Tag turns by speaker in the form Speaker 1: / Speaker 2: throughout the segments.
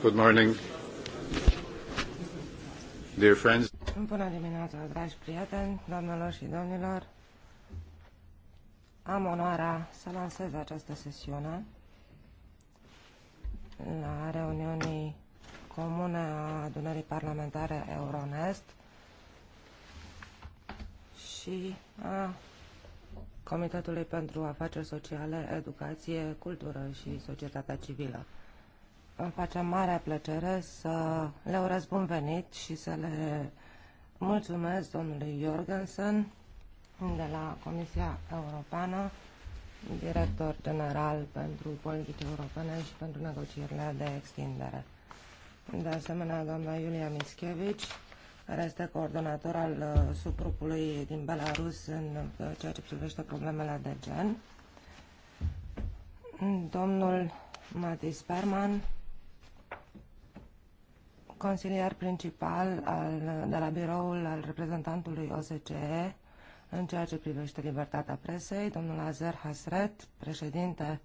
Speaker 1: Good morning. Dear friends.
Speaker 2: Bună dimineața, dragi prieteni, doamnelor și domnilor. Am onoarea să lansez această sesiune la reuniunii comune a adunării parlamentare Euronest și a Comitetului pentru Afaceri Sociale, Educație, Cultură și Societatea Civilă. Îmi face mare plăcere să le urez bun venit și să le mulțumesc domnului Jorgensen de la Comisia Europeană, director general pentru politici europene și pentru negocierile de extindere. De asemenea, doamna Iulia Mischevici, care este coordonator al uh, subgrupului din Belarus în uh, ceea ce privește problemele de gen. Domnul Matis Perman, consilier principal al, de la biroul al reprezentantului OSCE în ceea ce privește libertatea presei, domnul Azer Hasret, președinte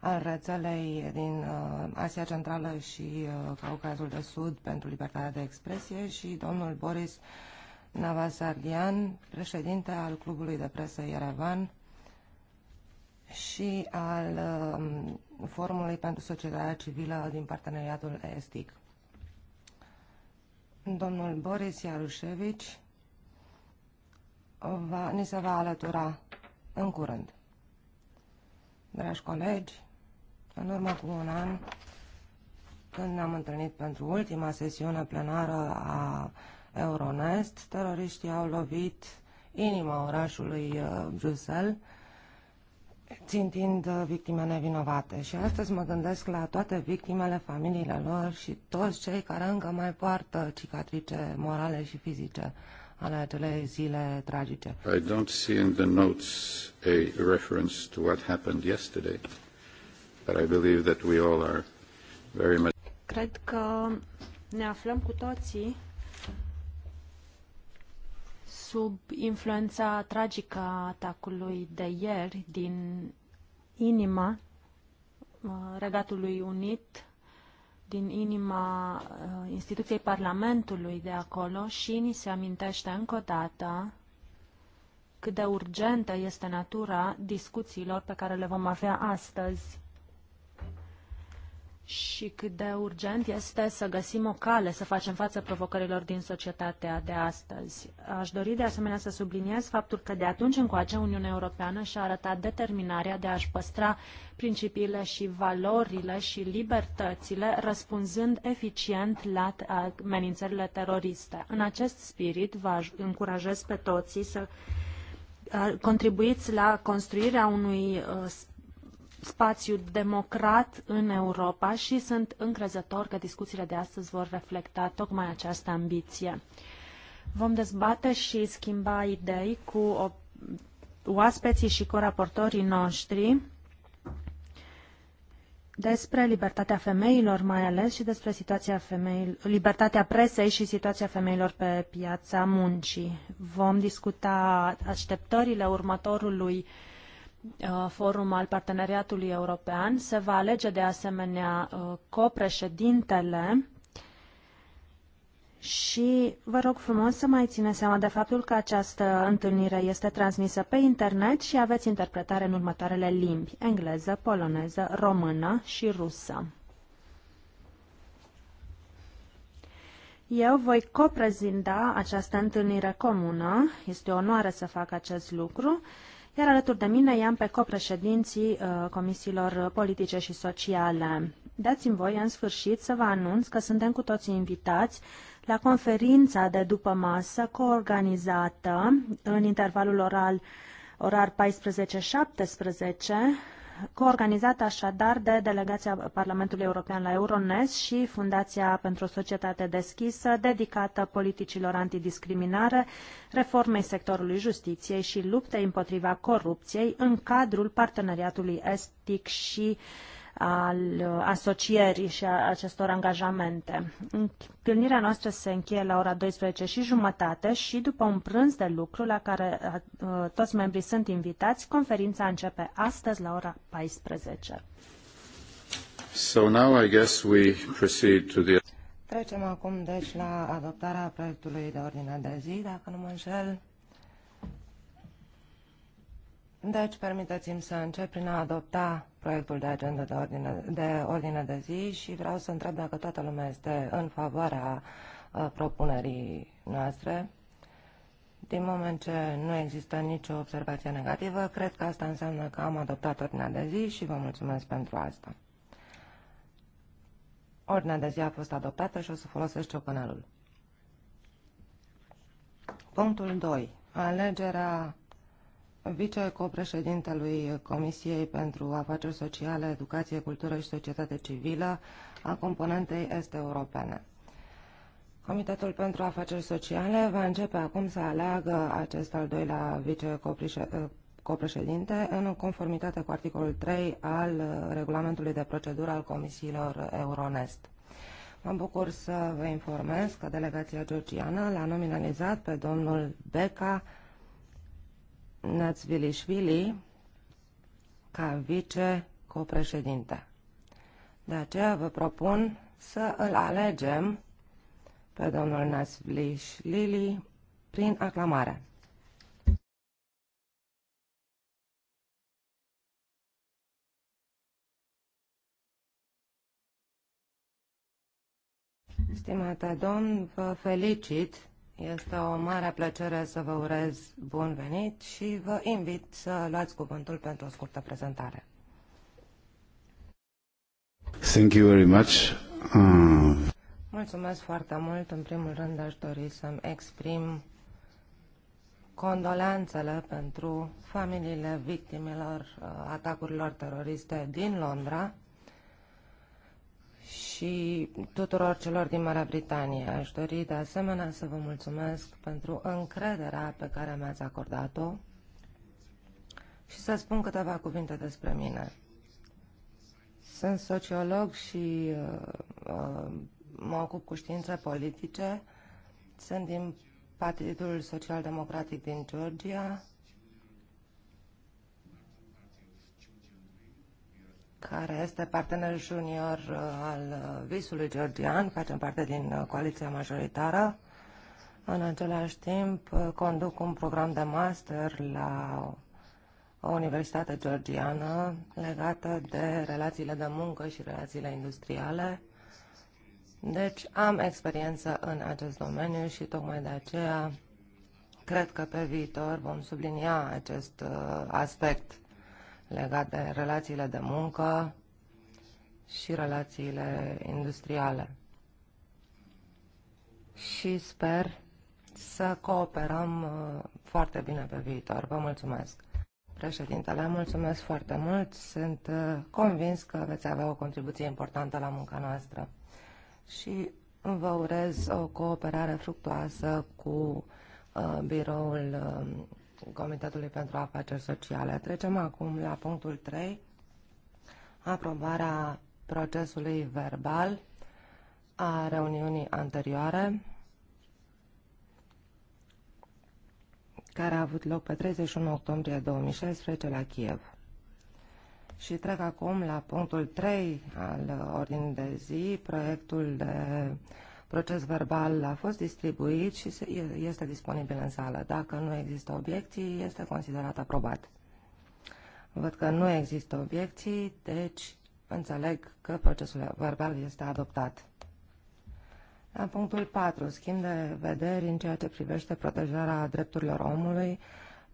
Speaker 2: al rețelei din uh, Asia Centrală și uh, Caucazul de Sud pentru libertatea de expresie și domnul Boris Navasardian, președinte al Clubului de Presă Yerevan și al um, Forumului pentru Societatea Civilă din Parteneriatul Estic. Domnul Boris Iarușevici va, ni se va alătura în curând. Dragi colegi, în urmă cu un an, când ne-am întâlnit pentru ultima sesiune plenară a Euronest, teroriștii au lovit inima orașului uh, Bruxelles, țintind uh, victime nevinovate. Și astăzi mă gândesc la toate victimele, familiile lor și toți cei care încă mai poartă cicatrice morale și fizice ale acelei zile tragice.
Speaker 1: I don't see in the notes a reference to what happened yesterday, but I believe that we all are very much
Speaker 3: Cred că ne aflăm cu toții sub influența tragică a atacului de ieri din inima uh, Regatului Unit, din inima uh, instituției Parlamentului de acolo și ni se amintește încă o dată cât de urgentă este natura discuțiilor pe care le vom avea astăzi și cât de urgent este să găsim o cale să facem față provocărilor din societatea de astăzi. Aș dori de asemenea să subliniez faptul că de atunci încoace Uniunea Europeană și-a arătat determinarea de a-și păstra principiile și valorile și libertățile, răspunzând eficient la amenințările teroriste. În acest spirit, vă încurajez pe toții să contribuiți la construirea unui uh, spațiu democrat în Europa și sunt încrezător că discuțiile de astăzi vor reflecta tocmai această ambiție. Vom dezbate și schimba idei cu oaspeții și coraportorii noștri despre libertatea femeilor mai ales și despre situația femeilor, libertatea presei și situația femeilor pe piața muncii. Vom discuta așteptările următorului Uh, forum al parteneriatului european. Se va alege de asemenea uh, copreședintele și vă rog frumos să mai țineți seama de faptul că această întâlnire este transmisă pe internet și aveți interpretare în următoarele limbi, engleză, poloneză, română și rusă. Eu voi coprezinda această întâlnire comună, este o onoare să fac acest lucru iar alături de mine i-am pe copreședinții uh, comisiilor politice și sociale. Dați-mi voi, în sfârșit, să vă anunț că suntem cu toții invitați la conferința de după masă coorganizată în intervalul oral, orar 14-17 coorganizat așadar de Delegația Parlamentului European la Euronest și Fundația pentru o Societate Deschisă, dedicată politicilor antidiscriminare, reformei sectorului justiției și luptei împotriva corupției în cadrul parteneriatului estic și uh, al asocierii și a acestor angajamente. Întâlnirea noastră se încheie la ora 12 și jumătate și după un prânz de lucru la care uh, toți membrii sunt invitați, conferința începe astăzi la ora 14.
Speaker 1: So now I guess we proceed to the...
Speaker 2: Trecem acum deci la adoptarea proiectului de ordine de zi, dacă nu mă înșel. Deci, permiteți-mi să încep prin a adopta proiectul de agenda de ordine, de ordine de zi și vreau să întreb dacă toată lumea este în favoarea uh, propunerii noastre. Din moment ce nu există nicio observație negativă, cred că asta înseamnă că am adoptat ordinea de zi și vă mulțumesc pentru asta. Ordinea de zi a fost adoptată și o să folosesc ciocanelul. Punctul 2. Alegerea vicecopreședintelui Comisiei pentru Afaceri Sociale, Educație, Cultură și Societate Civilă a componentei este europene. Comitetul pentru Afaceri Sociale va începe acum să aleagă acest al doilea vicecopreședinte în conformitate cu articolul 3 al regulamentului de procedură al comisiilor Euronest. Mă bucur să vă informez că delegația georgiană l-a nominalizat pe domnul Beca Națvilișvili ca vice-copreședinte. De aceea vă propun să îl alegem pe domnul Națvilișvili prin aclamare. Stimate domn, vă felicit este o mare plăcere să vă urez bun venit și vă invit să luați cuvântul pentru o scurtă prezentare.
Speaker 1: Thank you very much. Uh...
Speaker 2: Mulțumesc foarte mult. În primul rând aș dori să-mi exprim condolențele pentru familiile victimelor uh, atacurilor teroriste din Londra și tuturor celor din Marea Britanie. Aș dori de asemenea să vă mulțumesc pentru încrederea pe care mi-ați acordat-o și să spun câteva cuvinte despre mine. Sunt sociolog și uh, uh mă ocup cu științe politice. Sunt din Partidul Social Democratic din Georgia care este partener junior uh, al uh, visului georgian, facem parte din uh, coaliția majoritară. În același timp, conduc un program de master la o universitate georgiană legată de relațiile de muncă și relațiile industriale. Deci am experiență în acest domeniu și tocmai de aceea cred că pe viitor vom sublinia acest aspect legat de relațiile de muncă și relațiile industriale. Și sper să cooperăm uh, foarte bine pe viitor. Vă mulțumesc! Președintele, mulțumesc foarte mult. Sunt uh, convins că veți avea o contribuție importantă la munca noastră și vă urez o cooperare fructuoasă cu uh, biroul um, Comitetului pentru Afaceri Sociale. Trecem acum la punctul 3, aprobarea procesului verbal a reuniunii anterioare, care a avut loc pe 31 octombrie 2016 la Kiev. Și trec acum la punctul 3 al ordinii de zi, proiectul de uh, Proces verbal a fost distribuit și este disponibil în sală. Dacă nu există obiecții, este considerat aprobat. Văd că nu există obiecții, deci înțeleg că procesul verbal este adoptat. La punctul 4, schimb de vederi în ceea ce privește protejarea drepturilor omului,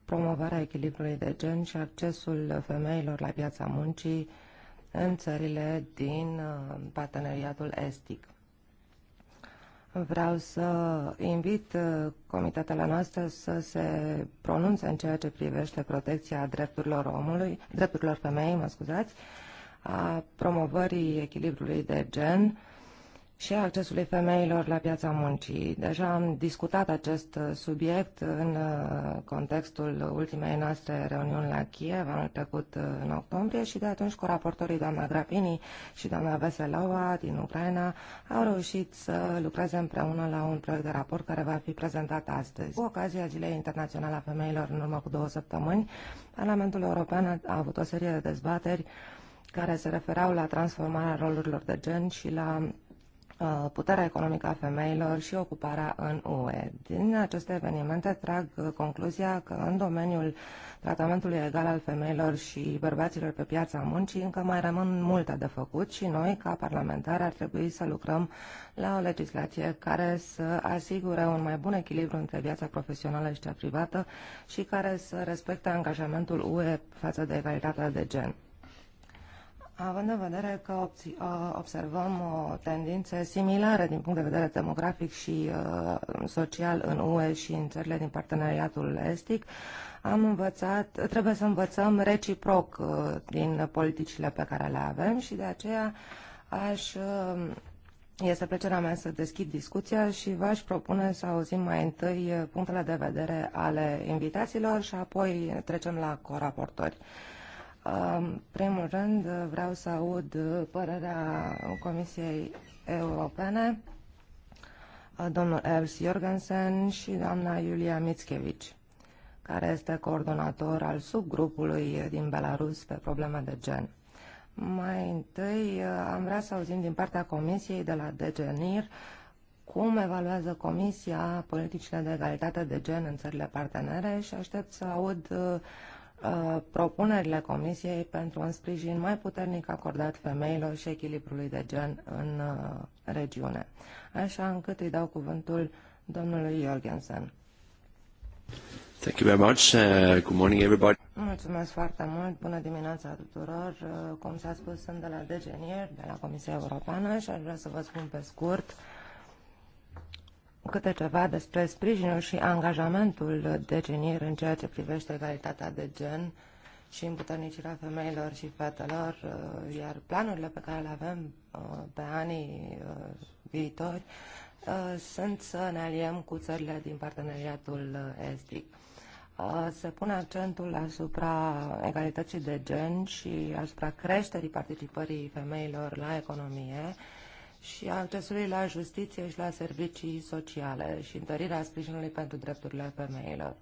Speaker 2: promovarea echilibrului de gen și accesul femeilor la piața muncii în țările din uh, parteneriatul estic. Vreau să invit uh, comitetele noastre să se pronunțe în ceea ce privește protecția drepturilor omului, drepturilor femeii, mă scuzați, a promovării echilibrului de gen, și accesului femeilor la piața muncii. Deja am discutat acest uh, subiect în uh, contextul ultimei noastre reuniuni la Kiev anul trecut uh, în octombrie și de atunci cu raportorii doamna Grapini și doamna Veselova din Ucraina au reușit să lucreze împreună la un proiect de raport care va fi prezentat astăzi. Cu ocazia Zilei Internaționale a Femeilor în urmă cu două săptămâni, Parlamentul European a avut o serie de dezbateri care se referau la transformarea rolurilor de gen și la Uh, puterea economică a femeilor și ocuparea în UE. Din aceste evenimente trag uh, concluzia că în domeniul tratamentului egal al femeilor și bărbaților pe piața muncii încă mai rămân multe de făcut și noi, ca parlamentari, ar trebui să lucrăm la o legislație care să asigure un mai bun echilibru între viața profesională și cea privată și care să respecte angajamentul UE față de egalitatea de gen. Având în vedere că uh, observăm o uh, tendință similară din punct de vedere demografic și uh, social în UE și în țările din parteneriatul estic, am învățat, trebuie să învățăm reciproc din politicile pe care le avem și de aceea aș, este plăcerea mea să deschid discuția și v-aș propune să auzim mai întâi punctele de vedere ale invitaților și apoi trecem la coraportori. raportori în primul rând, vreau să aud părerea Comisiei Europene, domnul Els Jorgensen și doamna Iulia Mitschevici, care este coordonator al subgrupului din Belarus pe probleme de gen. Mai întâi, am vrea să auzim din partea Comisiei de la DGNIR cum evaluează Comisia politicile de egalitate de gen în țările partenere și aștept să aud uh, Uh, propunerile Comisiei pentru un sprijin mai puternic acordat femeilor și echilibrului de gen în uh, regiune. Așa încât îi dau cuvântul domnului Jorgensen.
Speaker 3: Thank you very much. Uh, good morning everybody.
Speaker 2: Mulțumesc foarte mult. Bună dimineața tuturor. Uh, cum s-a spus, sunt de la Degenier, de la Comisia Europeană și aș vrea să vă spun pe scurt uh, câte ceva despre sprijinul și angajamentul decenier în ceea ce privește egalitatea de gen și împuternicirea femeilor și fetelor, uh, iar planurile pe care le avem uh, pe anii uh, viitori sunt să ne aliem cu țările din parteneriatul estic. Se pune accentul asupra egalității de gen și asupra creșterii participării femeilor la economie, și a accesului la justiție și la servicii sociale și întărirea sprijinului pentru drepturile femeilor.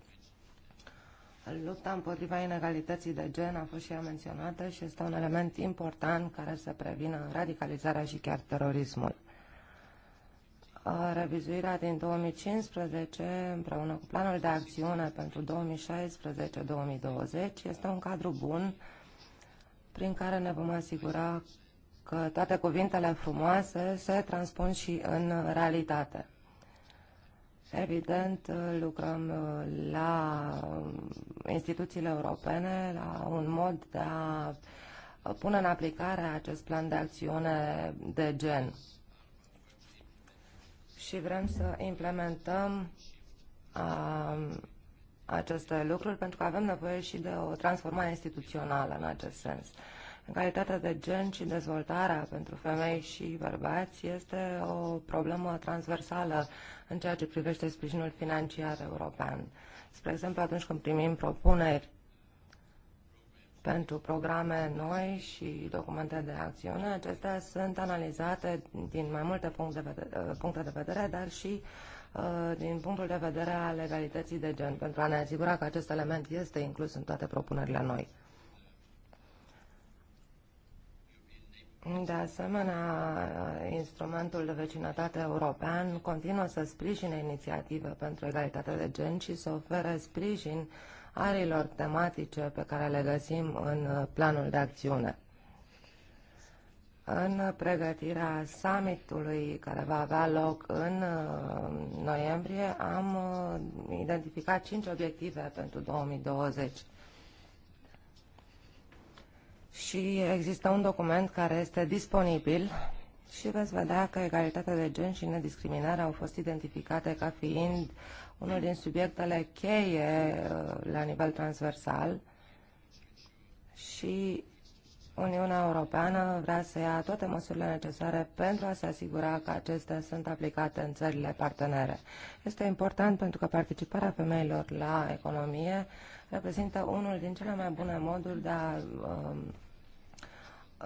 Speaker 2: Lupta împotriva inegalității de gen a fost și ea menționată și este un element important care să prevină radicalizarea și chiar terorismul. Revizuirea din 2015 împreună cu planul de acțiune pentru 2016-2020 este un cadru bun prin care ne vom asigura că toate cuvintele frumoase se transpun și în realitate. Evident, lucrăm uh, la um, instituțiile europene, la un mod de a uh, pune în aplicare acest plan de acțiune de gen. Și vrem să implementăm a, um, aceste lucruri pentru că avem nevoie și de o transformare instituțională în acest sens. Egalitatea de gen și dezvoltarea pentru femei și bărbați este o problemă transversală în ceea ce privește sprijinul financiar european. Spre exemplu, atunci când primim propuneri pentru programe noi și documente de acțiune, acestea sunt analizate din mai multe puncte de vedere, uh, puncte de vedere dar și uh, din punctul de vedere al legalității de gen, pentru a ne asigura că acest element este inclus în toate propunerile noi. De asemenea, instrumentul de vecinătate european continuă să sprijine inițiative pentru egalitatea de gen și să ofere sprijin arilor tematice pe care le găsim în planul de acțiune. În pregătirea summitului care va avea loc în uh, noiembrie, am uh, identificat cinci obiective pentru 2020 și există un document care este disponibil și veți vedea că egalitatea de gen și nediscriminarea au fost identificate ca fiind unul din subiectele cheie uh, la nivel transversal și Uniunea Europeană vrea să ia toate măsurile necesare pentru a se asigura că acestea sunt aplicate în țările partenere. Este important pentru că participarea femeilor la economie reprezintă unul din cele mai bune moduri de a um,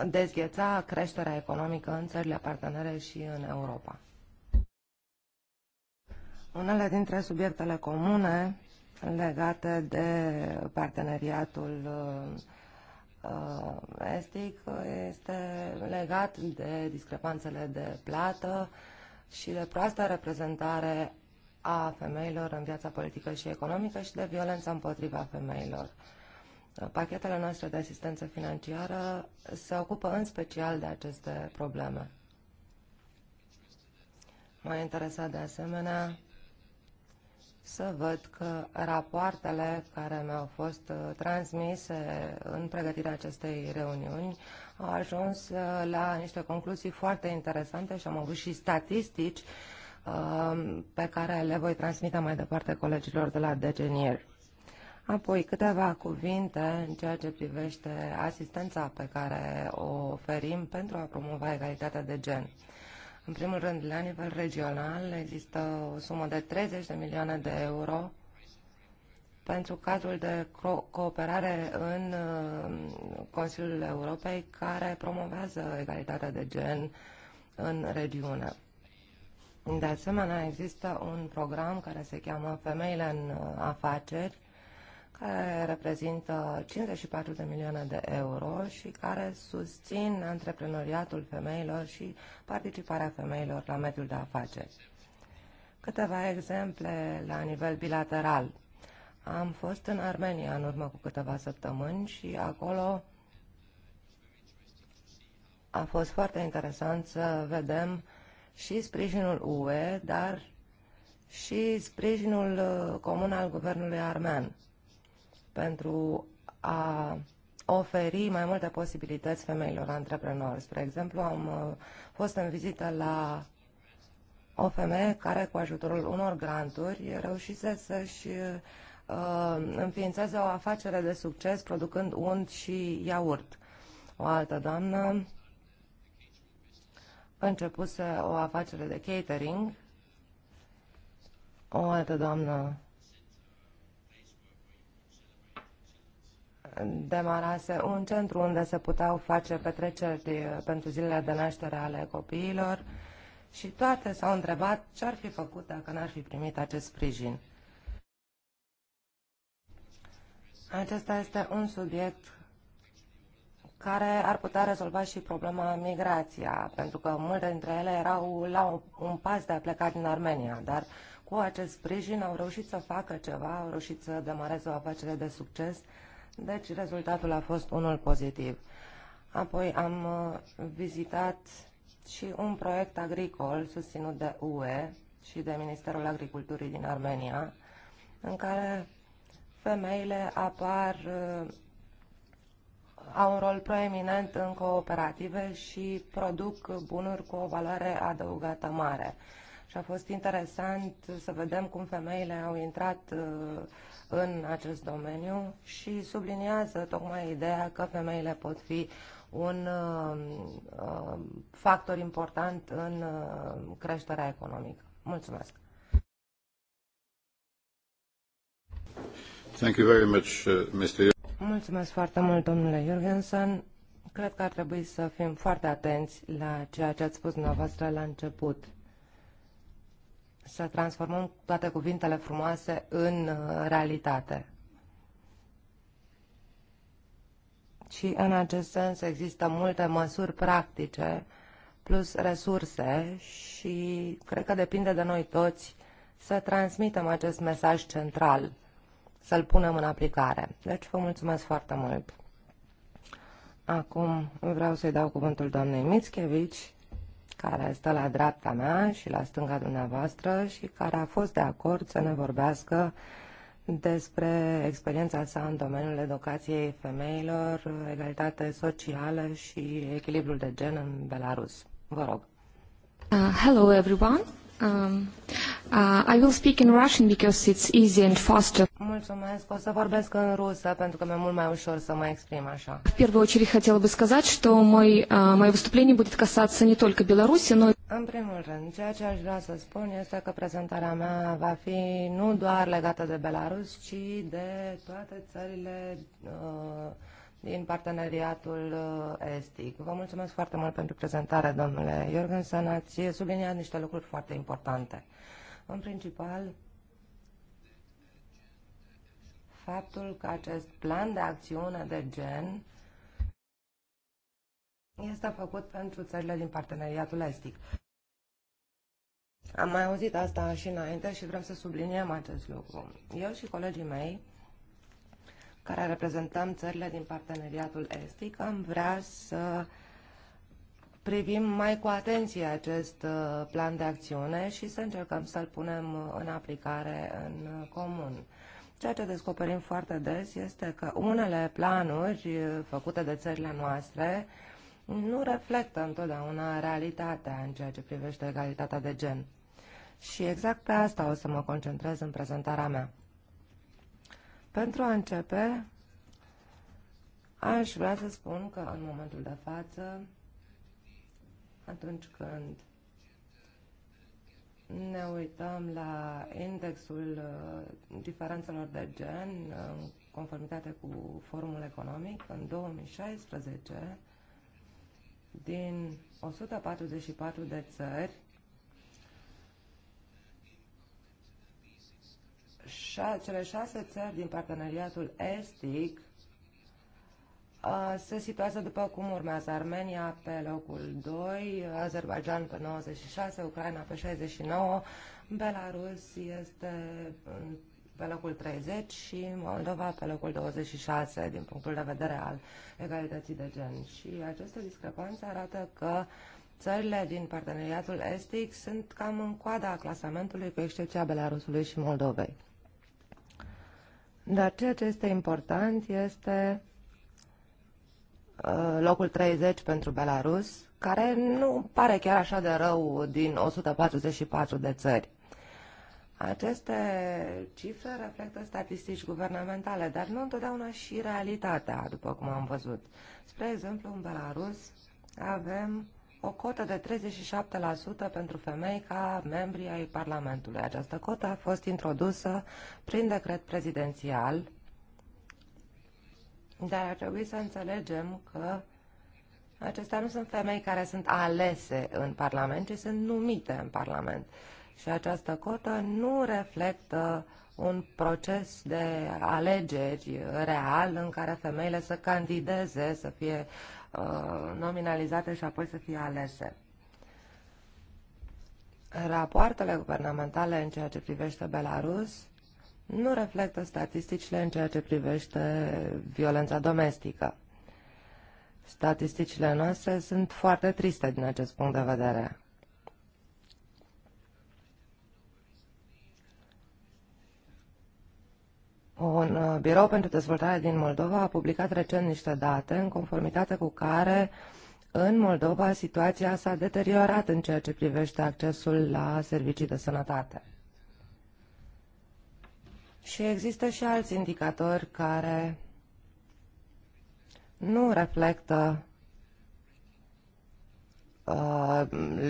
Speaker 2: dezgheța creșterea economică în țările partenere și în Europa. Unele dintre subiectele comune legate de parteneriatul uh, uh, estic este legat de discrepanțele de plată și de proastă reprezentare a femeilor în viața politică și economică și de violența împotriva femeilor. Pachetele noastre de asistență financiară se ocupă în special de aceste probleme. M-a interesat de asemenea să văd că rapoartele care mi-au fost uh, transmise în pregătirea acestei reuniuni au ajuns uh, la niște concluzii foarte interesante și am avut și statistici uh, pe care le voi transmite mai departe colegilor de la Degenier. Apoi câteva cuvinte în ceea ce privește asistența pe care o oferim pentru a promova egalitatea de gen. În primul rând, la nivel regional există o sumă de 30 de milioane de euro pentru cadrul de cooperare în uh, Consiliul Europei care promovează egalitatea de gen în regiune. De asemenea, există un program care se cheamă Femeile în uh, afaceri, care reprezintă 54 de milioane de euro și care susțin antreprenoriatul femeilor și participarea femeilor la mediul de afaceri. Câteva exemple la nivel bilateral. Am fost în Armenia în urmă cu câteva săptămâni și acolo a fost foarte interesant să vedem și sprijinul UE, dar și sprijinul uh, comun al guvernului armean pentru a oferi mai multe posibilități femeilor antreprenori. Spre exemplu, am uh, fost în vizită la o femeie care, cu ajutorul unor granturi, reușise să-și uh, înființeze o afacere de succes producând unt și iaurt. O altă doamnă începuse o afacere de catering. O altă doamnă demarase un centru unde se puteau face petreceri pentru zilele de naștere ale copiilor și toate s-au întrebat ce ar fi făcut dacă n-ar fi primit acest sprijin. Acesta este un subiect care ar putea rezolva și problema migrația, pentru că multe dintre ele erau la un pas de a pleca din Armenia, dar cu acest sprijin au reușit să facă ceva, au reușit să demareze o afacere de succes deci rezultatul a fost unul pozitiv. Apoi am uh, vizitat și un proiect agricol susținut de UE și de Ministerul Agriculturii din Armenia, în care femeile apar, uh, au un rol proeminent în cooperative și produc bunuri cu o valoare adăugată mare. Și a fost interesant să vedem cum femeile au intrat uh, în acest domeniu și subliniază tocmai ideea că femeile pot fi un uh, uh, factor important în creșterea economică. Mulțumesc!
Speaker 1: Thank you very much, Mr.
Speaker 2: Mulțumesc foarte mult, domnule Jurgensen. Cred că ar trebui să fim foarte atenți la ceea ce ați spus dumneavoastră la început să transformăm toate cuvintele frumoase în uh, realitate. Și în acest sens există multe măsuri practice plus resurse și cred că depinde de noi toți să transmitem acest mesaj central, să-l punem în aplicare. Deci vă mulțumesc foarte mult! Acum vreau să-i dau cuvântul doamnei Mițchevici care stă la dreapta mea și la stânga dumneavoastră și care a fost de acord să ne vorbească despre experiența sa în domeniul educației femeilor, egalitate socială și echilibrul de gen în Belarus. Vă rog. Uh, hello everyone. Um, uh, I will speak in Russian because it's easy and faster. Mulțumesc, o să vorbesc în rusă pentru că mi-e mult mai ușor să mă exprim așa. В
Speaker 4: первую очередь хотела бы сказать, что мой, мое выступление будет касаться не только Беларуси, но
Speaker 2: În primul rând, ceea ce aș vrea să spun este că prezentarea mea va fi nu doar legată de Belarus, ci de toate țările uh, din parteneriatul uh, estic. Vă mulțumesc foarte mult pentru prezentare, domnule Jorgensen. Ați subliniat niște lucruri foarte importante. În principal, faptul că acest plan de acțiune de gen este făcut pentru țările din parteneriatul estic. Am mai auzit asta și înainte și vrem să subliniem acest lucru. Eu și colegii mei care reprezentăm țările din parteneriatul estic, am vrea să privim mai cu atenție acest uh, plan de acțiune și să încercăm să-l punem în aplicare în comun. Ceea ce descoperim foarte des este că unele planuri uh, făcute de țările noastre nu reflectă întotdeauna realitatea în ceea ce privește egalitatea de gen. Și exact pe asta o să mă concentrez în prezentarea mea. Pentru a începe, aș vrea să spun că în momentul de față, atunci când ne uităm la indexul uh, diferențelor de gen uh, în conformitate cu forumul economic, în 2016, din 144 de țări, cele șase țări din parteneriatul estic se situează după cum urmează Armenia pe locul 2, Azerbaijan pe 96, Ucraina pe 69, Belarus este pe locul 30 și Moldova pe locul 26 din punctul de vedere al egalității de gen. Și această discrepanță arată că țările din parteneriatul estic sunt cam în coada clasamentului cu excepția Belarusului și Moldovei. Dar ceea ce este important este uh, locul 30 pentru Belarus, care nu pare chiar așa de rău din 144 de țări. Aceste cifre reflectă statistici guvernamentale, dar nu întotdeauna și realitatea, după cum am văzut. Spre exemplu, în Belarus avem o cotă de 37% pentru femei ca membri ai Parlamentului. Această cotă a fost introdusă prin decret prezidențial, dar ar trebui să înțelegem că acestea nu sunt femei care sunt alese în Parlament, ci sunt numite în Parlament. Și această cotă nu reflectă un proces de alegeri real în care femeile să candideze, să fie Uh, nominalizate și apoi să fie alese. Rapoartele guvernamentale în ceea ce privește Belarus nu reflectă statisticile în ceea ce privește violența domestică. Statisticile noastre sunt foarte triste din acest punct de vedere. Un uh, birou pentru dezvoltare din Moldova a publicat recent niște date în conformitate cu care în Moldova situația s-a deteriorat în ceea ce privește accesul la servicii de sănătate. Și există și alți indicatori care nu reflectă uh,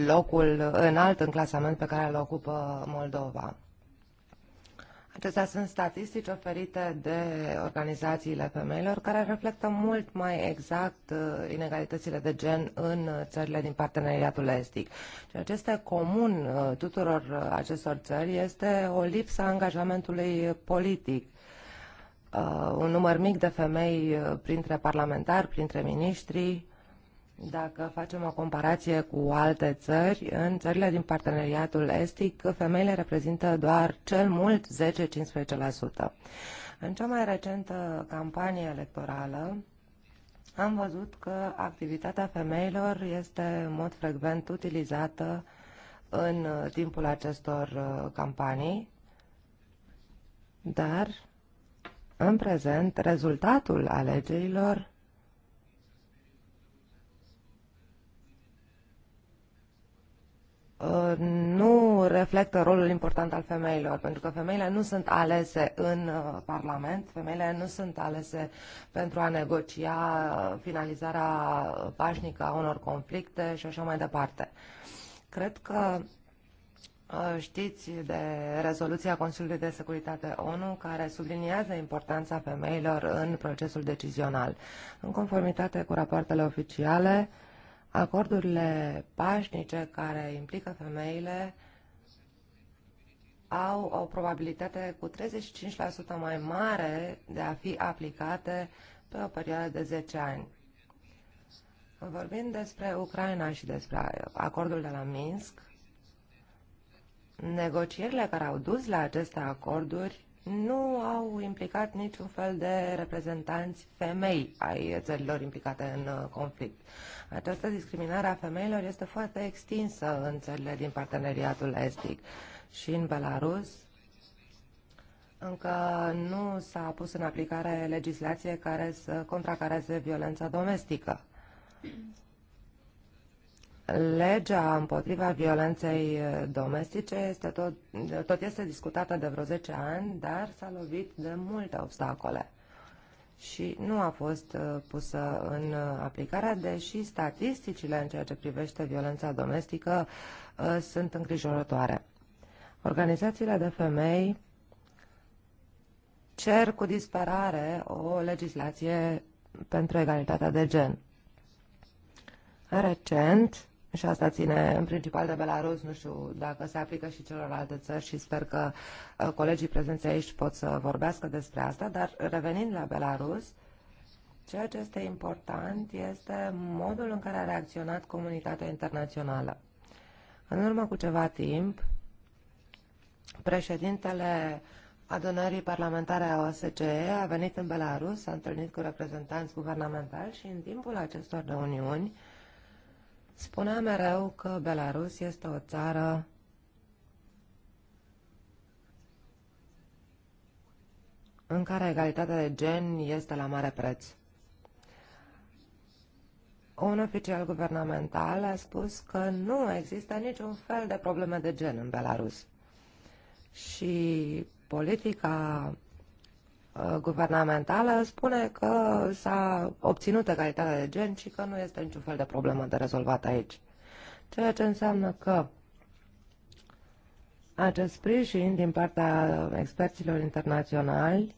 Speaker 2: locul înalt în clasament pe care îl ocupă Moldova. Acestea sunt statistici oferite de organizațiile femeilor care reflectă mult mai exact uh, inegalitățile de gen în uh, țările din parteneriatul estic. Ceea ce este comun uh, tuturor acestor țări este o lipsă a angajamentului politic. Un număr mic de femei printre parlamentari, printre miniștri, dacă facem o comparație cu alte țări, în țările din parteneriatul estic, femeile reprezintă doar cel mult 10-15%. În cea mai recentă campanie electorală, am văzut că activitatea femeilor este în mod frecvent utilizată în timpul acestor uh, campanii, dar în prezent rezultatul alegerilor Uh, nu reflectă rolul important al femeilor, pentru că femeile nu sunt alese în uh, Parlament, femeile nu sunt alese pentru a negocia finalizarea pașnică a unor conflicte și așa mai departe. Cred că uh, Știți de rezoluția Consiliului de Securitate ONU care subliniază importanța femeilor în procesul decizional. În conformitate cu rapoartele oficiale, Acordurile pașnice care implică femeile au o probabilitate cu 35% mai mare de a fi aplicate pe o perioadă de 10 ani. Vorbind despre Ucraina și despre acordul de la Minsk, negocierile care au dus la aceste acorduri nu au implicat niciun fel de reprezentanți femei ai țărilor implicate în uh, conflict. Această discriminare a femeilor este foarte extinsă în țările din parteneriatul estic și în Belarus. Încă nu s-a pus în aplicare legislație care să contracareze violența domestică. Legea împotriva violenței domestice este tot, tot este discutată de vreo 10 ani, dar s-a lovit de multe obstacole și nu a fost pusă în aplicare, deși statisticile în ceea ce privește violența domestică sunt îngrijorătoare. Organizațiile de femei cer cu disperare o legislație pentru egalitatea de gen. Recent, și asta ține în principal de Belarus, nu știu dacă se aplică și celorlalte țări și sper că uh, colegii prezenți aici pot să vorbească despre asta, dar revenind la Belarus, ceea ce este important este modul în care a reacționat comunitatea internațională. În urmă cu ceva timp, președintele adunării parlamentare a OSCE a venit în Belarus, s-a întâlnit cu reprezentanți guvernamentali și în timpul acestor reuniuni, spunea mereu că Belarus este o țară în care egalitatea de gen este la mare preț. Un oficial guvernamental a spus că nu există niciun fel de probleme de gen în Belarus. Și politica Uh, guvernamentală spune că s-a obținut egalitatea de gen și că nu este niciun fel de problemă de rezolvat aici. Ceea ce înseamnă că acest sprijin din partea experților internaționali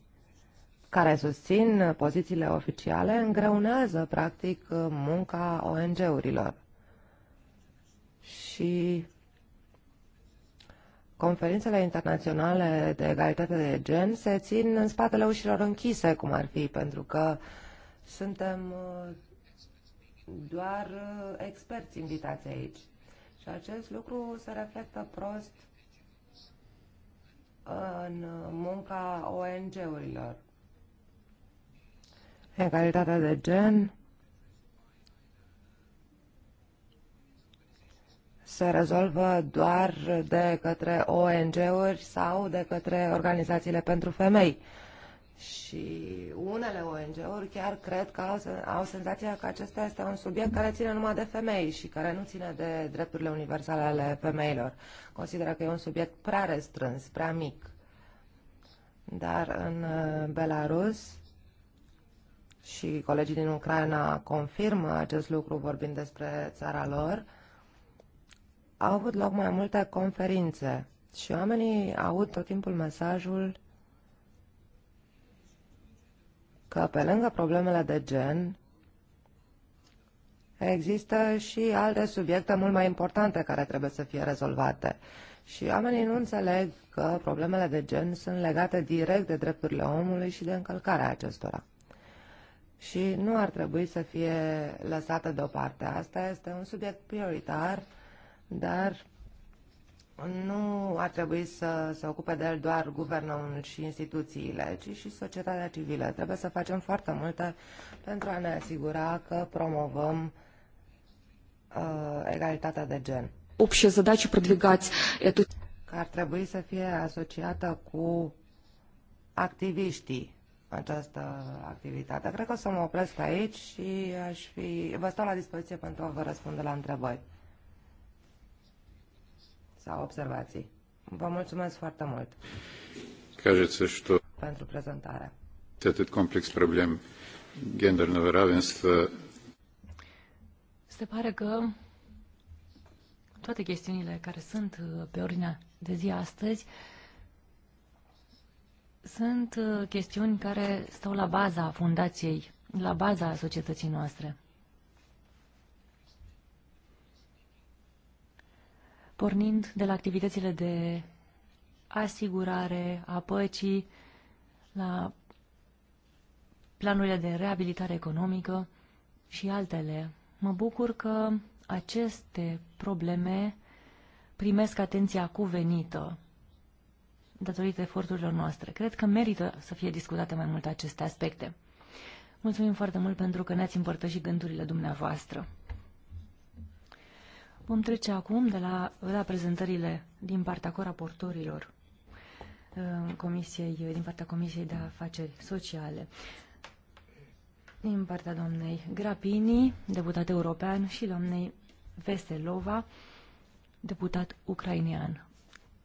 Speaker 2: care susțin pozițiile oficiale îngreunează, practic, munca ONG-urilor. Și conferințele internaționale de egalitate de gen se țin în spatele ușilor închise, cum ar fi, pentru că suntem uh, doar uh, experți invitați aici. Și acest lucru se reflectă prost în munca ONG-urilor. Egalitatea de gen se rezolvă doar de către ONG-uri sau de către organizațiile pentru femei. Și unele ONG-uri chiar cred că au, au senzația că acesta este un subiect care ține numai de femei și care nu ține de drepturile universale ale femeilor. Consideră că e un subiect prea restrâns, prea mic. Dar în uh, Belarus și colegii din Ucraina confirmă acest lucru vorbind despre țara lor, uh, au avut loc mai multe conferințe și oamenii aud tot timpul mesajul că pe lângă problemele de gen, există și alte subiecte mult mai importante care trebuie să fie rezolvate. Și oamenii nu înțeleg că problemele de gen sunt legate direct de drepturile omului și de încălcarea acestora. Și nu ar trebui să fie lăsată deoparte. Asta este un subiect prioritar dar nu ar trebui să se ocupe de el doar guvernul și instituțiile, ci și societatea civilă. Trebuie să facem foarte multe pentru a ne asigura că promovăm uh, egalitatea de gen. Общие задачи продвигать că Ar trebui să fie asociată cu activiștii această activitate. Cred că o să mă opresc aici și aș fi... vă stau la dispoziție pentru a vă răspunde la întrebări sau observații. Vă mulțumesc foarte mult
Speaker 1: кажется, что pentru prezentare. Этот комплекс проблем гендерного равенства
Speaker 4: Se pare că toate chestiunile care sunt uh, pe ordinea de zi astăzi sunt uh, chestiuni care stau la baza fundației, la baza societății noastre. pornind de la activitățile de asigurare a păcii, la planurile de reabilitare economică și altele. Mă bucur că aceste probleme primesc atenția cuvenită datorită eforturilor noastre. Cred că merită să fie discutate mai mult aceste aspecte. Mulțumim foarte mult pentru că ne-ați împărtășit gândurile dumneavoastră. Vom trece acum de la, la prezentările din partea coraportorilor uh, comisiei, din partea Comisiei de Afaceri Sociale, din partea doamnei Grapini, deputat european, și doamnei Veselova, deputat ucrainean,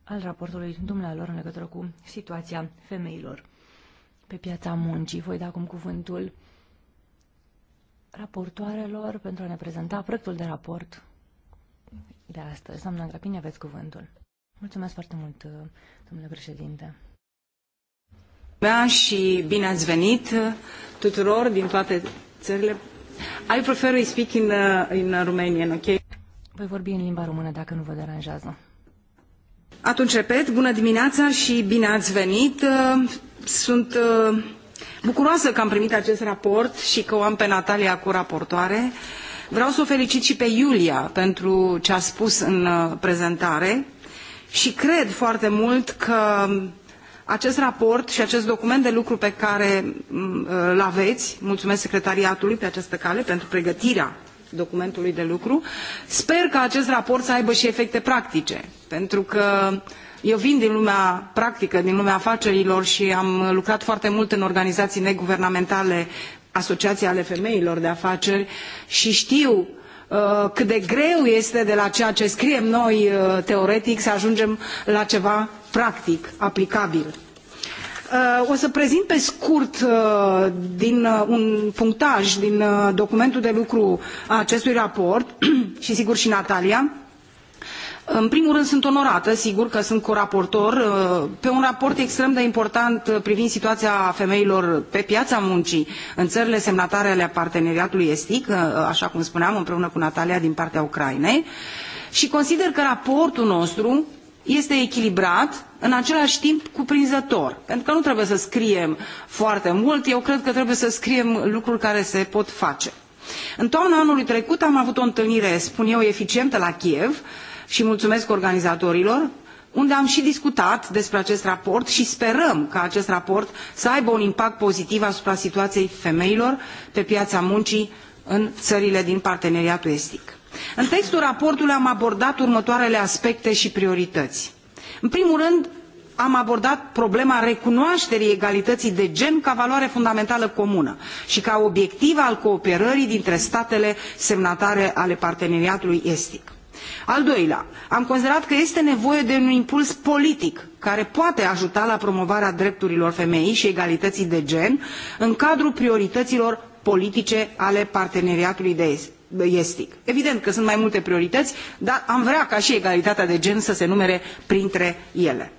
Speaker 4: al raportului dumnealor în legătură cu situația femeilor pe piața muncii. Voi da acum cuvântul raportoarelor pentru a ne prezenta proiectul de raport de astăzi. Doamna Grapini, aveți cuvântul. Mulțumesc foarte mult, domnule președinte.
Speaker 1: Da, și bine ați venit tuturor din toate țările. I prefer to speak in, uh, in Romanian, ok?
Speaker 4: Voi vorbi în limba română dacă nu vă
Speaker 1: deranjează. Atunci repet, bună dimineața și bine ați venit. Uh, sunt uh, bucuroasă că am primit acest raport și că o am pe Natalia cu raportoare. Vreau să o felicit și pe Iulia pentru ce a spus în uh, prezentare și cred foarte mult că um, acest raport și acest document de lucru pe care um, îl aveți, mulțumesc secretariatului pe această cale pentru pregătirea documentului de lucru, sper că acest raport să aibă și efecte practice, pentru că eu vin din lumea practică, din lumea afacerilor și am lucrat foarte mult în organizații neguvernamentale asociații ale femeilor de afaceri și știu uh, cât de greu este de la ceea ce scriem noi uh, teoretic să ajungem la ceva practic, aplicabil. Uh, o să prezint pe scurt din un punctaj din documentul de lucru a acestui raport și sigur și Natalia. În primul rând sunt onorată, sigur că sunt coraportor uh, pe un raport extrem de important uh, privind situația femeilor pe piața muncii în țările semnatare ale parteneriatului estic, uh, așa cum spuneam, împreună cu Natalia din partea Ucrainei. Și consider că raportul nostru este echilibrat, în același timp cuprinzător. Pentru că nu trebuie să scriem foarte mult, eu cred că trebuie să scriem lucruri care se pot face. În toamna anului trecut am avut o întâlnire, spun eu, eficientă la Kiev, uh, și mulțumesc organizatorilor unde am și discutat despre acest raport și sperăm ca acest raport să aibă un impact pozitiv asupra situației femeilor pe piața muncii în țările din parteneriatul estic. În textul raportului am abordat următoarele aspecte și priorități. În primul rând, am abordat problema recunoașterii egalității de gen ca valoare fundamentală comună și ca obiectiv al cooperării dintre statele semnatare ale parteneriatului estic al doilea, am considerat că este nevoie de un impuls politic care poate ajuta la promovarea drepturilor femeii și egalității de gen în cadrul priorităților politice ale parteneriatului de est estic. Evident că sunt mai multe priorități, dar am vrea ca și egalitatea de gen să se numere printre ele.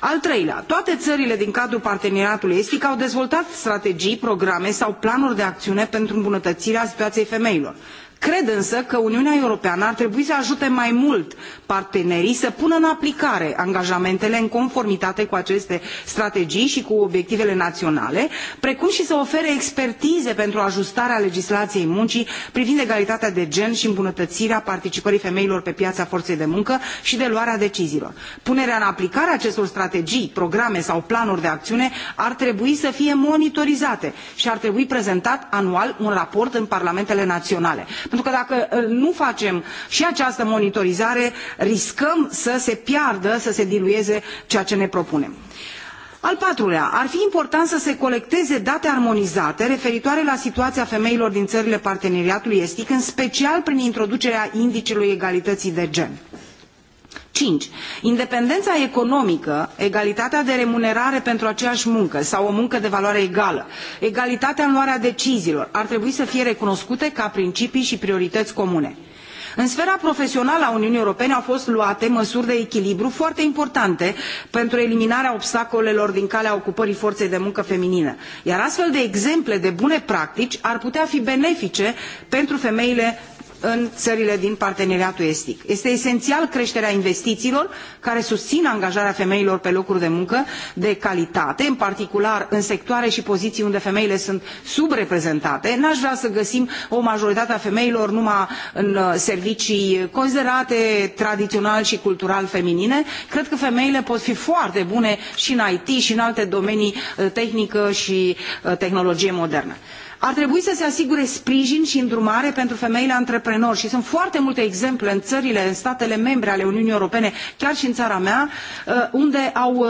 Speaker 1: Al treilea, toate țările din cadrul parteneriatului estic au dezvoltat strategii, programe sau planuri de acțiune pentru îmbunătățirea situației femeilor. Cred însă că Uniunea Europeană ar trebui să ajute mai mult partenerii să pună în aplicare angajamentele în conformitate cu aceste strategii și cu obiectivele naționale, precum și să ofere expertize pentru ajustarea legislației muncii privind egalitatea de gen și îmbunătățirea participării femeilor pe piața forței de muncă și de luarea deciziilor. Punerea în aplicare a acestor strategii, programe sau planuri de acțiune ar trebui să fie monitorizate și ar trebui prezentat anual un raport în parlamentele naționale pentru că dacă uh, nu facem și această monitorizare, riscăm să se piardă, să se dilueze ceea ce ne propunem. Al patrulea, ar fi important să se colecteze date armonizate referitoare la situația femeilor din țările parteneriatului estic, în special prin introducerea indicelui egalității de gen cinci independența economică egalitatea de remunerare pentru aceeași muncă sau o muncă de valoare egală egalitatea în luarea deciziilor ar trebui să fie recunoscute ca principii și priorități comune. În sfera profesională a Uniunii Europene au fost luate măsuri de echilibru foarte importante pentru eliminarea obstacolelor din calea ocupării forței de muncă feminină, iar astfel de exemple de bune practici ar putea fi benefice pentru femeile în țările din parteneriatul estic. Este esențial creșterea investițiilor care susțin angajarea femeilor pe locuri de muncă de calitate, în particular în sectoare și poziții unde femeile sunt subreprezentate. N-aș vrea să găsim o majoritate a femeilor numai în uh, servicii considerate tradițional și cultural feminine. Cred că femeile pot fi foarte bune și în IT și în alte domenii uh, tehnică și uh, tehnologie modernă ar trebui să se asigure sprijin și îndrumare pentru femeile antreprenori și sunt foarte multe exemple în țările, în statele membre ale Uniunii Europene, chiar și în țara mea, uh, unde au, uh,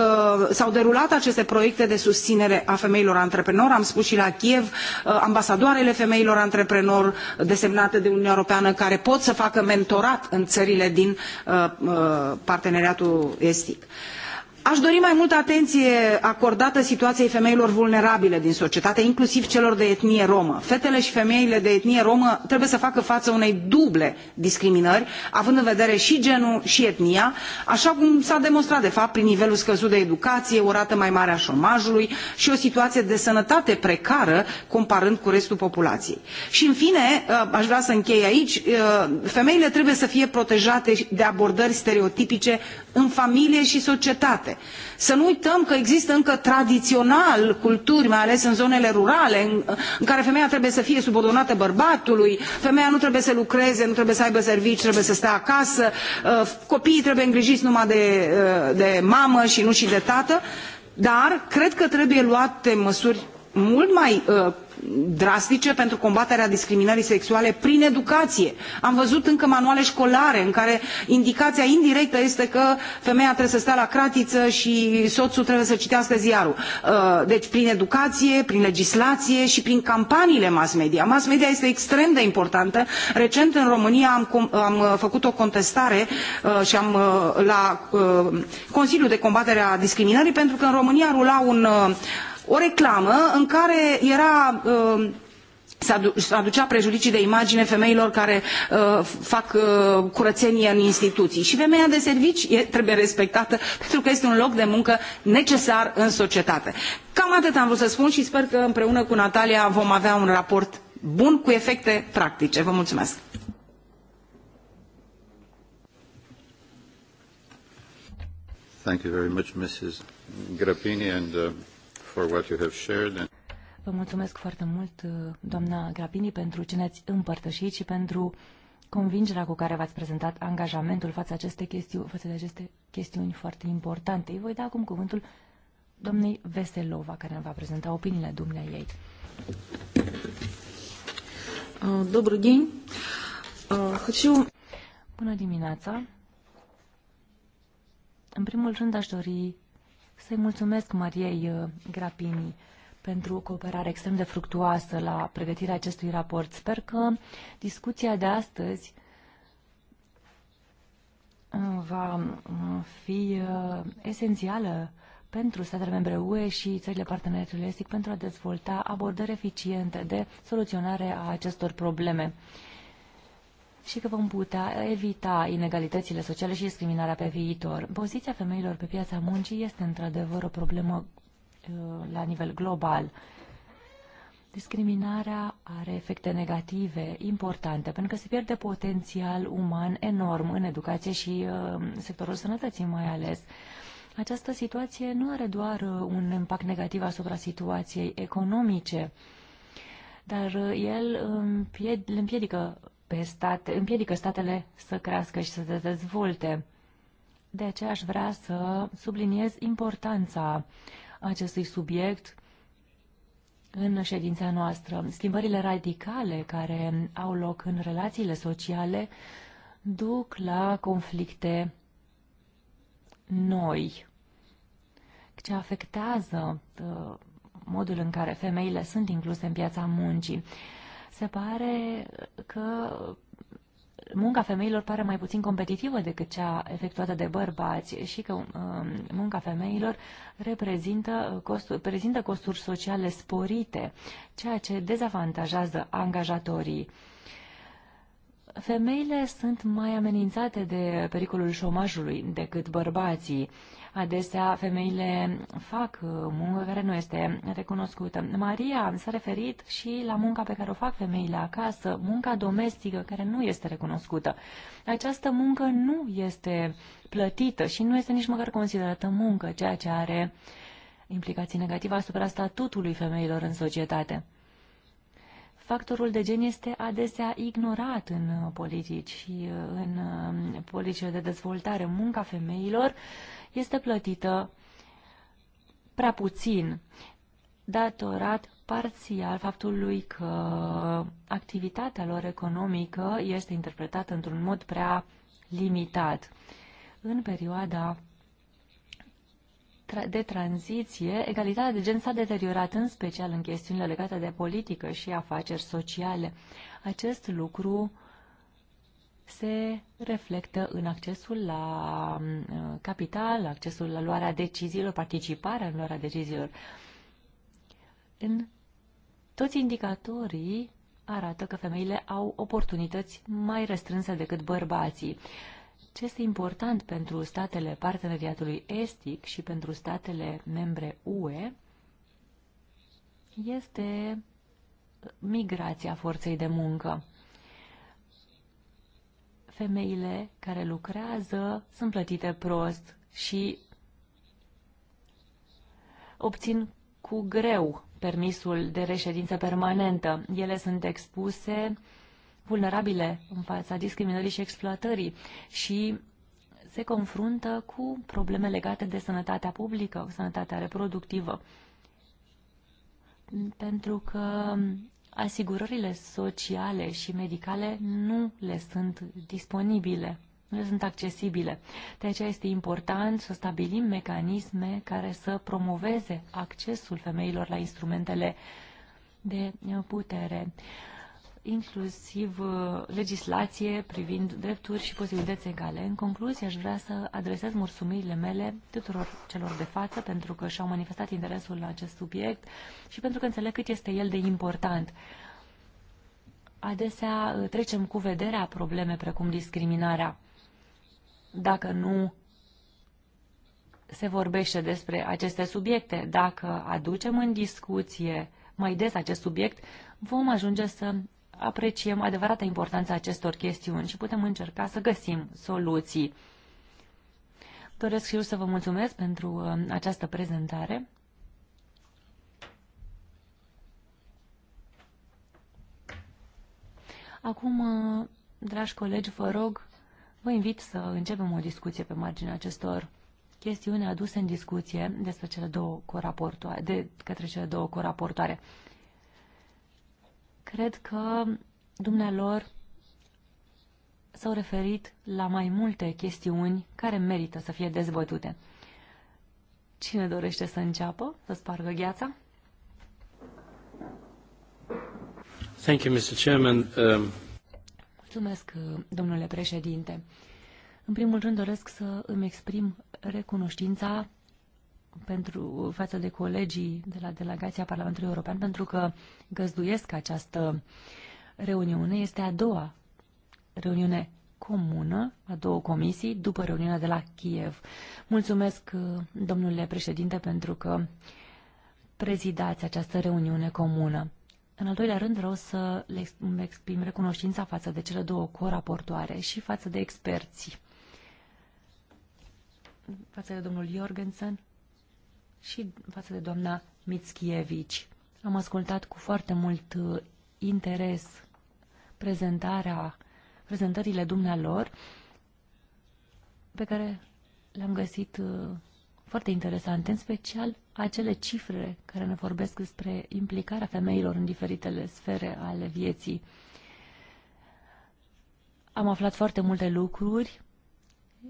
Speaker 1: s-au derulat aceste proiecte de susținere a femeilor antreprenori. Am spus și la Kiev, uh, ambasadoarele femeilor antreprenori desemnate de Uniunea Europeană care pot să facă mentorat în țările din parteneriatul estic. Uh, Aș dori mai multă atenție acordată situației femeilor vulnerabile din societate, inclusiv celor de etnie romă. Fetele și femeile de etnie romă trebuie să facă față unei duble discriminări, având în vedere și genul și etnia, așa cum s-a demonstrat de fapt prin nivelul scăzut de educație, o rată mai mare a șomajului și o situație de sănătate precară comparând cu restul populației. Și în fine, uh, aș vrea să închei aici, uh, femeile trebuie să fie protejate de abordări stereotipice în familie și societate departe. Să nu uităm că există încă tradițional culturi, mai ales în zonele rurale, în, în care femeia trebuie să fie subordonată bărbatului, femeia nu trebuie să lucreze, nu trebuie să aibă servici, trebuie să stea acasă, uh, copiii trebuie îngrijiți numai de, uh, de mamă și nu și de tată, dar cred că trebuie luate măsuri mult mai uh, drastice pentru combaterea discriminării sexuale prin educație. Am văzut încă manuale școlare în care indicația indirectă este că femeia trebuie să stea la cratiță și soțul trebuie să citească ziarul. Uh, deci prin educație, prin legislație și prin campaniile mass media. Mass media este extrem de importantă. Recent în România am, am uh, făcut o contestare uh, și am la Consiliul de Combatere a Discriminării pentru că în România rula un o reclamă în care era uh, se aducea prejudicii de imagine femeilor care uh, fac uh, curățenie în instituții. Și femeia de servici e, trebuie respectată pentru că este un loc de muncă necesar în societate. Cam atât am vrut să spun și sper că împreună cu Natalia vom avea un raport bun cu efecte practice. Vă mulțumesc! Thank you very much, Mrs. Grappini, and uh for what you have shared. And...
Speaker 4: Vă mulțumesc foarte mult, doamna Grapini, pentru ce ne-ați împărtășit și pentru convingerea cu care v-ați prezentat angajamentul față, aceste chestiuni, față de aceste chestiuni foarte importante. Îi voi da acum cuvântul doamnei Veselova, care ne va prezenta opiniile dumnea ei. Uh, uh, Bună dimineața. În primul rând aș dori să-i mulțumesc Mariei uh, Grapini pentru cooperare extrem de fructuoasă la pregătirea acestui raport. Sper că discuția de astăzi uh, va uh, fi esențială pentru statele membre UE și țările parteneriatului estic pentru a dezvolta abordări eficiente de soluționare a acestor probleme și că vom putea evita inegalitățile sociale și discriminarea pe viitor. Poziția femeilor pe piața muncii este într-adevăr o problemă uh, la nivel global. Discriminarea are efecte negative importante, pentru că se pierde potențial uman enorm în educație și uh, sectorul sănătății mai ales. Această situație nu are doar uh, un impact negativ asupra situației economice, dar uh, el împied, împiedică pe state, împiedică statele să crească și să se dezvolte. De aceea aș vrea să subliniez importanța acestui subiect în ședința noastră. Schimbările radicale care au loc în relațiile sociale duc la conflicte noi, ce afectează uh, modul în care femeile sunt incluse în piața muncii. Se pare că munca femeilor pare mai puțin competitivă decât cea efectuată de bărbați și că um, munca femeilor reprezintă uh, costuri, prezintă costuri sociale sporite, ceea ce dezavantajează angajatorii. Femeile sunt mai amenințate de pericolul șomajului decât bărbații. Adesea femeile fac uh, muncă care nu este recunoscută. Maria s-a referit și la munca pe care o fac femeile acasă, munca domestică care nu este recunoscută. Această muncă nu este plătită și nu este nici măcar considerată muncă, ceea ce are implicații negative asupra statutului femeilor în societate factorul de gen este adesea ignorat în uh, politici și uh, în uh, politicile de dezvoltare. Munca femeilor este plătită prea puțin, datorat parțial faptului că activitatea lor economică este interpretată într-un mod prea limitat. În perioada de tranziție, egalitatea de gen s-a deteriorat în special în chestiunile legate de politică și afaceri sociale. Acest lucru se reflectă în accesul la mm, capital, accesul la luarea deciziilor, participarea în luarea deciziilor. În toți indicatorii arată că femeile au oportunități mai restrânse decât bărbații succes este important pentru statele parteneriatului estic și pentru statele membre UE este migrația forței de muncă. Femeile care lucrează sunt plătite prost și obțin cu greu permisul de reședință permanentă. Ele sunt expuse uh, vulnerabile în fața discriminării și exploatării și se confruntă cu probleme legate de sănătatea publică, sănătatea reproductivă. Pentru că asigurările sociale și medicale nu le sunt disponibile, nu le sunt accesibile. De aceea este important să stabilim mecanisme care să promoveze accesul femeilor la instrumentele de putere inclusiv uh, legislație privind drepturi și posibilități egale. În concluzie, aș vrea să adresez mulțumirile mele tuturor celor de față pentru că și-au manifestat interesul la acest subiect și pentru că înțeleg cât este el de important. Adesea uh, trecem cu vederea probleme precum discriminarea. Dacă nu se vorbește despre aceste subiecte, dacă aducem în discuție mai des acest subiect, vom ajunge să apreciem adevărata importanța acestor chestiuni și putem încerca să găsim soluții. Doresc și eu să vă mulțumesc pentru uh, această prezentare. Acum, uh, dragi colegi, vă rog, vă invit să începem o discuție pe marginea acestor chestiuni aduse în discuție despre cele două coraportoare, de către cele două coraportoare. Cred că dumnealor s-au referit la mai multe chestiuni care merită să fie dezbătute. Cine dorește să înceapă, să spargă gheața?
Speaker 1: Thank you, Mr. Chairman. Um...
Speaker 4: Mulțumesc, domnule președinte. În primul rând doresc să îmi exprim recunoștința pentru, față de colegii de la Delegația Parlamentului European pentru că găzduiesc această reuniune. Este a doua reuniune comună a două comisii după reuniunea de la Kiev. Mulțumesc, domnule președinte, pentru că prezidați această reuniune comună. În al doilea rând, vreau să le exprim recunoștința față de cele două coraportoare și față de experți. Față de domnul Jorgensen și față de doamna Mitschievici. Am ascultat cu foarte mult uh, interes prezentarea, prezentările dumnealor pe care le-am găsit uh, foarte interesante, în special acele cifre care ne vorbesc despre implicarea femeilor în diferitele sfere ale vieții. Am aflat foarte multe lucruri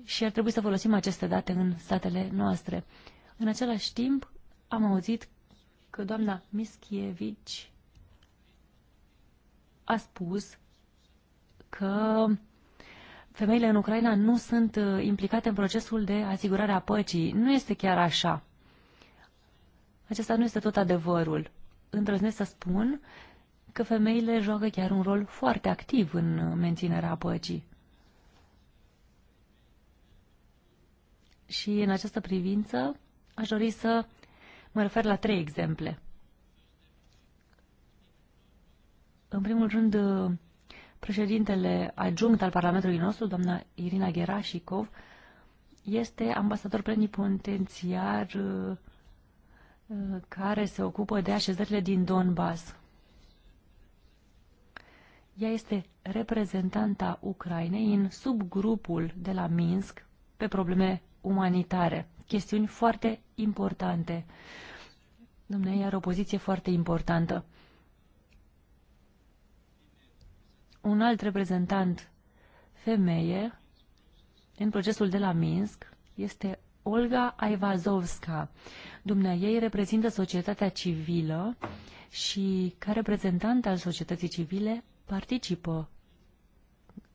Speaker 4: și ar trebui să folosim aceste date în statele noastre. În același timp, am auzit că doamna Mischievici a spus că femeile în Ucraina nu sunt uh, implicate în procesul de asigurare a păcii. Nu este chiar așa. Acesta nu este tot adevărul. Îndrăznesc să spun că femeile joacă chiar un rol foarte activ în uh, menținerea păcii. Și în această privință, Aș dori să mă refer la trei exemple. În primul rând, președintele adjunct al Parlamentului nostru, doamna Irina Gerașicov, este ambasador plenipotențiar uh, care se ocupă de așezările din Donbass. Ea este reprezentanta Ucrainei în subgrupul de la Minsk pe probleme umanitare chestiuni foarte importante. Dumnezeu iar o poziție foarte importantă. Un alt reprezentant femeie în procesul de la Minsk este Olga Aivazovska. Dumnea ei reprezintă societatea civilă și ca reprezentant al societății civile participă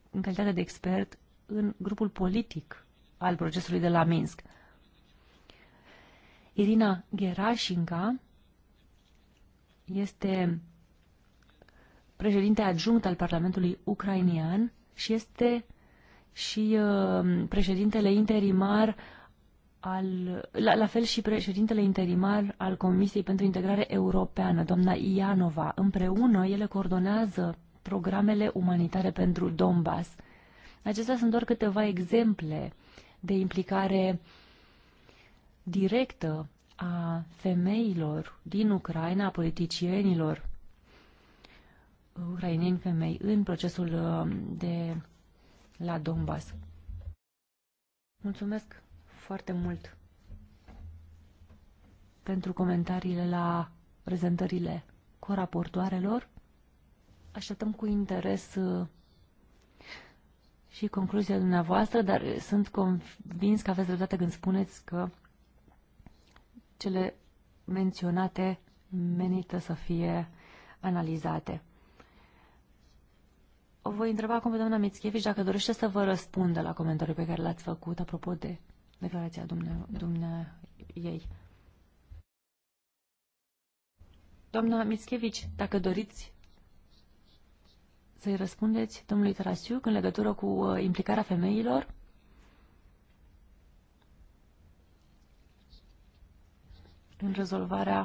Speaker 4: în calitate de expert în grupul politic al procesului de la Minsk. Irina Gerașinca este președinte adjunct al Parlamentului ucrainian și este și uh, președintele interimar al, la, la fel și președintele interimar al Comisiei pentru Integrare Europeană, doamna Ianova. Împreună ele coordonează programele umanitare pentru Donbass. Acestea sunt doar câteva exemple de implicare uh, directă a femeilor din Ucraina, a politicienilor ucraineni femei în procesul uh, de la Donbass. Mulțumesc foarte mult pentru comentariile la prezentările coraportoarelor. Așteptăm cu interes uh, și concluzia dumneavoastră, dar sunt convins că aveți dreptate când spuneți că cele menționate menită să fie analizate. O voi întreba acum pe doamna Mițchevici dacă dorește să vă răspundă la comentariul pe care l-ați făcut apropo de declarația dumne, dumne ei. Doamna Mițchevici, dacă doriți să-i răspundeți domnului Tarasiuc în legătură cu uh, implicarea femeilor, în rezolvarea,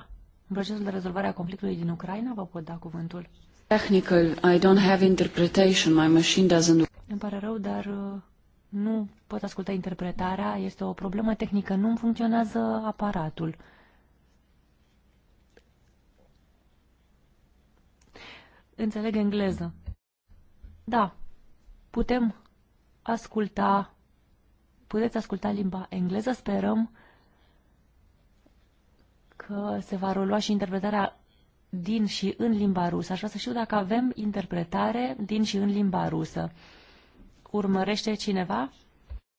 Speaker 4: în procesul de rezolvare a conflictului din Ucraina, vă pot da cuvântul.
Speaker 1: Technical, I don't have interpretation, my machine doesn't...
Speaker 4: Îmi pare rău, dar uh, nu pot asculta interpretarea, este o problemă tehnică, nu funcționează aparatul. Înțeleg engleză. Da, putem asculta, puteți asculta limba engleză, sperăm că se va rolua și interpretarea din și în limba rusă. Aș vrea să știu dacă avem interpretare din și în limba rusă. Urmărește cineva?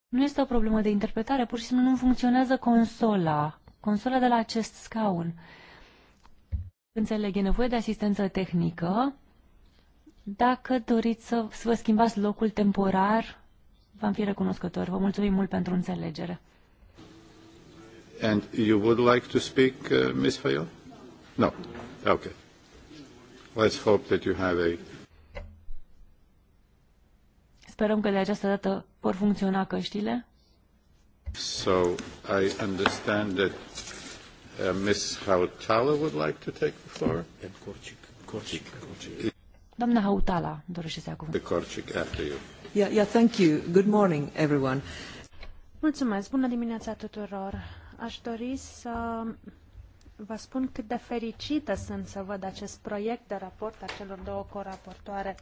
Speaker 4: Nu este o problemă de interpretare, pur și simplu nu funcționează consola, consola de la acest scaun. Înțeleg, e nevoie de asistență tehnică. Dacă doriți să, să vă schimbați locul temporar, v-am fi recunoscător. Vă mulțumim mult pentru înțelegere.
Speaker 1: And you would like to speak, uh, Ms. Fayol? No. Okay. Let's hope that you have a...
Speaker 4: Sperăm că de această dată vor funcționa căștile.
Speaker 1: So I understand that uh, Ms. Hautala would like to take the floor. And Korchik. Korchik.
Speaker 4: Doamna Hautala dorește
Speaker 1: să ia cuvântul. The Korchik after you. Yeah, yeah, thank you. Good morning, everyone.
Speaker 3: Mulțumesc. Bună dimineața tuturor aș dori să vă spun cât de fericită sunt să văd acest proiect de raport a celor două coraportoare.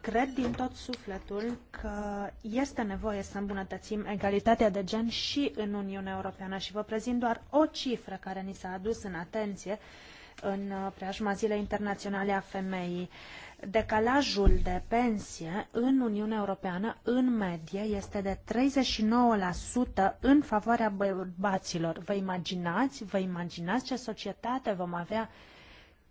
Speaker 3: Cred din tot sufletul că este nevoie să îmbunătățim egalitatea de gen și în Uniunea Europeană și vă prezint doar o cifră care ni s-a adus în atenție în uh, preajma Zilei Internaționale a Femeii. Decalajul de pensie în Uniunea Europeană, în medie, este de 39% în favoarea bărbaților. Vă imaginați, vă imaginați ce societate vom avea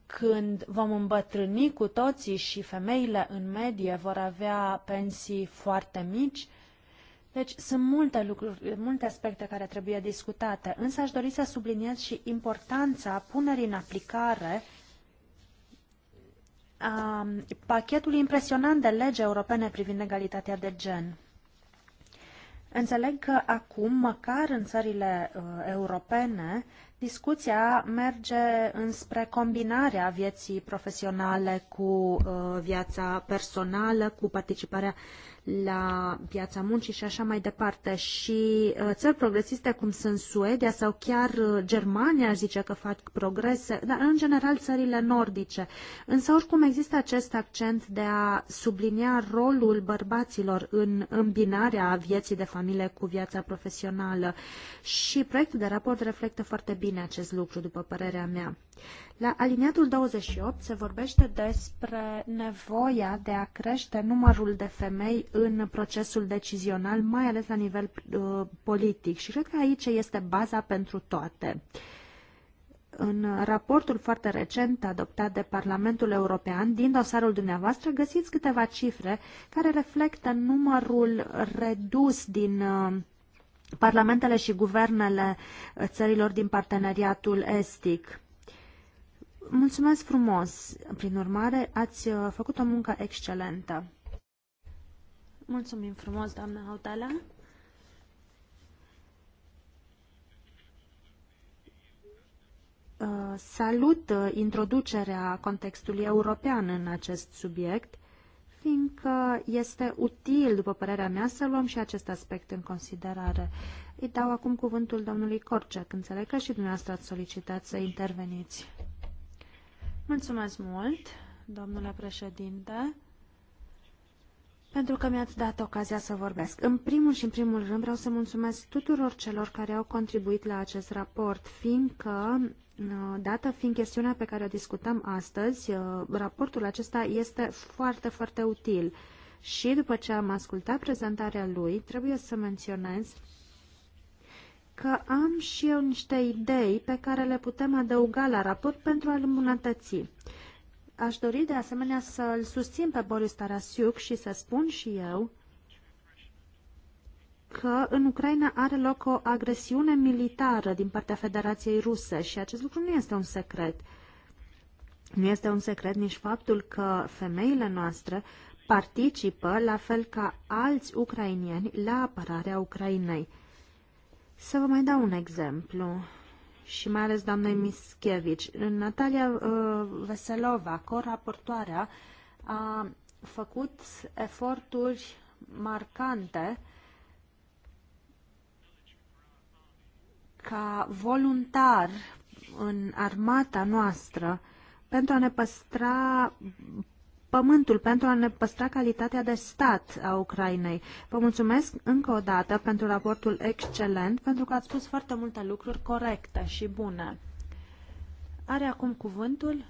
Speaker 3: când vom îmbătrâni cu toții și femeile în medie vor avea pensii foarte mici? Deci sunt multe lucruri, multe aspecte care trebuie discutate, însă aș dori să subliniez și importanța punerii în aplicare a pachetului impresionant de lege europene privind egalitatea de gen. Înțeleg că acum, măcar în țările uh, europene, discuția merge înspre combinarea vieții profesionale cu uh, viața personală, cu participarea uh, la piața muncii și așa mai departe. Și uh, țări progresiste cum sunt Suedia sau chiar uh, Germania aș zice că fac progrese, dar în general țările nordice. Însă oricum există acest accent de a sublinia rolul bărbaților în îmbinarea vieții de familie cu viața profesională și proiectul de raport reflectă foarte bine acest lucru, după părerea mea. La aliniatul 28 se vorbește despre nevoia de a crește numărul de femei în procesul decizional, mai ales la nivel uh, politic. Și cred că aici este baza pentru toate. În raportul foarte recent adoptat de Parlamentul European, din dosarul dumneavoastră, găsiți câteva cifre care reflectă numărul redus din uh, parlamentele și guvernele uh, țărilor din parteneriatul estic. Mulțumesc frumos! Prin urmare, ați uh, făcut o muncă excelentă. Mulțumim frumos, doamna Hautala. Uh, salut uh, introducerea contextului european în acest subiect, fiindcă este util, după părerea mea, să luăm și acest aspect în considerare. Îi dau acum cuvântul domnului Corcec. Înțeleg că și dumneavoastră ați solicitat să interveniți. Mulțumesc mult, domnule președinte pentru că mi-ați dat ocazia să vorbesc. În primul și în primul rând vreau să mulțumesc tuturor celor care au contribuit la acest raport, fiindcă, uh, dată fiind chestiunea pe care o discutăm astăzi, uh, raportul acesta este foarte, foarte util. Și după ce am ascultat prezentarea lui, trebuie să menționez că am și eu niște idei pe care le putem adăuga la raport pentru a-l îmbunătăți. Aș dori de asemenea să îl susțin pe Boris Tarasiuc și să spun și eu că în Ucraina are loc o agresiune militară din partea Federației Ruse și acest lucru nu este un secret. Nu este un secret nici faptul că femeile noastre participă, la fel ca alți ucrainieni, la apărarea Ucrainei. Să vă mai dau un exemplu și mai ales doamnei Mischievici. Natalia uh, Veselova, co-raportoarea, a făcut eforturi marcante ca voluntar în armata noastră pentru a ne păstra pământul pentru a ne păstra calitatea de stat a Ucrainei. Vă mulțumesc încă o dată pentru raportul excelent, pentru că ați spus foarte multe lucruri corecte și bune. Are acum cuvântul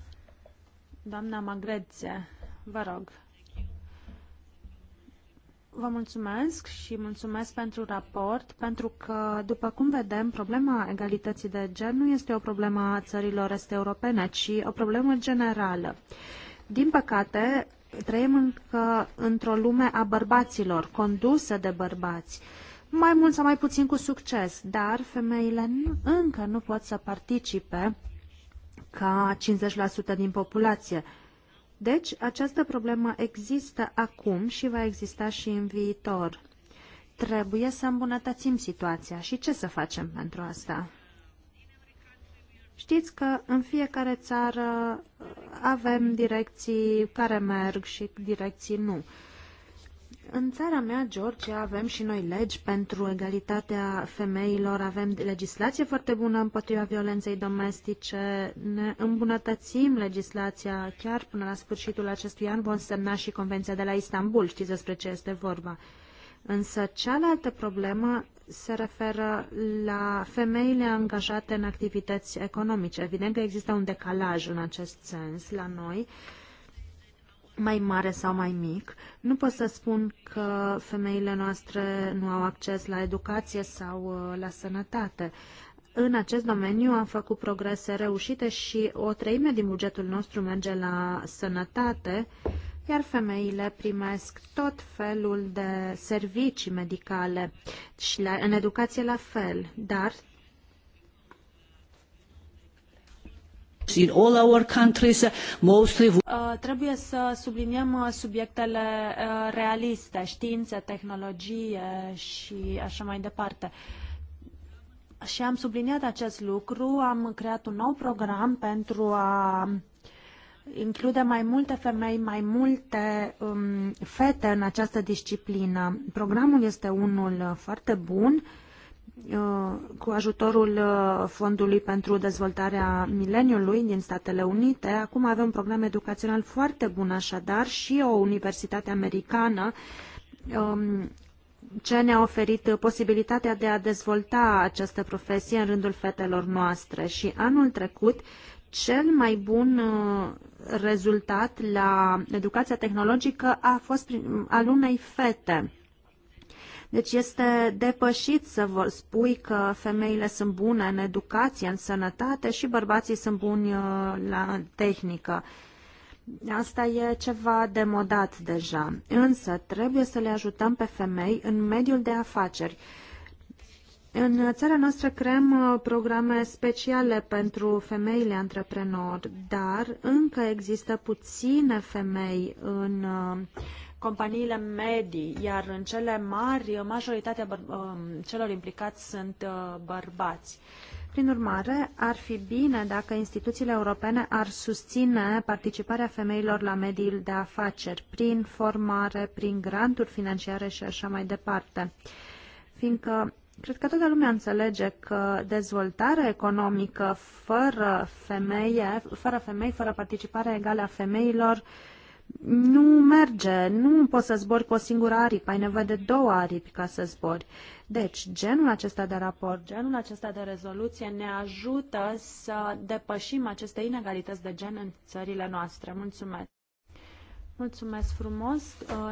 Speaker 3: doamna Magrețe. Vă rog. Vă mulțumesc și mulțumesc pentru raport, pentru că, după cum vedem, problema egalității de gen nu este o problemă a țărilor este europene, ci o problemă generală. Uh, din păcate, trăim încă într-o lume a bărbaților, condusă de bărbați, mai mult sau mai puțin cu succes, dar femeile încă nu pot să participe ca 50% din populație. Deci, această problemă există acum și va exista și în viitor. Trebuie să îmbunătățim situația și ce să facem pentru asta? Știți că în fiecare țară uh, avem direcții care merg și direcții nu. În țara mea, Georgia, avem și noi legi pentru egalitatea femeilor, avem legislație foarte bună împotriva violenței domestice, ne îmbunătățim legislația chiar până la sfârșitul acestui an, vom semna și Convenția de la Istanbul, știți despre ce este vorba. Însă cealaltă problemă se referă la femeile angajate în activități economice. Evident că există un decalaj în acest sens la noi, mai mare sau mai mic. Nu pot să spun că femeile noastre nu au acces la educație sau uh, la sănătate. În acest domeniu am făcut progrese reușite și o treime din bugetul nostru merge la sănătate iar femeile primesc tot felul de servicii medicale și la, în educație la fel, dar
Speaker 4: In all our countries, mostly...
Speaker 3: Uh, trebuie să subliniem uh, subiectele uh, realiste, știință, tehnologie și așa mai departe. Și am subliniat acest lucru, am creat un nou program pentru a include mai multe femei, mai multe um, fete în această disciplină. Programul este unul uh, foarte bun uh, cu ajutorul uh, Fondului pentru Dezvoltarea Mileniului din Statele Unite. Acum avem un program educațional foarte bun așadar și o universitate americană um, ce ne-a oferit posibilitatea de a dezvolta această profesie în rândul fetelor noastre. Și anul trecut, cel mai bun rezultat la educația tehnologică a fost al unei fete. Deci este depășit să vă spui că femeile sunt bune în educație, în sănătate și bărbații sunt buni uh, la tehnică. Asta e ceva demodat deja, însă trebuie să le ajutăm pe femei în mediul de afaceri în țara noastră creăm uh, programe speciale pentru femeile antreprenori, dar încă există puține femei în uh, companiile medii, iar în cele mari, majoritatea uh, celor implicați sunt bărbați. Prin urmare, ar fi bine dacă instituțiile europene ar susține participarea femeilor la mediul de afaceri, prin formare, prin granturi financiare și așa mai departe. Fiindcă Cred că toată lumea înțelege că dezvoltarea economică fără, femeie, fără femei, fără participare egală a femeilor, nu merge, nu poți să zbori cu o singură aripă, ai nevoie de două aripi ca să zbori. Deci, genul acesta de raport, genul acesta de rezoluție ne ajută să depășim aceste inegalități de gen în țările noastre. Mulțumesc! Mulțumesc frumos!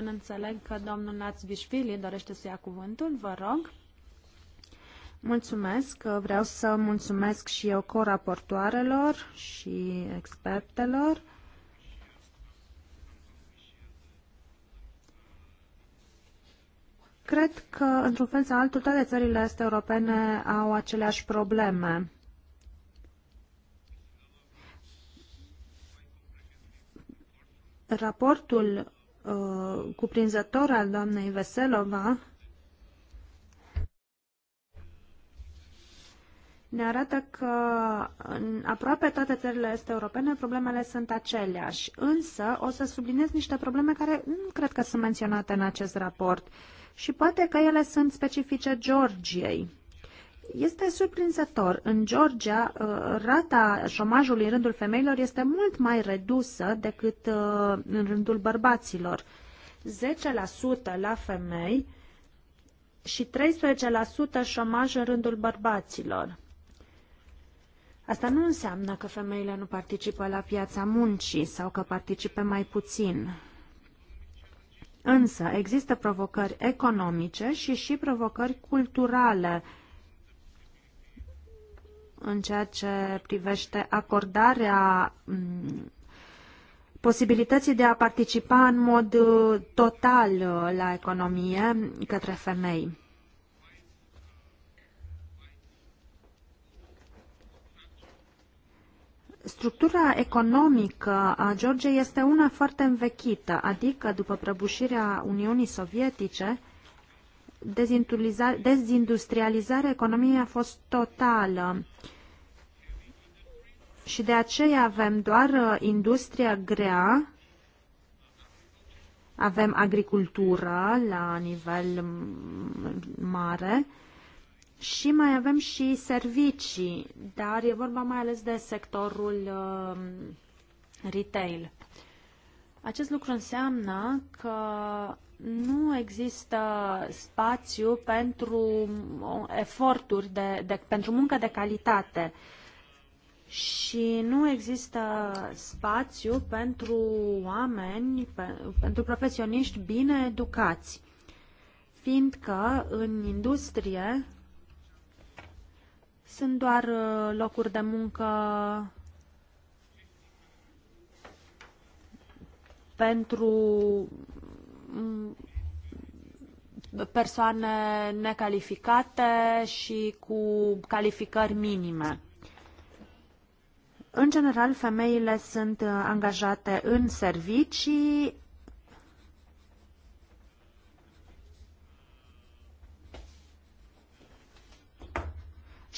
Speaker 3: Înțeleg că domnul Naț Vișvili dorește să ia cuvântul, vă rog. Mulțumesc. Vreau să mulțumesc și eu coraportoarelor și expertelor. Cred că, într-un fel sau altul, toate țările este europene au aceleași probleme. Raportul uh, cuprinzător al doamnei Veselova ne arată că în aproape toate țările este europene problemele sunt aceleași. Însă o să subliniez niște probleme care nu cred că sunt menționate în acest raport și poate că ele sunt specifice Georgiei. Este surprinzător. În Georgia, uh, rata șomajului în rândul femeilor este mult mai redusă decât uh, în rândul bărbaților. 10% la femei și 13% șomaj în rândul bărbaților. Asta nu înseamnă că femeile nu participă la piața muncii sau că participă mai puțin. Însă există provocări economice și și provocări culturale în ceea ce privește acordarea mm, posibilității de a participa în mod uh, total uh, la economie către femei. structura economică a Georgiei este una foarte învechită, adică după prăbușirea Uniunii Sovietice, dezindustrializarea economiei a fost totală. Și de aceea avem doar uh, industria grea, avem agricultură la nivel mare, și mai avem și servicii, dar e vorba mai ales de sectorul uh, retail. Acest lucru înseamnă că nu există spațiu pentru um, eforturi, de, de, pentru muncă de calitate și nu există spațiu pentru oameni, pe, pentru profesioniști bine educați, fiindcă în industrie sunt doar uh, locuri de muncă pentru mm, persoane necalificate și cu calificări minime. În general, femeile sunt uh, angajate în servicii,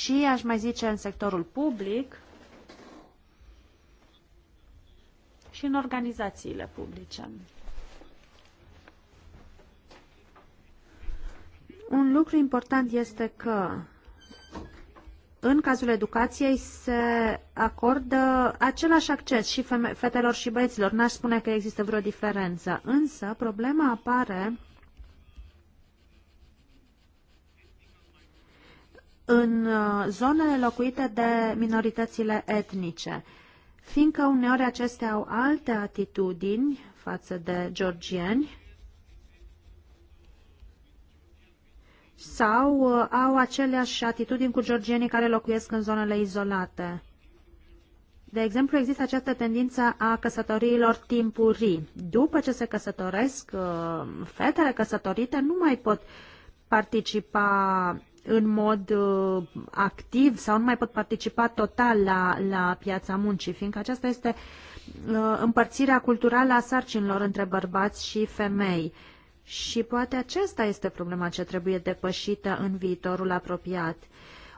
Speaker 3: și, aș mai zice, în sectorul public și în organizațiile publice. Un lucru important este că în cazul educației se acordă același acces și fetelor și băieților. N-aș spune că există vreo diferență, însă problema apare în uh, zonele locuite de minoritățile etnice, fiindcă uneori acestea au alte atitudini față de georgieni sau uh, au aceleași atitudini cu georgienii care locuiesc în zonele izolate. De exemplu, există această tendință a căsătoriilor timpurii. După ce se căsătoresc, uh, fetele căsătorite nu mai pot participa în mod uh, activ sau nu mai pot participa total la, la piața muncii, fiindcă aceasta este uh, împărțirea culturală a sarcinilor între bărbați și femei. Și poate aceasta este problema ce trebuie depășită în viitorul apropiat.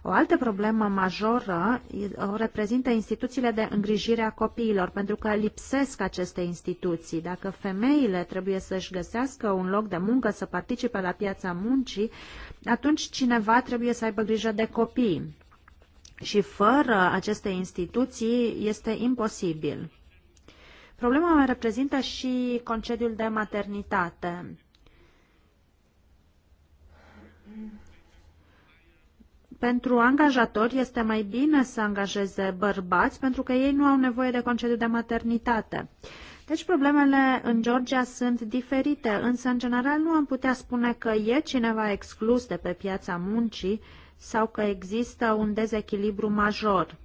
Speaker 3: O altă problemă majoră uh, o reprezintă instituțiile de îngrijire a copiilor, pentru că lipsesc aceste instituții. Dacă femeile trebuie să-și găsească un loc de muncă, să participe la piața muncii, atunci cineva trebuie să aibă grijă de copii. Și fără aceste instituții este imposibil. Problema mai reprezintă și concediul de maternitate. Pentru angajatori este mai bine să angajeze bărbați pentru că ei nu au nevoie de concediu de maternitate. Uh, deci problemele în Georgia sunt diferite, însă în general nu am putea spune că e cineva exclus de pe piața muncii sau că există un dezechilibru major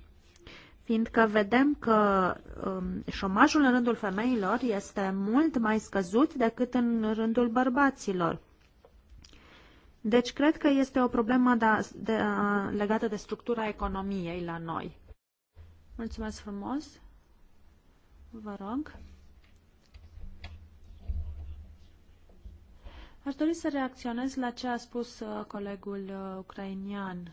Speaker 3: fiindcă vedem că um, șomajul în rândul femeilor este mult mai scăzut decât în rândul bărbaților. Deci cred că este o problemă da, de, de, legată de structura economiei la noi. Mulțumesc frumos! Vă rog. Aș dori să reacționez la ce a spus uh, colegul uh, ucrainian.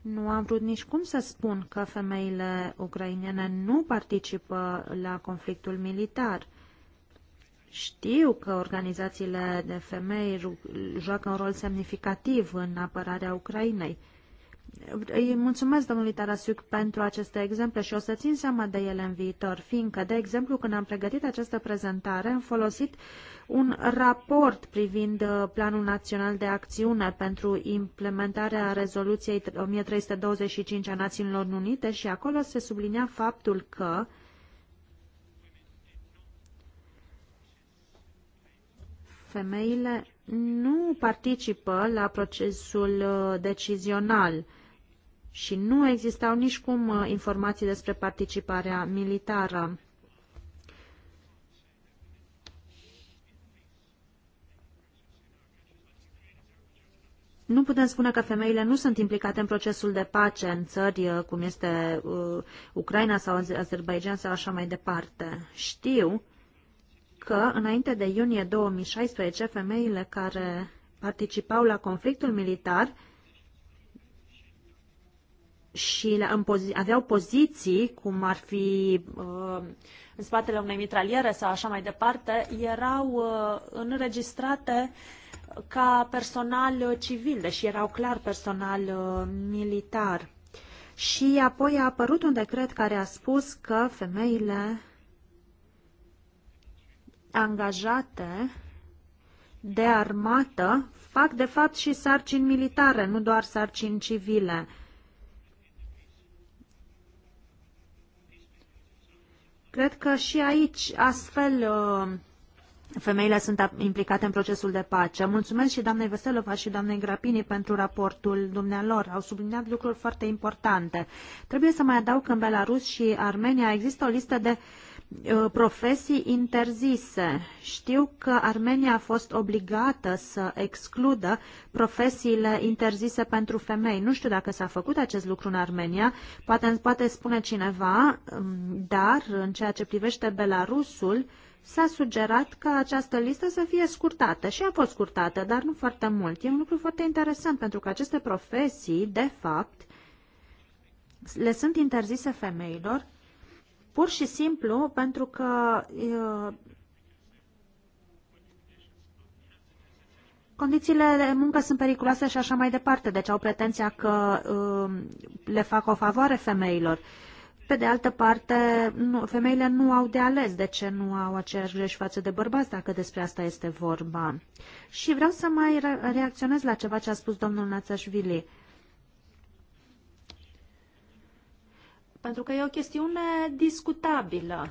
Speaker 3: Nu am vrut nici cum să spun că femeile ucrainene nu participă la conflictul militar. Știu că organizațiile de femei joacă un rol semnificativ în apărarea Ucrainei. Îi mulțumesc domnului Tarasiuc pentru aceste exemple și o să țin seama de ele în viitor, fiindcă, de exemplu, când am pregătit această prezentare, am folosit un raport privind uh, Planul Național de Acțiune pentru implementarea rezoluției 1325 a Națiunilor Unite și acolo se sublinea faptul că femeile nu participă la procesul uh, decizional și nu existau cum uh, informații despre participarea militară. Nu putem spune că femeile nu sunt implicate în procesul de pace în țări uh, cum este uh, Ucraina sau Azerbaijan sau așa mai departe. Știu că înainte de iunie 2016 femeile care participau la conflictul militar uh, și aveau poziții, cum ar fi uh, în spatele unei mitraliere sau așa mai departe, erau uh, înregistrate ca personal uh, civil, deși erau clar personal militar. Și apoi a apărut un decret care a spus că femeile angajate de armată fac de fapt și sarcini militare, nu doar sarcini civile. Cred că și aici, astfel, uh, femeile sunt implicate în procesul de pace. Mulțumesc și doamnei Veselova și doamnei Grapini pentru raportul dumnealor. Au subliniat lucruri foarte importante. Trebuie să mai adaug că în Belarus și Armenia există o listă de Uh, profesii interzise. Știu că Armenia a fost obligată să excludă profesiile interzise pentru femei. Nu știu dacă s-a făcut acest lucru în Armenia, poate, poate spune cineva, um, dar în ceea ce privește Belarusul, s-a sugerat că această listă să fie scurtată și a fost scurtată, dar nu foarte mult. E un lucru foarte interesant pentru că aceste profesii, de fapt, le sunt interzise femeilor Pur și simplu pentru că uh, condițiile de muncă sunt periculoase și așa mai departe, deci au pretenția că uh, le fac o favoare femeilor. Pe de altă parte, nu, femeile nu au de ales de ce nu au aceeași greși față de bărbați, dacă despre asta este vorba. Și vreau să mai reacționez la ceva ce a spus domnul Națașvili. Uh, pentru că e o chestiune discutabilă.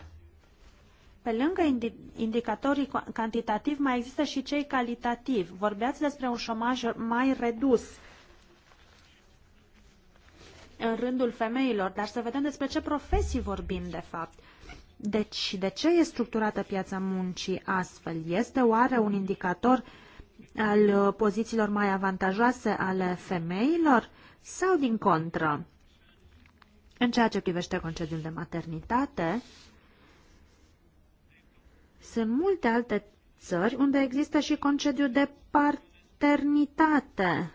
Speaker 3: Pe lângă indicatorii cantitativi, mai există și cei calitativi. Vorbeați despre un șomaj mai redus în rândul femeilor, dar să vedem despre ce profesii vorbim, de fapt. Deci, de ce e structurată piața muncii astfel? Este oare un indicator al pozițiilor mai avantajoase ale femeilor sau din contră? În ceea ce privește concediul de maternitate, sunt multe alte țări unde există și concediu de paternitate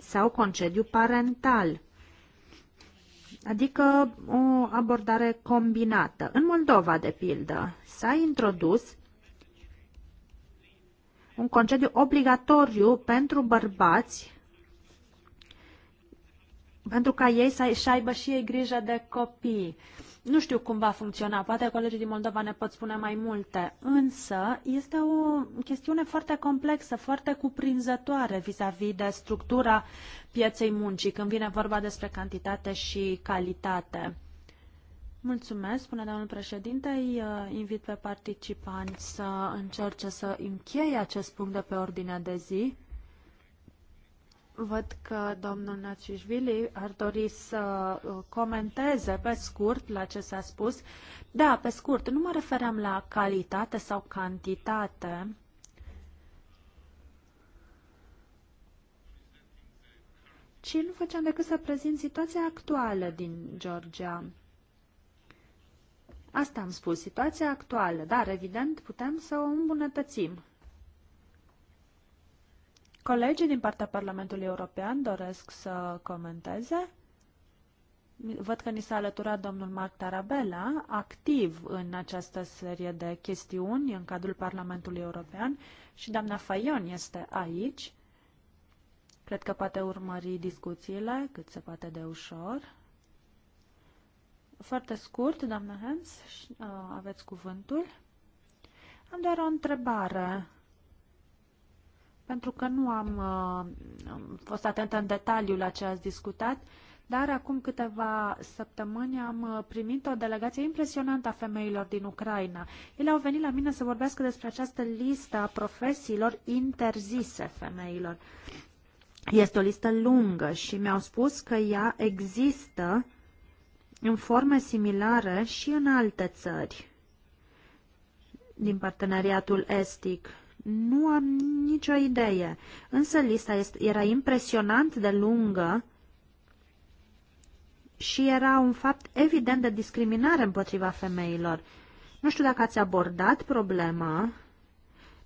Speaker 3: sau concediu parental, adică o abordare combinată. În Moldova, de pildă, s-a introdus un concediu obligatoriu pentru bărbați pentru ca ei să aibă și ei grijă de copii. Nu știu cum va funcționa, poate colegii din Moldova ne pot spune mai multe, însă este o chestiune foarte complexă, foarte cuprinzătoare vis-a-vis -vis de structura pieței muncii, când vine vorba despre cantitate și calitate. Mulțumesc, spune domnul președinte. Îi uh, invit pe participanți să încerce să încheie acest punct de pe ordinea de zi. Văd că domnul Nacișvili ar dori să uh, comenteze pe scurt la ce s-a spus. Da, pe scurt, nu mă referam la calitate sau cantitate. ci nu făceam decât să prezint situația actuală din Georgia. Asta am spus, situația actuală, dar evident putem să o îmbunătățim. Colegii din partea Parlamentului European doresc să comenteze. Văd că ni s-a alăturat domnul Marc Tarabella, activ în această serie de chestiuni în cadrul Parlamentului European și doamna Fayon este aici. Cred că poate urmări discuțiile cât se poate de ușor. Foarte scurt, doamna Hans, uh, aveți cuvântul. Am doar o întrebare pentru că nu am uh, fost atentă în detaliu la ce ați discutat, dar acum câteva săptămâni am uh, primit o delegație impresionantă a femeilor din Ucraina. Ele au venit la mine să vorbească despre această listă a profesiilor interzise femeilor. Este o listă lungă și mi-au spus că ea există în forme similare și în alte țări din parteneriatul estic nu am nicio idee, însă lista era impresionant de lungă și era un fapt evident de discriminare împotriva femeilor. Nu știu dacă ați abordat problema,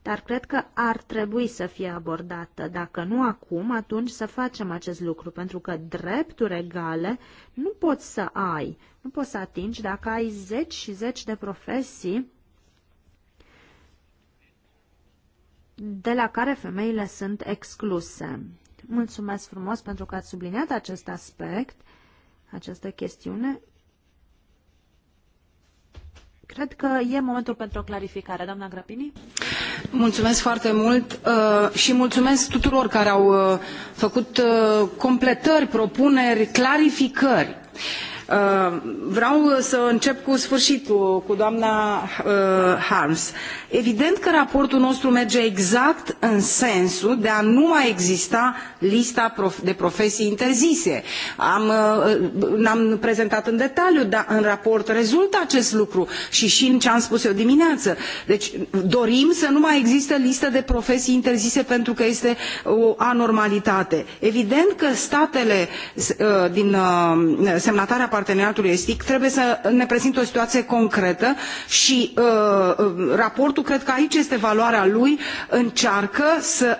Speaker 3: dar cred că ar trebui să fie abordată. Dacă nu acum, atunci să facem acest lucru, pentru că drepturi egale nu poți să ai, nu poți să atingi dacă ai zeci și zeci de profesii de la care femeile sunt excluse. Mulțumesc frumos pentru că ați subliniat acest aspect, această chestiune. Cred că e momentul pentru o clarificare. Doamna Grapini.
Speaker 1: Mulțumesc foarte mult uh, și mulțumesc tuturor care au uh, făcut uh, completări, propuneri, clarificări. Uh, Uh, vreau uh, să încep cu sfârșitul, cu doamna uh, Harms. Evident că raportul nostru merge exact în sensul de a nu mai exista lista de profesii interzise. Am, n-am prezentat în detaliu, dar în raport rezultă acest lucru și și în ce am spus eu dimineață. Deci dorim să nu mai există listă de profesii interzise pentru că este o anormalitate. Evident că statele din semnatarea parteneriatului estic trebuie să ne prezinte o situație concretă și uh, raportul cred că aici este valoarea lui încearcă să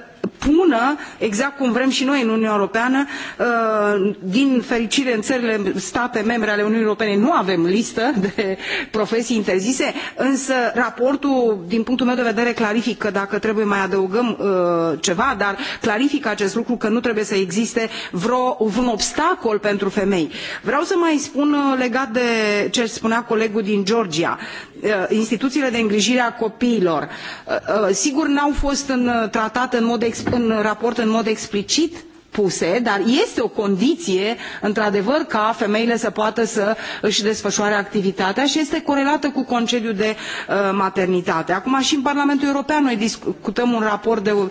Speaker 1: pună, exact cum vrem și noi în Uniunea Europeană, uh, din fericire în țările state membre ale Uniunii Europene nu avem listă de profesii interzise, însă raportul, din punctul meu de vedere, clarifică dacă trebuie mai adăugăm uh, ceva, dar clarifică acest lucru că nu trebuie să existe vreo, vreun obstacol pentru femei. Vreau să mai spun uh, legat de ce spunea colegul din Georgia instituțiile de îngrijire a copiilor sigur n au fost în, tratate în mod explicit în raport în mod explicit puse dar este o condiție într adevăr ca femeile să poată să își desfășoare activitatea și este corelată cu concediul de uh, maternitate. acum și în parlamentul european noi discutăm un raport de, uh,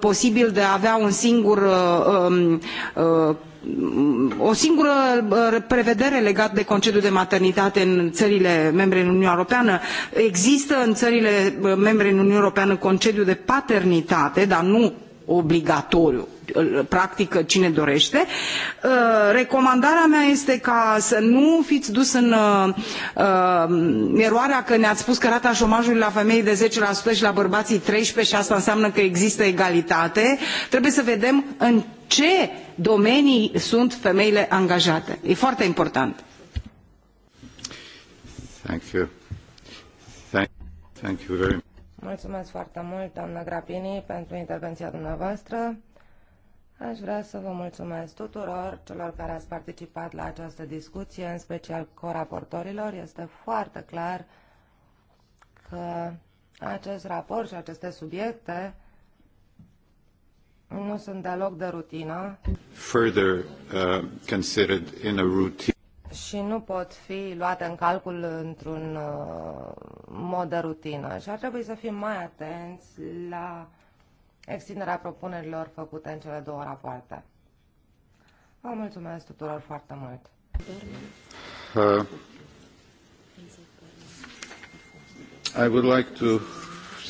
Speaker 1: posibil de a avea un singur uh, um, uh o singură uh, prevedere legată de concediul de maternitate în țările membre în Uniunea Europeană. Există în țările uh, membre în Uniunea Europeană concediu de paternitate, dar nu obligatoriu practică cine dorește. Uh, recomandarea mea este ca să nu fiți dus în uh, eroarea că ne-ați spus că rata șomajului la femei de 10% și la bărbații 13% și asta înseamnă că există egalitate. Trebuie să vedem în ce domenii sunt femeile angajate. E foarte important.
Speaker 2: Thank you. Thank you very much. Mulțumesc foarte mult, doamnă Grapini, pentru intervenția dumneavoastră. Aș vrea să vă mulțumesc tuturor celor care ați participat la această discuție, în special coraportorilor. Este foarte clar că acest raport și aceste subiecte nu sunt deloc de rutină.
Speaker 1: Further, uh, considered in a routine
Speaker 2: și nu pot fi luate în calcul într-un uh, mod de rutină. Și ar trebui să fim mai atenți la extinderea propunerilor făcute în cele două rapoarte. Vă mulțumesc tuturor foarte mult!
Speaker 1: Uh, I would like to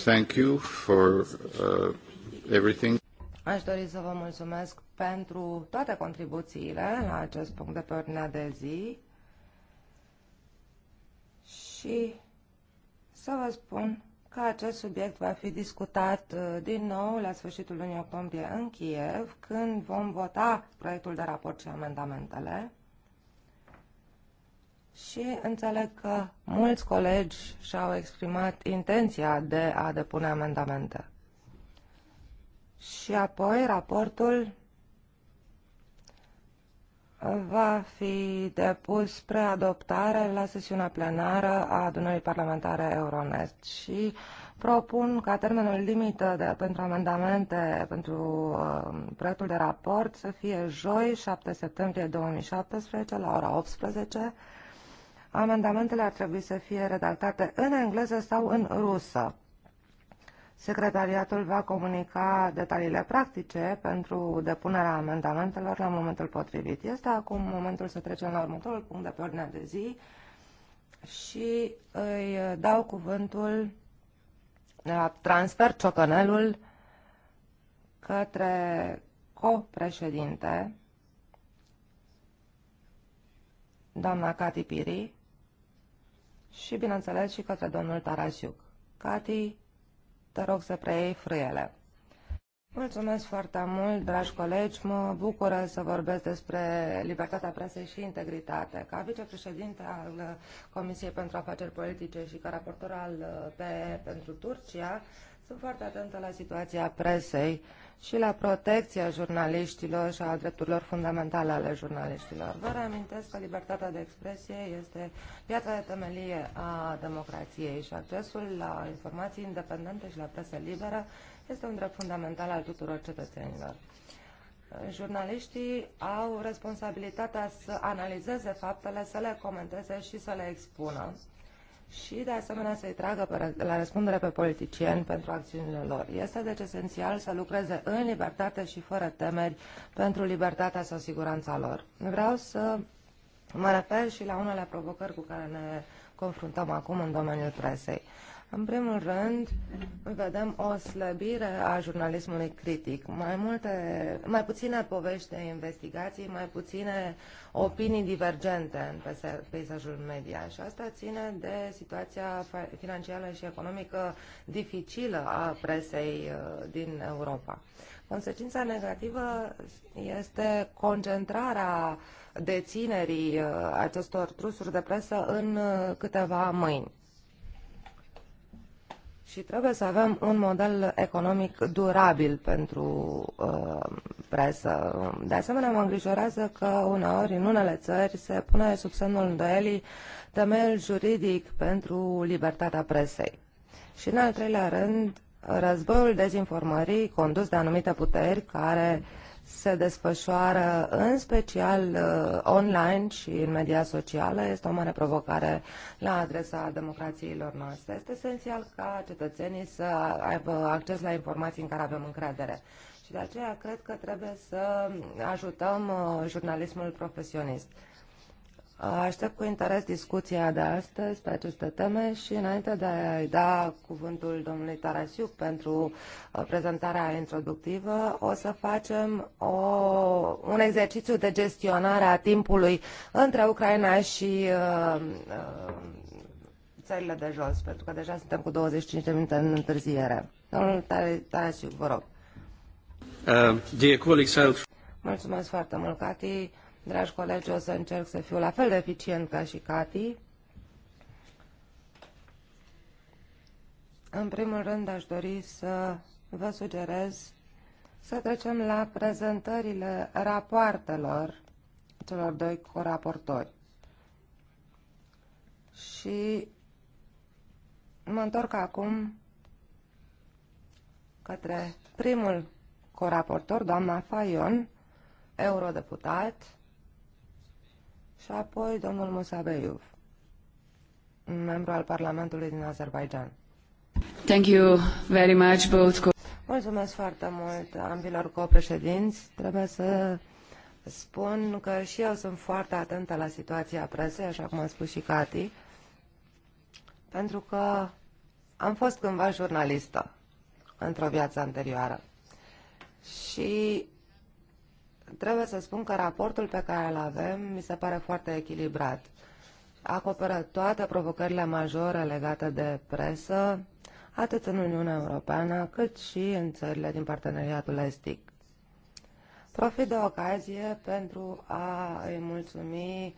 Speaker 1: thank you for uh, everything.
Speaker 2: Aș dori să vă mulțumesc pentru toate contribuțiile la acest punct de pe ordinea de zi și să vă spun că acest subiect va fi discutat uh, din nou la sfârșitul lunii octombrie în Kiev, când vom vota proiectul de raport și amendamentele. Și înțeleg că mulți colegi și-au exprimat intenția de a depune amendamente. Și apoi raportul va fi depus spre adoptare la sesiunea plenară a adunării parlamentare Euronest și propun ca termenul limită de, pentru amendamente pentru uh, proiectul de raport să fie joi 7 septembrie 2017 la ora 18. Amendamentele ar trebui să fie redactate în engleză sau în rusă. Secretariatul va comunica detaliile practice pentru depunerea amendamentelor la momentul potrivit. Este acum momentul să trecem la următorul punct de pe ordinea de zi și îi dau cuvântul transfer ciocănelul către copreședinte, doamna Cati Piri, și, bineînțeles, și către domnul Tarasiuc. Cati, te rog să preiei frâiele. Mulțumesc foarte mult, dragi colegi. Mă bucură să vorbesc despre libertatea presei și integritate. Ca vicepreședinte al Comisiei pentru Afaceri Politice și ca raportor al PE pentru Turcia, sunt foarte atentă la situația presei și la protecția jurnaliștilor și a drepturilor fundamentale ale jurnaliștilor. Vă reamintesc că libertatea de expresie este piatra de temelie a democrației și accesul la informații independente și la presă liberă este un drept fundamental al tuturor cetățenilor. Jurnaliștii au responsabilitatea să analizeze faptele, să le comenteze și să le expună și, de asemenea, să-i tragă pe, la răspundere pe politicieni pentru acțiunile lor. Este deci esențial să lucreze în libertate și fără temeri pentru libertatea sau siguranța lor. Vreau să mă refer și la unele provocări cu care ne confruntăm acum în domeniul presei. Uh, în primul rând, vedem o slăbire a jurnalismului critic. Mai, multe, mai puține povești de investigații, mai puține opinii divergente în peisajul media. Și asta ține de situația financiară și economică dificilă a presei uh, din Europa. Consecința negativă este concentrarea deținerii uh, acestor trusuri de presă în uh, câteva mâini. Și trebuie să avem un model economic durabil pentru uh, presă. De asemenea, mă îngrijorează că uneori, în unele țări, se pune sub semnul îndoielii temel juridic pentru libertatea presei. Și, în al treilea rând, războiul dezinformării condus de anumite puteri care uh, se desfășoară în special uh, online și în media socială este o mare provocare la adresa democrațiilor noastre. Este esențial ca cetățenii să aibă acces la informații în care avem încredere. Și de aceea cred că trebuie să ajutăm uh, jurnalismul profesionist. Aștept cu interes discuția de astăzi pe aceste teme și înainte de a-i da cuvântul domnului Tarasiuc pentru uh, prezentarea introductivă, o să facem o, un exercițiu de gestionare a timpului între Ucraina și uh, uh, țările de jos, pentru că deja suntem cu 25 de minute în întârziere. Domnul Tarasiuc, vă rog.
Speaker 1: Uh, dear colleagues, Mulțumesc
Speaker 2: foarte mult, Cati. Dragi colegi, o să încerc să fiu la fel de eficient ca și Cati. În primul rând aș dori să vă sugerez să trecem la prezentările rapoartelor celor doi coraportori. Și mă întorc acum către primul coraportor, doamna Fayon, eurodeputat, și apoi domnul Musabeyev, membru al Parlamentului din Azerbaijan.
Speaker 4: Thank you very
Speaker 1: much, both
Speaker 2: Mulțumesc foarte mult ambilor copreședinți. Trebuie să spun că și eu sunt foarte atentă la situația presei, așa cum a spus și Cati, pentru că am fost cândva jurnalistă într-o viață anterioară. Și Trebuie să spun că raportul pe care îl avem mi se pare foarte echilibrat. Acoperă toate provocările majore legate de presă, atât în Uniunea Europeană, cât și în țările din parteneriatul estic. Profit de ocazie pentru a îi mulțumi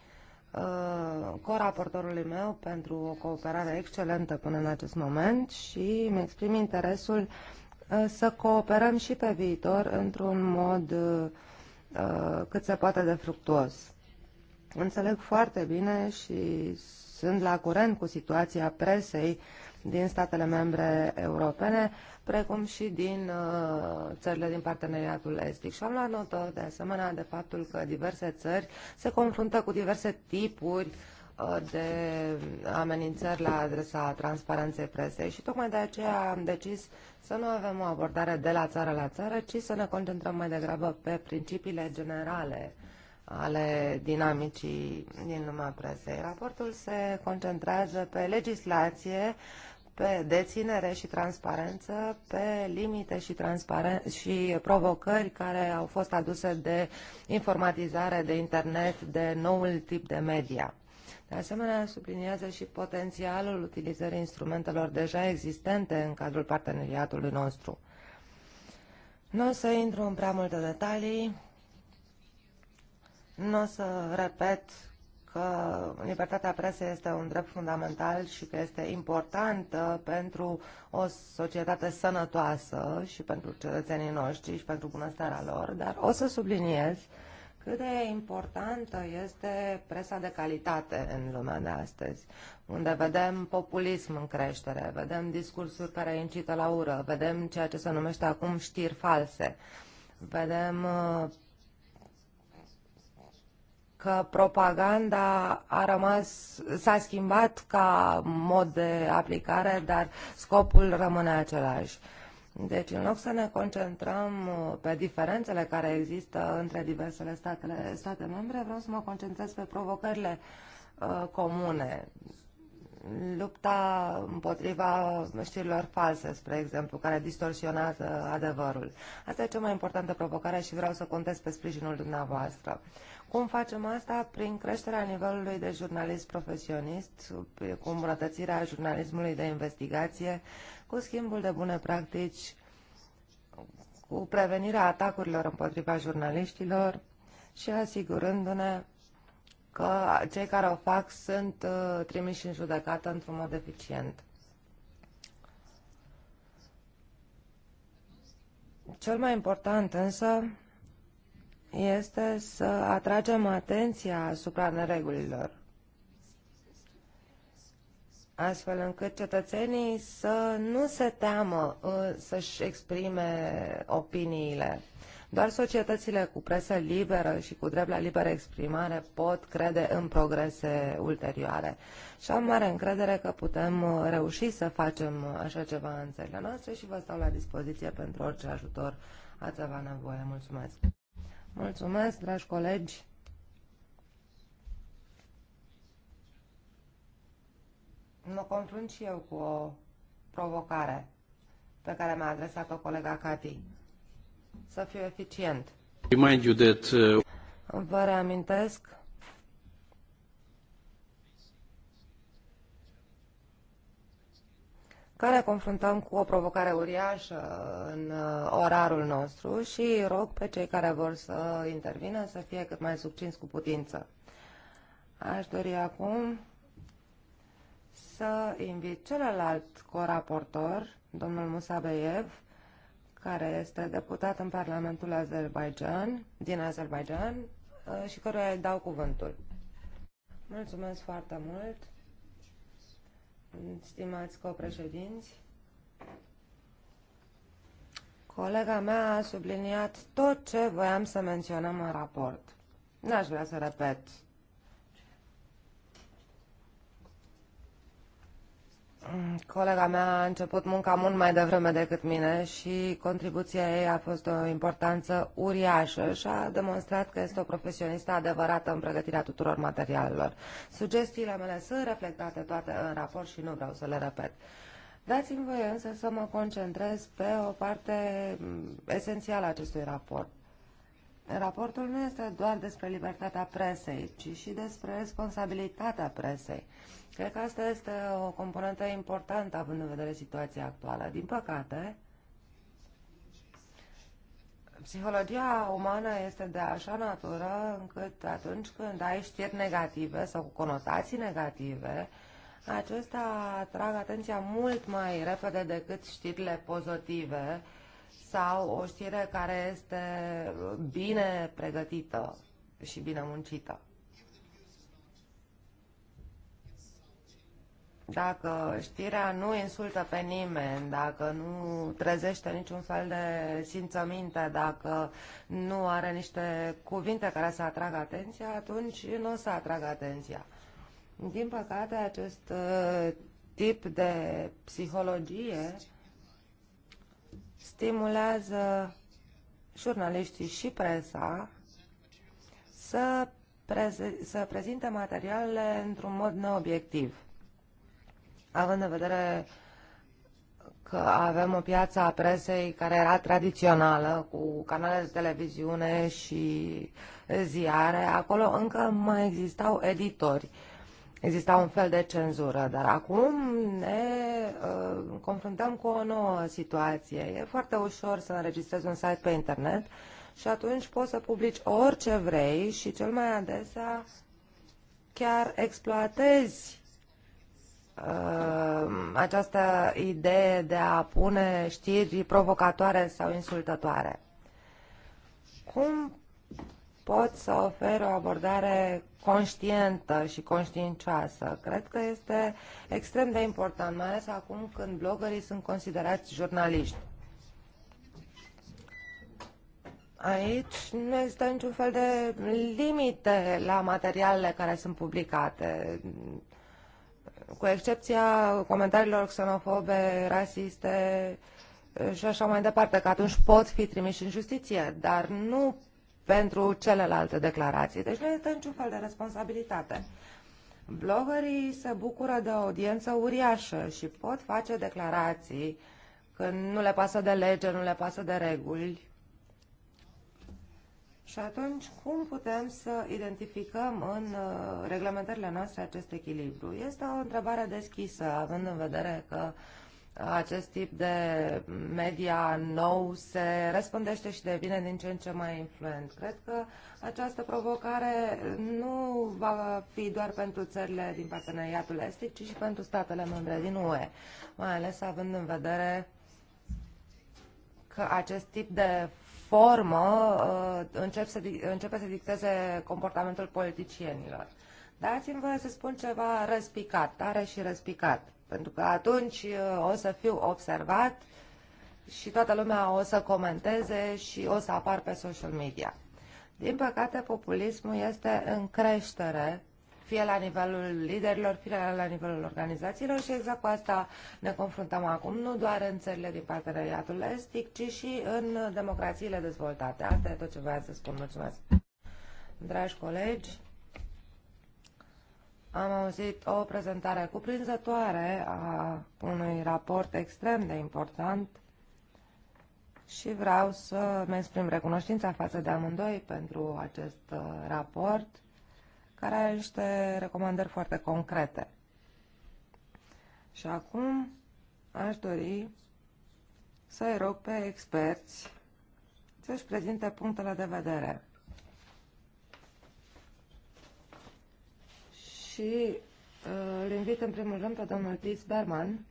Speaker 2: uh, coraportorului meu pentru o cooperare excelentă până în acest moment și îmi exprim interesul uh, să cooperăm și pe viitor într-un mod uh, Uh, cât se poate de fructuos. Înțeleg foarte bine și sunt la curent cu situația presei din statele membre europene, precum și din uh, țările din parteneriatul estic. Și am luat notă de asemenea de faptul că diverse țări se confruntă cu diverse tipuri uh, Uh, de amenințări la adresa transparenței presei și tocmai de aceea am decis să nu avem o abordare de la țară la țară, ci să ne concentrăm mai degrabă pe principiile generale ale dinamicii din lumea presei. Raportul se concentrează pe legislație, pe deținere și transparență, pe limite și, transparen- și provocări care au fost aduse de informatizare, de internet, de noul tip de media. De asemenea, subliniază și potențialul utilizării instrumentelor deja existente în cadrul parteneriatului nostru. Nu o să intru în prea multe detalii, nu o să repet că libertatea presei este un drept fundamental și că este importantă pentru o societate sănătoasă și pentru cetățenii noștri și pentru bunăstarea lor, dar o să subliniez cât de importantă este presa de calitate în lumea de astăzi, unde vedem populism în creștere, vedem discursuri care incită la ură, vedem ceea ce se numește acum știri false, vedem uh, că propaganda a rămas, s-a schimbat ca mod de aplicare, dar scopul rămâne același. Deci, în loc să ne concentrăm uh, pe diferențele care există între diversele statele, state membre, vreau să mă concentrez pe provocările uh, comune. Lupta împotriva știrilor false, spre exemplu, care distorsionează adevărul. Asta e cea mai importantă provocare și vreau să contez pe sprijinul dumneavoastră. Cum facem asta? Prin creșterea nivelului de jurnalist profesionist, cu îmbunătățirea jurnalismului de investigație cu schimbul de bune practici, cu prevenirea atacurilor împotriva jurnaliștilor și asigurându-ne că cei care o fac sunt uh, trimiși în judecată într-un mod eficient. Cel mai important însă este să atragem atenția asupra neregulilor astfel încât cetățenii să nu se teamă uh, să-și exprime opiniile. Doar societățile cu presă liberă și cu drept la liberă exprimare pot crede în progrese ulterioare. Și am mare încredere că putem uh, reuși să facem uh, așa ceva în țările noastre și vă stau la dispoziție pentru orice ajutor ați avea nevoie. Mulțumesc! Mulțumesc, dragi colegi! mă confrunt și eu cu o provocare pe care mi-a adresat-o colega Cati. Să fiu eficient.
Speaker 1: Remind you that,
Speaker 2: uh... Vă reamintesc că ne confruntăm cu o provocare uriașă în uh, orarul nostru și rog pe cei care vor să intervină să fie cât mai succinți cu putință. Aș dori acum să invit celălalt coraportor, domnul Musabeyev, care este deputat în Parlamentul Azerbaijan, din Azerbaijan uh, și căruia îi dau cuvântul. Mulțumesc foarte mult, stimați copreședinți. Colega mea a subliniat tot ce voiam să menționăm în raport. N-aș vrea să repet Colega mea a început munca mult mai devreme decât mine și contribuția ei a fost de o importanță uriașă și a demonstrat că este o profesionistă adevărată în pregătirea tuturor materialelor. Sugestiile mele sunt reflectate toate în raport și nu vreau să le repet. Dați-mi voie însă să mă concentrez pe o parte mm, esențială a acestui raport. Raportul nu este doar despre libertatea presei, ci și despre responsabilitatea presei Cred că asta este o componentă importantă având în vedere situația actuală. Din păcate, psihologia umană este de așa natură încât atunci când ai știri negative sau cu conotații negative, acestea atrag atenția mult mai repede decât știrile pozitive sau o știre care este bine pregătită și bine muncită. Dacă știrea nu insultă pe nimeni, dacă nu trezește niciun fel de simțăminte, dacă nu are niște cuvinte care să atragă atenția, atunci nu o să atragă atenția. Din păcate, acest uh, tip de psihologie stimulează jurnaliștii și presa să, preze- să prezinte materialele într-un mod neobiectiv având în vedere că avem o piață a presei care era tradițională, cu canale de televiziune și ziare, acolo încă mai existau editori. Exista un fel de cenzură, dar acum ne uh, confruntăm cu o nouă situație. E foarte ușor să înregistrezi un site pe internet și atunci poți să publici orice vrei și cel mai adesea chiar exploatezi Ehm, această idee de a pune știri provocatoare sau insultătoare. Cum pot să ofer o abordare conștientă și conștiincioasă. Cred că este extrem de important, mai ales acum când blogării sunt considerați jurnaliști. Aici nu există niciun fel de limite la materialele care sunt publicate cu excepția comentariilor xenofobe, rasiste și așa mai departe, că atunci pot fi trimiși în justiție, dar nu pentru celelalte declarații. Deci nu este niciun fel de responsabilitate. Blogării se bucură de o audiență uriașă și pot face declarații când nu le pasă de lege, nu le pasă de reguli și atunci, cum putem să identificăm în uh, reglementările noastre acest echilibru? Este o întrebare deschisă, având în vedere că acest tip de media nou se răspândește și devine din ce în ce mai influent. Cred că această provocare nu va fi doar pentru țările din parteneriatul estic, ci și pentru statele membre din UE, mai ales având în vedere că acest tip de formă uh, încep să, începe să dicteze comportamentul politicienilor. Dați-mi voie să spun ceva răspicat, tare și răspicat, pentru că atunci uh, o să fiu observat și toată lumea o să comenteze și o să apar pe social media. Din păcate, populismul este în creștere fie la nivelul liderilor, fie la nivelul organizațiilor și exact cu asta ne confruntăm acum, nu doar în țările din parteneriatul estic, ci și în democrațiile dezvoltate. Asta e tot ce vreau să spun. Mulțumesc! Dragi colegi, am auzit o prezentare cuprinzătoare a unui raport extrem de important și vreau să-mi exprim recunoștința față de amândoi pentru acest uh, raport care are niște recomandări foarte concrete. Și acum aș dori să-i rog pe experți să-și prezinte punctele de vedere. Și uh, îl invit în primul rând pe domnul Tiz Berman,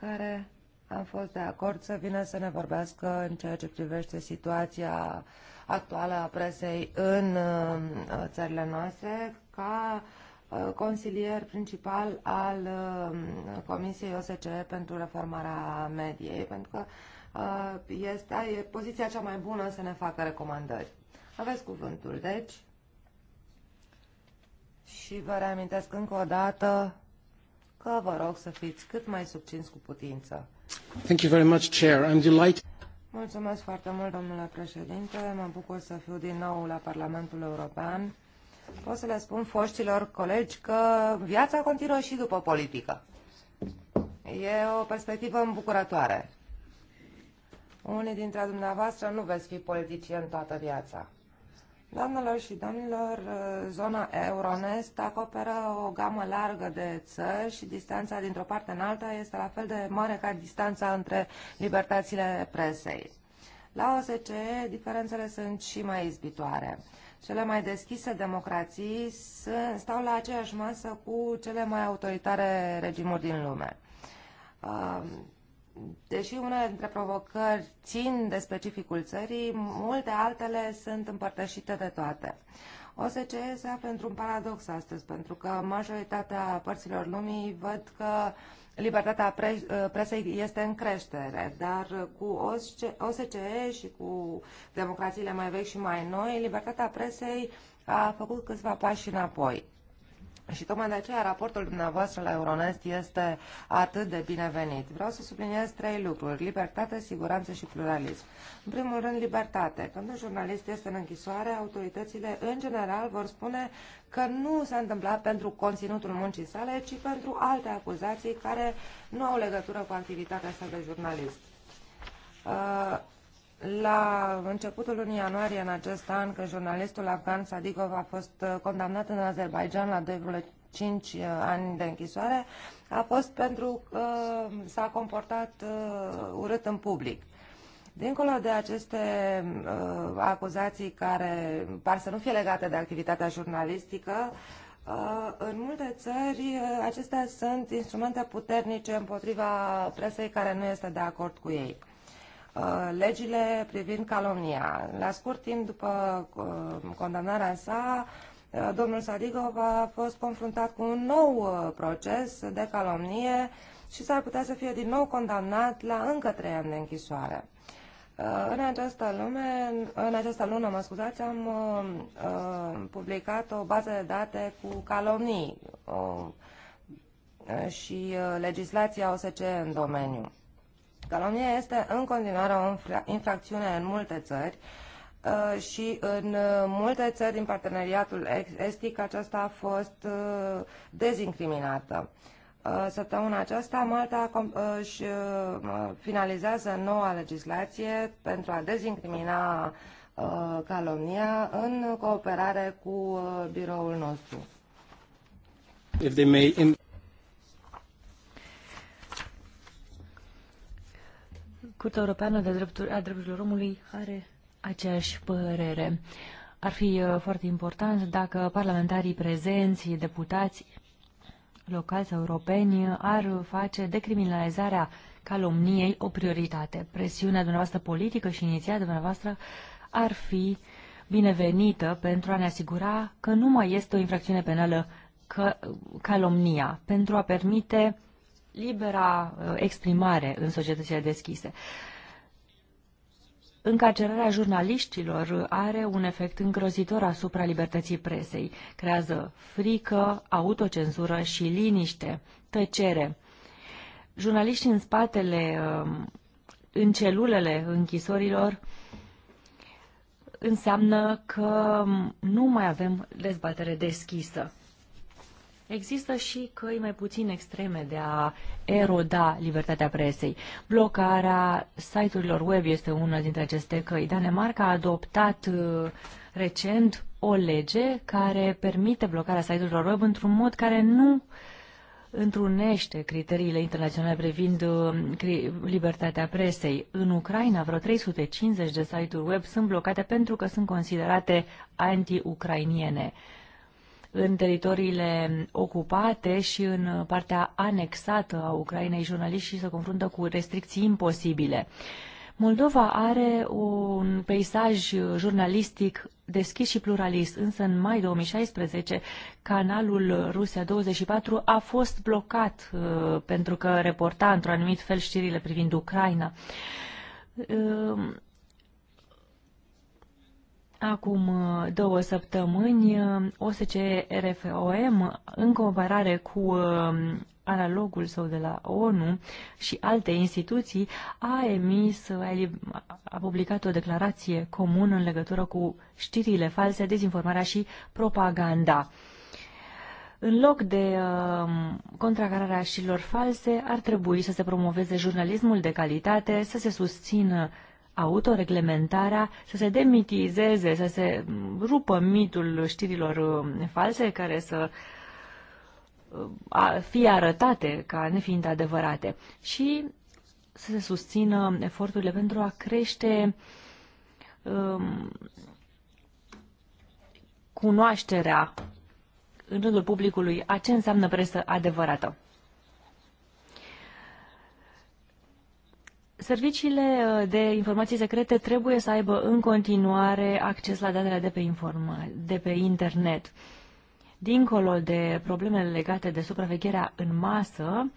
Speaker 2: care a fost de acord să vină să ne vorbească în ceea ce privește situația actuală a presei în uh, țările noastre ca uh, consilier principal al uh, Comisiei OSCE pentru reformarea mediei, pentru că este e poziția cea mai bună să ne facă recomandări. Aveți cuvântul, deci. Și vă reamintesc încă o dată că vă rog să fiți cât mai subținți cu putință. Mulțumesc foarte mult, domnule președinte. Mă bucur să fiu din nou la Parlamentul European. Pot să le spun foștilor colegi că viața continuă și după politică. E o perspectivă îmbucurătoare. Unii dintre dumneavoastră nu veți fi politicieni toată viața. Doamnelor și domnilor, zona Euronest acoperă o gamă largă de țări și distanța dintr-o parte în alta este la fel de mare ca distanța între libertățile presei. La OSCE, diferențele sunt și mai izbitoare. Cele mai deschise democrații stau la aceeași masă cu cele mai autoritare regimuri din lume deși unele dintre provocări țin de specificul țării, multe altele sunt împărtășite de toate. OSCE se află într-un paradox astăzi, pentru că majoritatea părților lumii văd că libertatea uh, presei este în creștere, dar cu OSCE și cu democrațiile mai vechi și mai noi, libertatea presei a făcut câțiva pași înapoi. Și tocmai de aceea raportul dumneavoastră la Euronest este atât de binevenit. Vreau să subliniez trei lucruri. Libertate, siguranță și pluralism. În primul rând, libertate. Când un jurnalist este în închisoare, autoritățile în general vor spune că nu s-a întâmplat pentru conținutul muncii sale, ci pentru alte acuzații care nu au legătură cu activitatea sa de jurnalist. Uh, la începutul lunii ianuarie în acest an, când jurnalistul afgan Sadigov a fost uh, condamnat în Azerbaijan la 2,5 uh, ani de închisoare, a fost pentru că s-a comportat uh, urât în public. Dincolo de aceste uh, acuzații care par să nu fie legate de activitatea jurnalistică, uh, în multe țări uh, acestea sunt instrumente puternice împotriva presei care nu este de acord cu ei. Uh, legile privind calomnia. La scurt timp după uh, condamnarea sa, uh, domnul Sadigov a fost confruntat cu un nou proces de calomnie și s-ar putea să fie din nou condamnat la încă trei ani de închisoare. În această, lume, în această lună, mă scuzați, am uh, publicat o bază de date cu calomnii uh, și legislația OSCE în domeniu. Calomnia este în continuare o infracțiune în multe țări uh, și în uh, multe țări din parteneriatul estic aceasta a fost uh, dezincriminată. Săptămâna aceasta Malta își finalizează noua legislație pentru a dezincrimina calomnia în cooperare cu biroul nostru. If they may...
Speaker 4: Curtea Europeană de Drepturi, a Drepturilor Omului are aceeași părere. Ar fi uh, foarte important dacă parlamentarii prezenți, deputați locali sau europeni ar face decriminalizarea calomniei o prioritate. Presiunea dumneavoastră politică și inițiativa dumneavoastră ar fi binevenită pentru a ne asigura că nu mai este o infracțiune penală că, uh, calomnia, pentru a permite libera uh, exprimare în societățile deschise. Încarcerarea jurnaliștilor are un efect îngrozitor asupra libertății presei. Creează frică, autocenzură și liniște, tăcere. Jurnaliștii în spatele, um, în celulele închisorilor, înseamnă că um, nu mai avem dezbatere deschisă. Există și căi mai puțin extreme de a eroda libertatea presei. Blocarea site-urilor web este una dintre aceste căi. Danemarca a adoptat uh, recent o lege care permite blocarea site-urilor web într-un mod care nu întrunește criteriile internaționale privind uh, libertatea presei. În Ucraina, vreo 350 de site-uri web sunt blocate pentru că sunt considerate anti-ucrainiene în teritoriile ocupate și în partea anexată a Ucrainei jurnaliștii se confruntă cu restricții imposibile. Moldova are un peisaj jurnalistic deschis și pluralist, însă în mai 2016 canalul Rusia 24 a fost blocat uh, pentru că reporta într-un anumit fel știrile privind Ucraina. Uh, Acum uh, două săptămâni, uh, OSCE RFOM, în comparare cu uh, analogul său de la ONU și alte instituții, a emis, a publicat o declarație comună în legătură cu știrile false, dezinformarea și propaganda. În loc de uh, contracararea știrilor false, ar trebui să se promoveze jurnalismul de calitate, să se susțină uh, autoreglementarea să se demitizeze, să se rupă mitul știrilor uh, false care să uh, fie arătate ca nefiind adevărate și să se susțină eforturile pentru a crește um, cunoașterea în rândul publicului a ce înseamnă presă adevărată. Serviciile uh, de informații secrete trebuie să aibă în continuare acces la datele de pe, de pe internet. Dincolo de problemele legate de supravegherea în masă,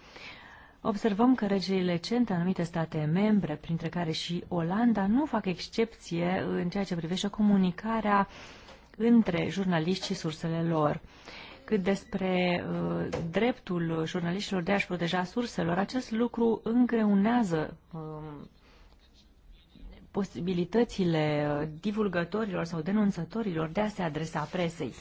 Speaker 4: observăm că regiile recente anumite state membre, printre care și Olanda, nu fac excepție în ceea ce privește comunicarea între jurnaliști și sursele lor cât despre uh, dreptul jurnaliștilor de a-și proteja surselor, acest lucru îngreunează um, posibilitățile uh, divulgătorilor sau denunțătorilor de a se adresa presei.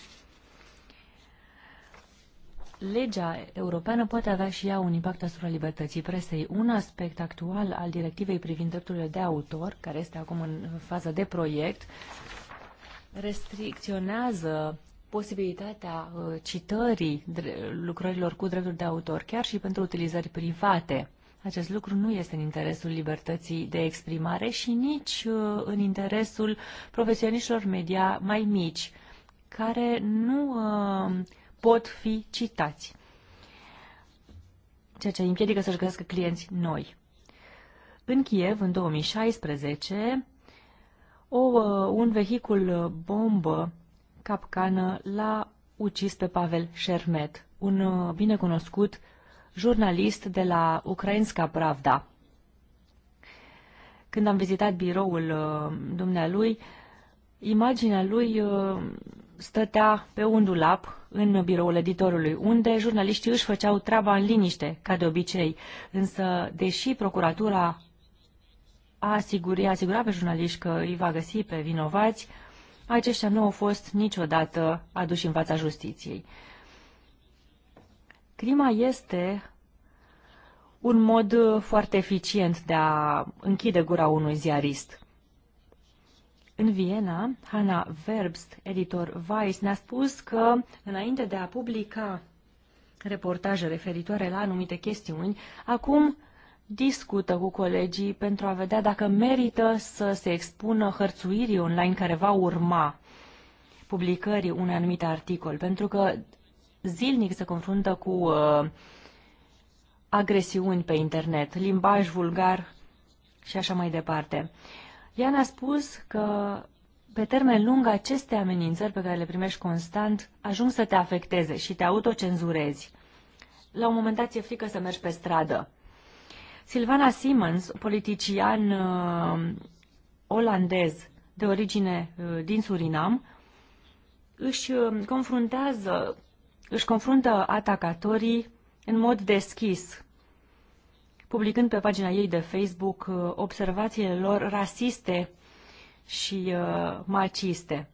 Speaker 4: Legea europeană poate avea și ea un impact asupra libertății presei. Un aspect actual al directivei privind drepturile de autor, care este acum în fază de proiect, restricționează posibilitatea uh, citării lucrărilor cu drepturi de autor, chiar și pentru utilizări private. Acest lucru nu este în interesul libertății de exprimare și nici uh, în interesul profesioniștilor media mai mici, care nu uh, pot fi citați, ceea ce împiedică să-și găsească clienți noi. În Kiev, în 2016, o, un vehicul bombă capcană l-a ucis pe Pavel Șermet, un uh, binecunoscut jurnalist de la Ucrainska Pravda. Când am vizitat biroul uh, dumnealui, imaginea lui uh, stătea pe un dulap în biroul editorului, unde jurnaliștii își făceau treaba în liniște, ca de obicei. Însă, deși procuratura a asigurat, asigura pe jurnaliști că îi va găsi pe vinovați, aceștia nu au fost niciodată aduși în fața justiției. Crima este un mod foarte eficient de a închide gura unui ziarist. În Viena, Hanna Verbst, editor Vice, ne-a spus că, înainte de a publica reportaje referitoare la anumite chestiuni, acum discută cu colegii pentru a vedea dacă merită să se expună hărțuirii online care va urma publicării unui anumit articol, pentru că zilnic se confruntă cu uh, agresiuni pe internet, limbaj vulgar și așa mai departe. Ea ne-a spus că pe termen lung aceste amenințări pe care le primești constant ajung să te afecteze și te autocenzurezi. La un moment dat e frică să mergi pe stradă Silvana Simons, politician uh, olandez de origine uh, din Surinam, își uh, confruntează, își confruntă atacatorii în mod deschis, publicând pe pagina ei de Facebook observațiile lor rasiste și maciste.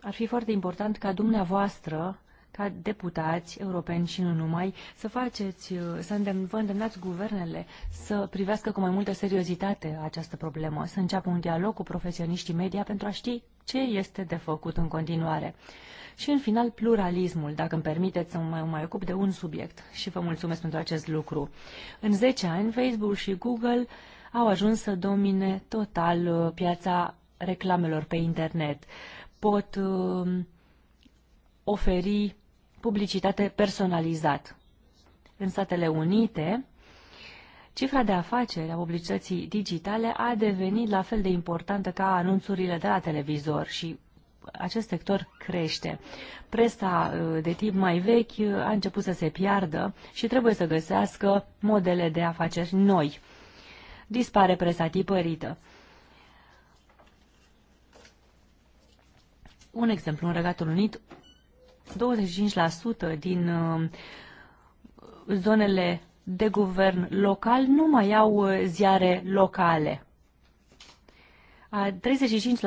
Speaker 4: Ar fi foarte important ca dumneavoastră ca deputați europeni și nu numai, să faceți, uh, să îndemn, vă îndemnați guvernele să privească cu mai multă seriozitate această problemă, să înceapă un dialog cu profesioniștii media pentru a ști ce este de făcut în continuare. Și în final, pluralismul, dacă îmi permiteți să mă mai ocup de un subiect și vă mulțumesc pentru acest lucru. În 10 ani, Facebook și Google au ajuns să domine total uh, piața reclamelor pe internet. Pot uh, oferi publicitate personalizat. În Statele Unite, cifra de afaceri a publicității digitale a devenit la fel de importantă ca anunțurile de la televizor și acest sector crește. Presa uh, de tip mai vechi uh, a început să se piardă și trebuie să găsească modele de afaceri noi. Dispare presa tipărită. Un exemplu, în Regatul Unit, 25% din uh, zonele de guvern local nu mai au uh, ziare locale.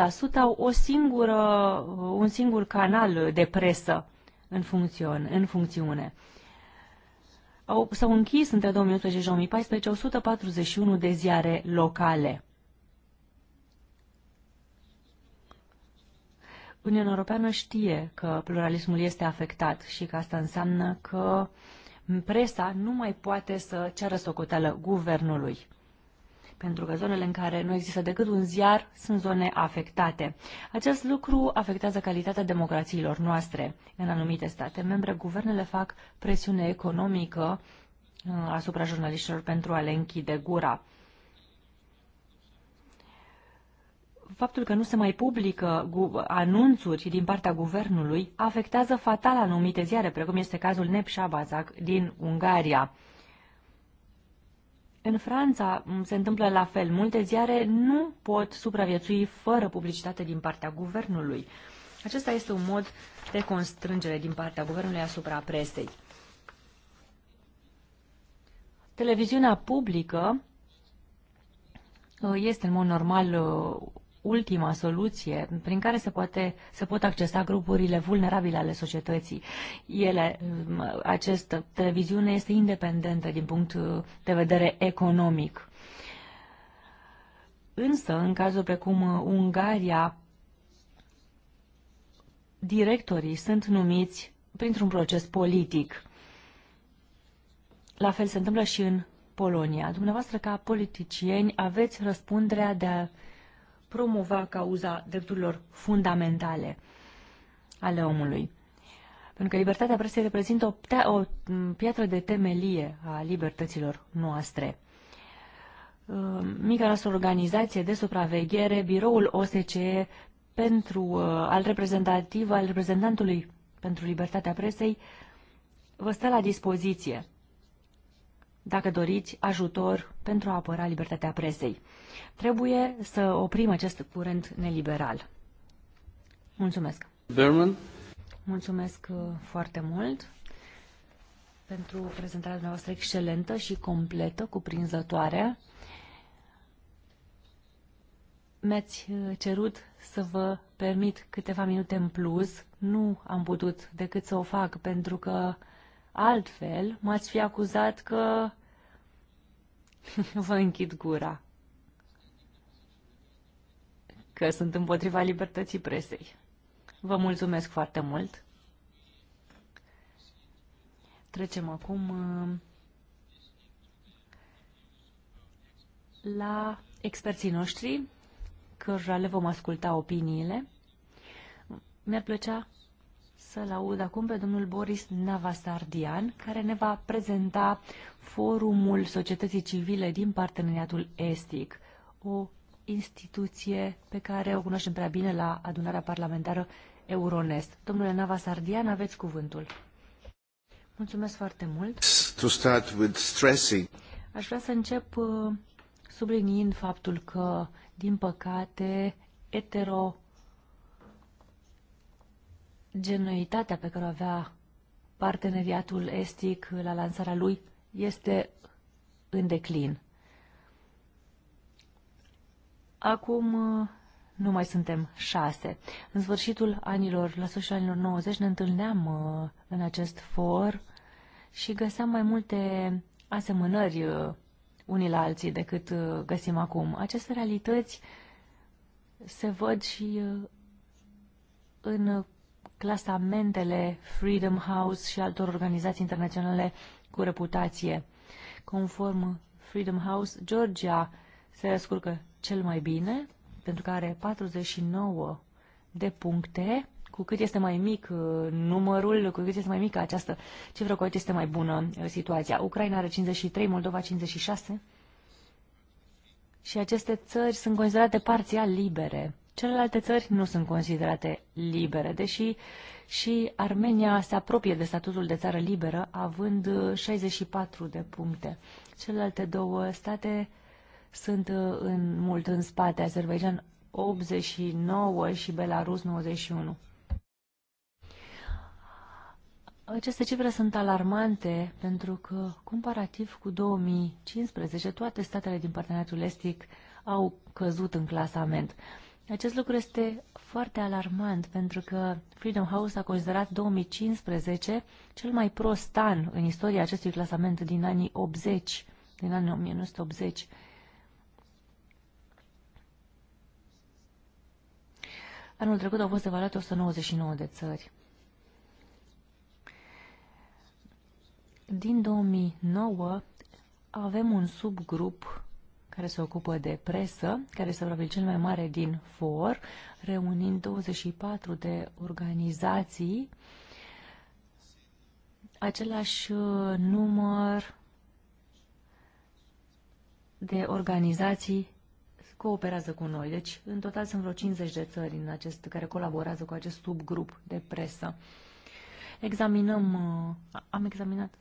Speaker 4: 35% au o singură, uh, un singur canal de presă în, funcțion, în funcțiune. Au, s-au închis între 2011 și 2014 141 de ziare locale. Uniunea Europeană știe că pluralismul este afectat și că asta înseamnă că presa nu mai poate să ceară socoteală guvernului. Pentru că zonele în care nu există decât un ziar sunt zone afectate. Acest lucru afectează calitatea democrațiilor noastre. În anumite state membre, guvernele fac presiune economică uh, asupra jurnaliștilor pentru a le închide gura. faptul că nu se mai publică anunțuri din partea guvernului afectează fatal anumite ziare, precum este cazul Nepșabazak din Ungaria. În Franța se întâmplă la fel. Multe ziare nu pot supraviețui fără publicitate din partea guvernului. Acesta este un mod de constrângere din partea guvernului asupra presei. Televiziunea publică uh, este în mod normal uh, ultima soluție prin care se, poate, se pot accesa grupurile vulnerabile ale societății. Ele, această televiziune este independentă din punct de vedere economic. Însă, în cazul precum uh, Ungaria, directorii sunt numiți printr-un proces politic. La fel se întâmplă și în Polonia. Dumneavoastră, ca politicieni, aveți răspunderea de a promova cauza drepturilor fundamentale ale omului. Pentru că libertatea presei reprezintă o, o piatră de temelie a libertăților noastre. Uh, mica noastră organizație de supraveghere, biroul OSCE pentru, uh, al reprezentativ, al reprezentantului pentru libertatea presei, vă stă la dispoziție dacă doriți, ajutor pentru a apăra libertatea presei. Trebuie să oprim acest curent neliberal. Mulțumesc! Berman. Mulțumesc uh, foarte mult pentru prezentarea dumneavoastră excelentă și completă, cuprinzătoare. Mi-ați uh, cerut să vă permit câteva minute în plus. Nu am putut decât să o fac pentru că Altfel, m-ați fi acuzat că vă închid gura, că sunt împotriva libertății presei. Vă mulțumesc foarte mult. Trecem acum uh, la experții noștri, cărora le vom asculta opiniile. Mi-ar plăcea să-l aud acum pe domnul Boris Navasardian, care ne va prezenta Forumul Societății Civile din Parteneriatul Estic, o instituție pe care o cunoaștem prea bine la adunarea parlamentară Euronest. Domnule Navasardian, aveți cuvântul. Mulțumesc foarte mult. To start with stressing. Aș vrea să încep uh, subliniind faptul că, din păcate, hetero genuitatea pe care o avea parteneriatul estic la lansarea lui este în declin. Acum uh, nu mai suntem șase. În sfârșitul anilor, la sfârșitul anilor 90, ne întâlneam uh, în acest for și găseam mai multe asemănări uh, unii la alții decât găsim acum. Aceste realități se văd și în clasamentele Freedom House și altor organizații internaționale cu reputație. Conform Freedom House, Georgia se răscurcă cel mai bine, pentru că are 49 de puncte. Cu cât este mai mic uh, numărul, cu cât este mai mică această cifră, cu cât este mai bună uh, situația. Ucraina are 53, Moldova 56 și aceste țări sunt considerate parțial libere Celelalte țări nu sunt considerate libere, deși și Armenia se apropie de statutul de țară liberă, având 64 de puncte. Celelalte două state sunt uh, în mult în spate, Azerbaijan 89 și Belarus 91. Aceste cifre sunt alarmante pentru că, comparativ cu 2015, toate statele din parteneriatul estic au căzut în clasament. Acest lucru este foarte alarmant pentru că Freedom House a considerat 2015 cel mai prost an în istoria acestui clasament din anii 80, din anii 1980. Anul trecut au fost evaluate 199 de țări. Din 2009 avem un subgrup care se ocupă de presă, care este probabil cel mai mare din FOR, reunind 24 de organizații, același uh, număr de organizații cooperează cu noi. Deci, în total sunt vreo 50 de țări în acest, care colaborează cu acest subgrup de presă. Examinăm, uh, am examinat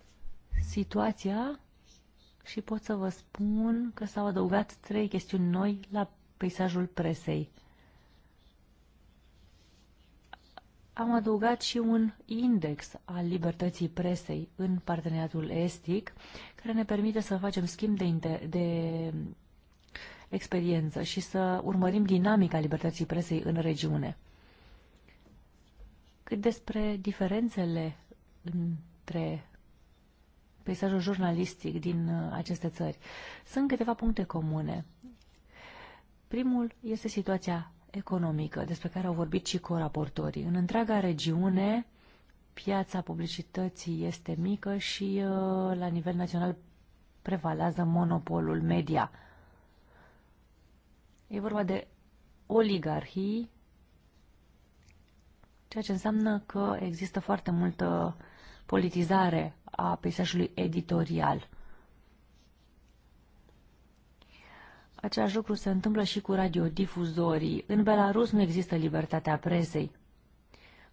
Speaker 4: situația și pot să vă spun că s-au adăugat trei chestiuni noi la peisajul presei. Am adăugat și un index al libertății presei în parteneriatul estic, care ne permite să facem schimb de, de experiență și să urmărim dinamica libertății presei în regiune. Cât despre diferențele între peisajul jurnalistic din uh, aceste țări. Sunt câteva puncte comune. Primul este situația economică, despre care au vorbit și coraportorii. În întreaga regiune, piața publicității este mică și uh, la nivel național prevalează monopolul media. E vorba de oligarhii, ceea ce înseamnă că există foarte multă politizare a peisajului editorial. Același lucru se întâmplă și cu radiodifuzorii. În Belarus nu există libertatea presei.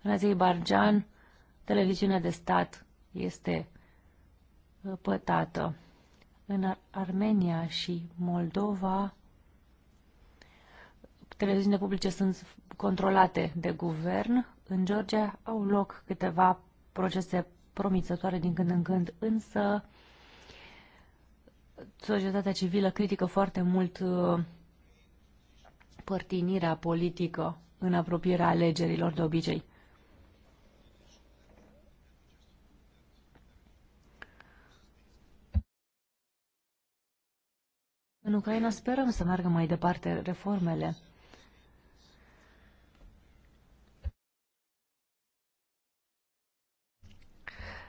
Speaker 4: În Azerbaijan, televiziunea de stat este uh, pătată. În Ar Armenia și Moldova, televiziunile publice sunt controlate de guvern. În Georgia au loc câteva procese promițătoare din când în când, însă societatea civilă critică foarte mult uh, părtinirea politică în apropierea alegerilor de obicei. În Ucraina sperăm să meargă mai departe reformele.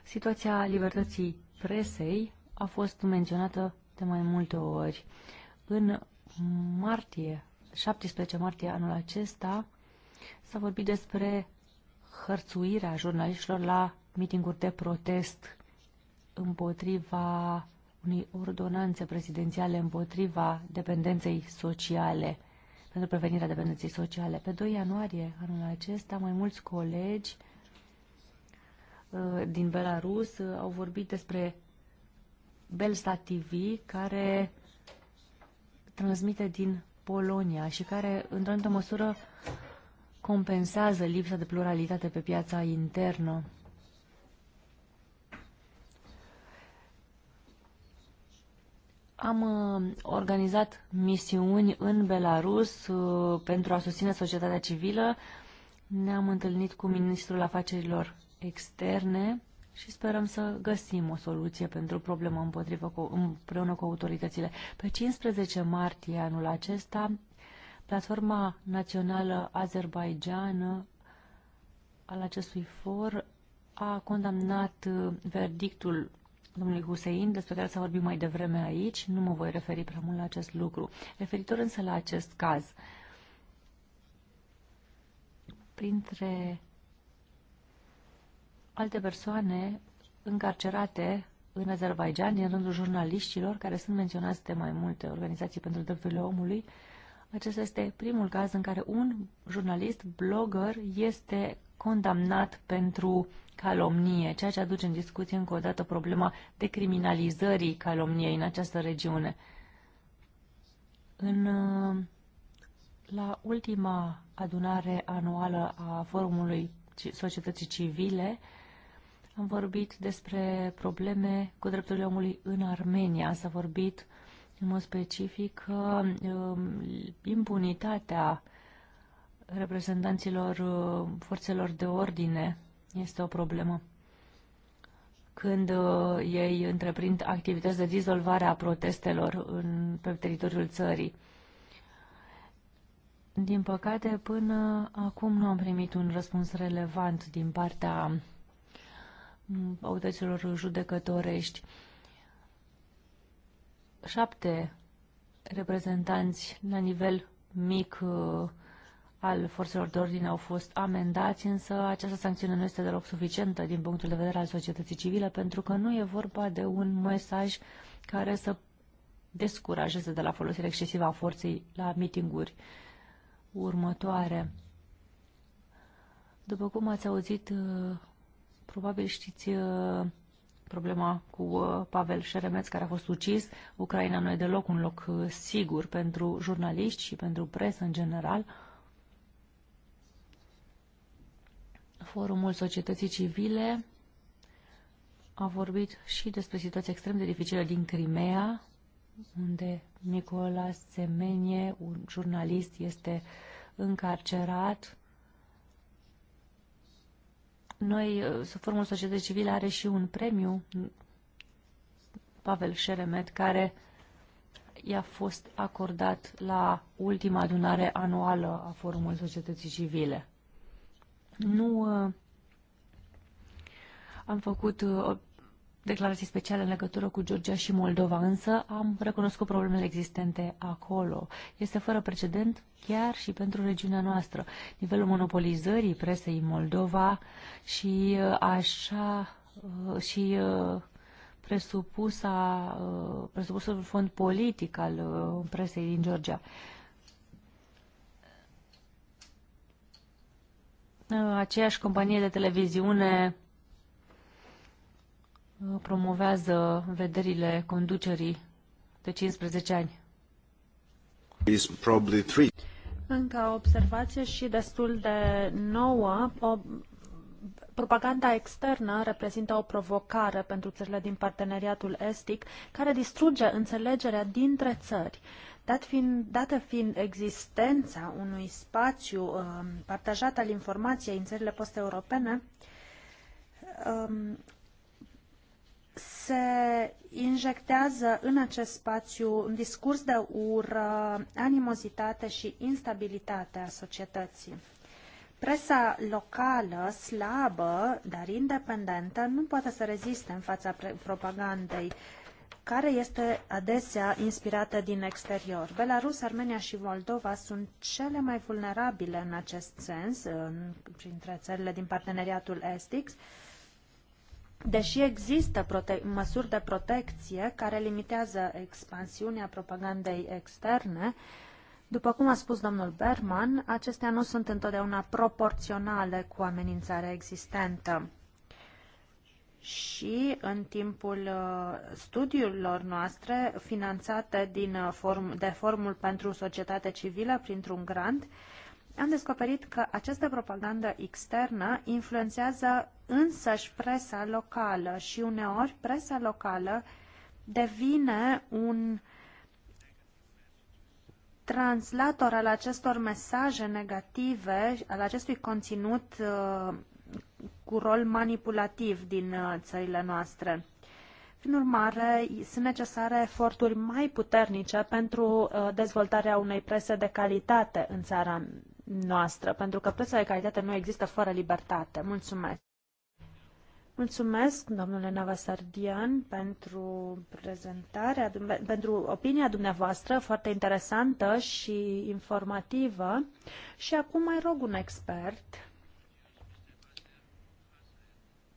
Speaker 4: Situația libertății presei a fost menționată de mai multe ori. În martie, 17 martie anul acesta, s-a vorbit despre hărțuirea jurnaliștilor la mitinguri de protest împotriva unei ordonanțe prezidențiale împotriva dependenței sociale, pentru prevenirea dependenței sociale. Pe 2 ianuarie anul acesta, mai mulți colegi Uh, din Belarus uh, au vorbit despre Belsta TV, care transmite din Polonia și care, într-o anumită măsură, compensează lipsa de pluralitate pe piața internă. Am uh, organizat misiuni în Belarus pentru a susține societatea civilă. Ne-am întâlnit cu ministrul afacerilor externe și sperăm să găsim o soluție pentru problemă împotrivă cu, împreună cu autoritățile. Pe 15 martie anul acesta, Platforma Națională Azerbaijană al acestui for a condamnat uh, verdictul domnului Hussein, despre care s-a vorbit mai devreme aici, nu mă voi referi prea mult la acest lucru. Referitor însă la acest caz, printre alte persoane încarcerate în Azerbaijan, din rândul jurnaliștilor care sunt menționați de mai multe organizații pentru drepturile omului. Acesta este primul caz în care un jurnalist, blogger, este condamnat pentru calomnie, ceea ce aduce în discuție încă o dată problema decriminalizării calomniei în această regiune. În, la ultima adunare anuală a Forumului Societății Civile, am vorbit despre probleme cu drepturile omului în Armenia. S-a vorbit în mod specific um, impunitatea reprezentanților um, forțelor de ordine este o problemă. Când uh, ei întreprind activități de dizolvare a protestelor în, pe teritoriul țării. Din păcate, până acum nu am primit un răspuns relevant din partea autorităților judecătorești. Șapte reprezentanți la nivel mic uh, al forțelor de ordine au fost amendați, însă această sancțiune nu este deloc suficientă din punctul de vedere al societății civile, pentru că nu e vorba de un mesaj care să descurajeze de la folosirea excesivă a forței la mitinguri următoare. După cum ați auzit uh, Probabil știți uh, problema cu uh, Pavel Șeremeț, care a fost ucis. Ucraina nu e deloc un loc uh, sigur pentru jurnaliști și pentru presă în general. Forumul societății civile a vorbit și despre situația extrem de dificilă din Crimea, unde Nicola Semenie, un jurnalist, este încarcerat noi, uh, formă Societății Civile are și un premiu, Pavel Șeremet, care i-a fost acordat la ultima adunare anuală a Forumului Societății Civile. Nu uh, am făcut uh, declarații speciale în legătură cu Georgia și Moldova, însă am recunoscut problemele existente acolo. Este fără precedent chiar și pentru regiunea noastră. Nivelul monopolizării presei în Moldova și uh, așa uh, și uh, presupusa, presupusul fond politic al presei din Georgia. Aceeași companie de televiziune promovează vederile conducerii de 15 ani. Încă o
Speaker 3: observație și destul de nouă. O, propaganda externă reprezintă o provocare pentru țările din parteneriatul estic, care distruge înțelegerea dintre țări. Dat fiind, dată fiind existența unui spațiu um, partajat al informației în țările post-europene, um, se injectează în acest spațiu un discurs de ură, animozitate și instabilitate a societății. Presa locală, slabă, dar independentă, nu poate să reziste în fața propagandei care este adesea inspirată din exterior. Belarus, Armenia și Moldova sunt cele mai vulnerabile în acest sens, în, printre țările din parteneriatul estic, Deși există măsuri de protecție care limitează expansiunea propagandei externe, după cum a spus domnul Berman, acestea nu sunt întotdeauna proporționale cu amenințarea existentă. Și în timpul uh, studiilor noastre finanțate din uh, form, de Formul pentru Societate Civilă printr-un grant, am descoperit că această propagandă externă influențează însăși presa locală și uneori presa locală devine un translator al acestor mesaje negative, al acestui conținut uh, cu rol manipulativ din uh, țările noastre. Prin urmare, sunt necesare eforturi mai puternice pentru uh, dezvoltarea unei prese de calitate în țara noastră, pentru că prețul de calitate nu există fără libertate. Mulțumesc! Mulțumesc, domnule Navasardian, pentru prezentarea, pentru opinia dumneavoastră foarte interesantă și informativă. Și acum mai rog un expert,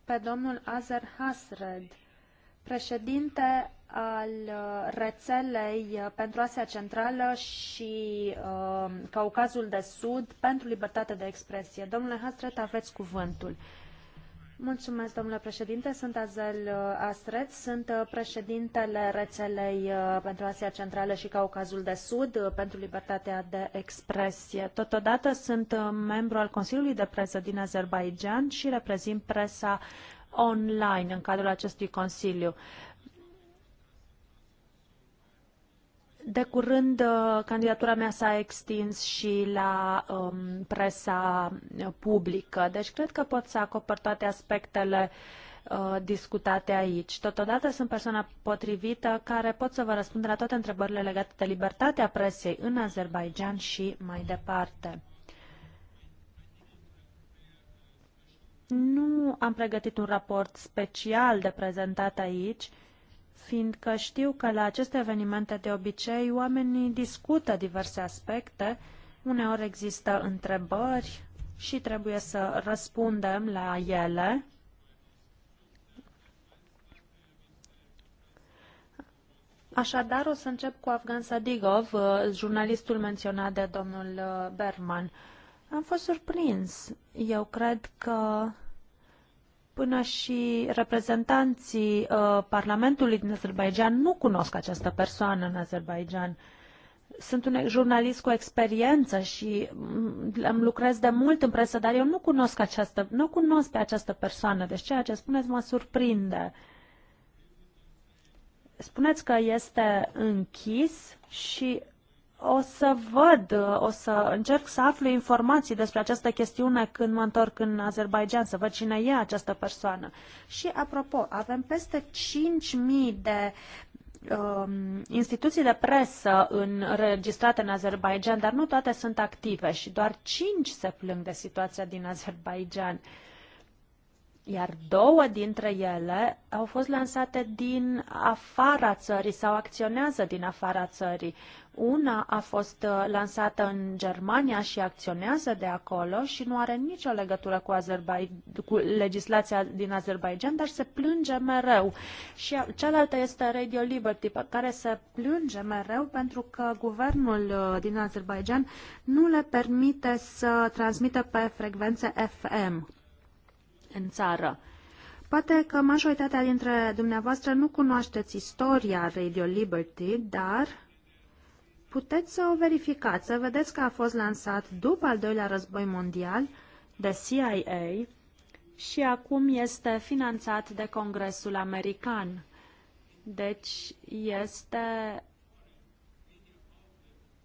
Speaker 3: pe domnul Azer Hasred, președinte al uh, rețelei uh, pentru Asia Centrală și uh, Caucazul de Sud pentru libertate de expresie. Domnule Hastret, aveți cuvântul. Mulțumesc, domnule președinte. Sunt Azel Astreț, sunt președintele rețelei pentru Asia Centrală și Caucazul de Sud pentru libertatea de expresie. Totodată sunt membru al Consiliului de Presă din Azerbaijan și reprezint presa online în cadrul acestui Consiliu. De curând, uh, candidatura mea s-a extins și la um, presa uh, publică, deci cred că pot să acopăr toate aspectele uh, discutate aici. Totodată sunt persoana potrivită care pot să vă răspund la toate întrebările legate de libertatea presei în Azerbaijan și mai departe. Nu am pregătit un raport special de prezentat aici, uh, fiindcă știu că la aceste evenimente de obicei oamenii discută diverse aspecte, uneori există întrebări și trebuie să răspundem la ele. Așadar, o să încep cu Afgan Sadigov, uh, jurnalistul menționat de domnul uh, Berman. Am fost surprins. Eu cred că până și reprezentanții uh, Parlamentului din Azerbaijan nu cunosc această persoană în Azerbaijan. Sunt un jurnalist cu experiență și mm, lucrez de mult în presă, dar eu nu cunosc, această, nu cunosc pe această persoană, deci ceea ce spuneți mă surprinde. Spuneți că este închis și o să văd, o să încerc să aflu informații despre această chestiune când mă întorc în Azerbaijan, să văd cine e această persoană. Și, apropo, avem peste 5.000 de um, instituții de presă înregistrate în Azerbaijan, dar nu toate sunt active și doar 5 se plâng de situația din Azerbaijan. Uh, iar două dintre ele au fost lansate din afara țării sau acționează din afara țării. Una a fost uh, lansată în Germania și acționează de acolo și nu are nicio legătură cu, Azerbai- cu legislația din Azerbaijan, dar se plânge mereu. Și cealaltă este Radio Liberty, pe care se plânge mereu pentru că guvernul uh, din Azerbaijan nu le permite să transmită pe frecvențe FM în țară. Poate că majoritatea dintre dumneavoastră nu cunoașteți istoria Radio Liberty, dar puteți să o verificați, să vedeți că a fost lansat după al doilea război mondial de CIA și acum este finanțat de Congresul American. Deci este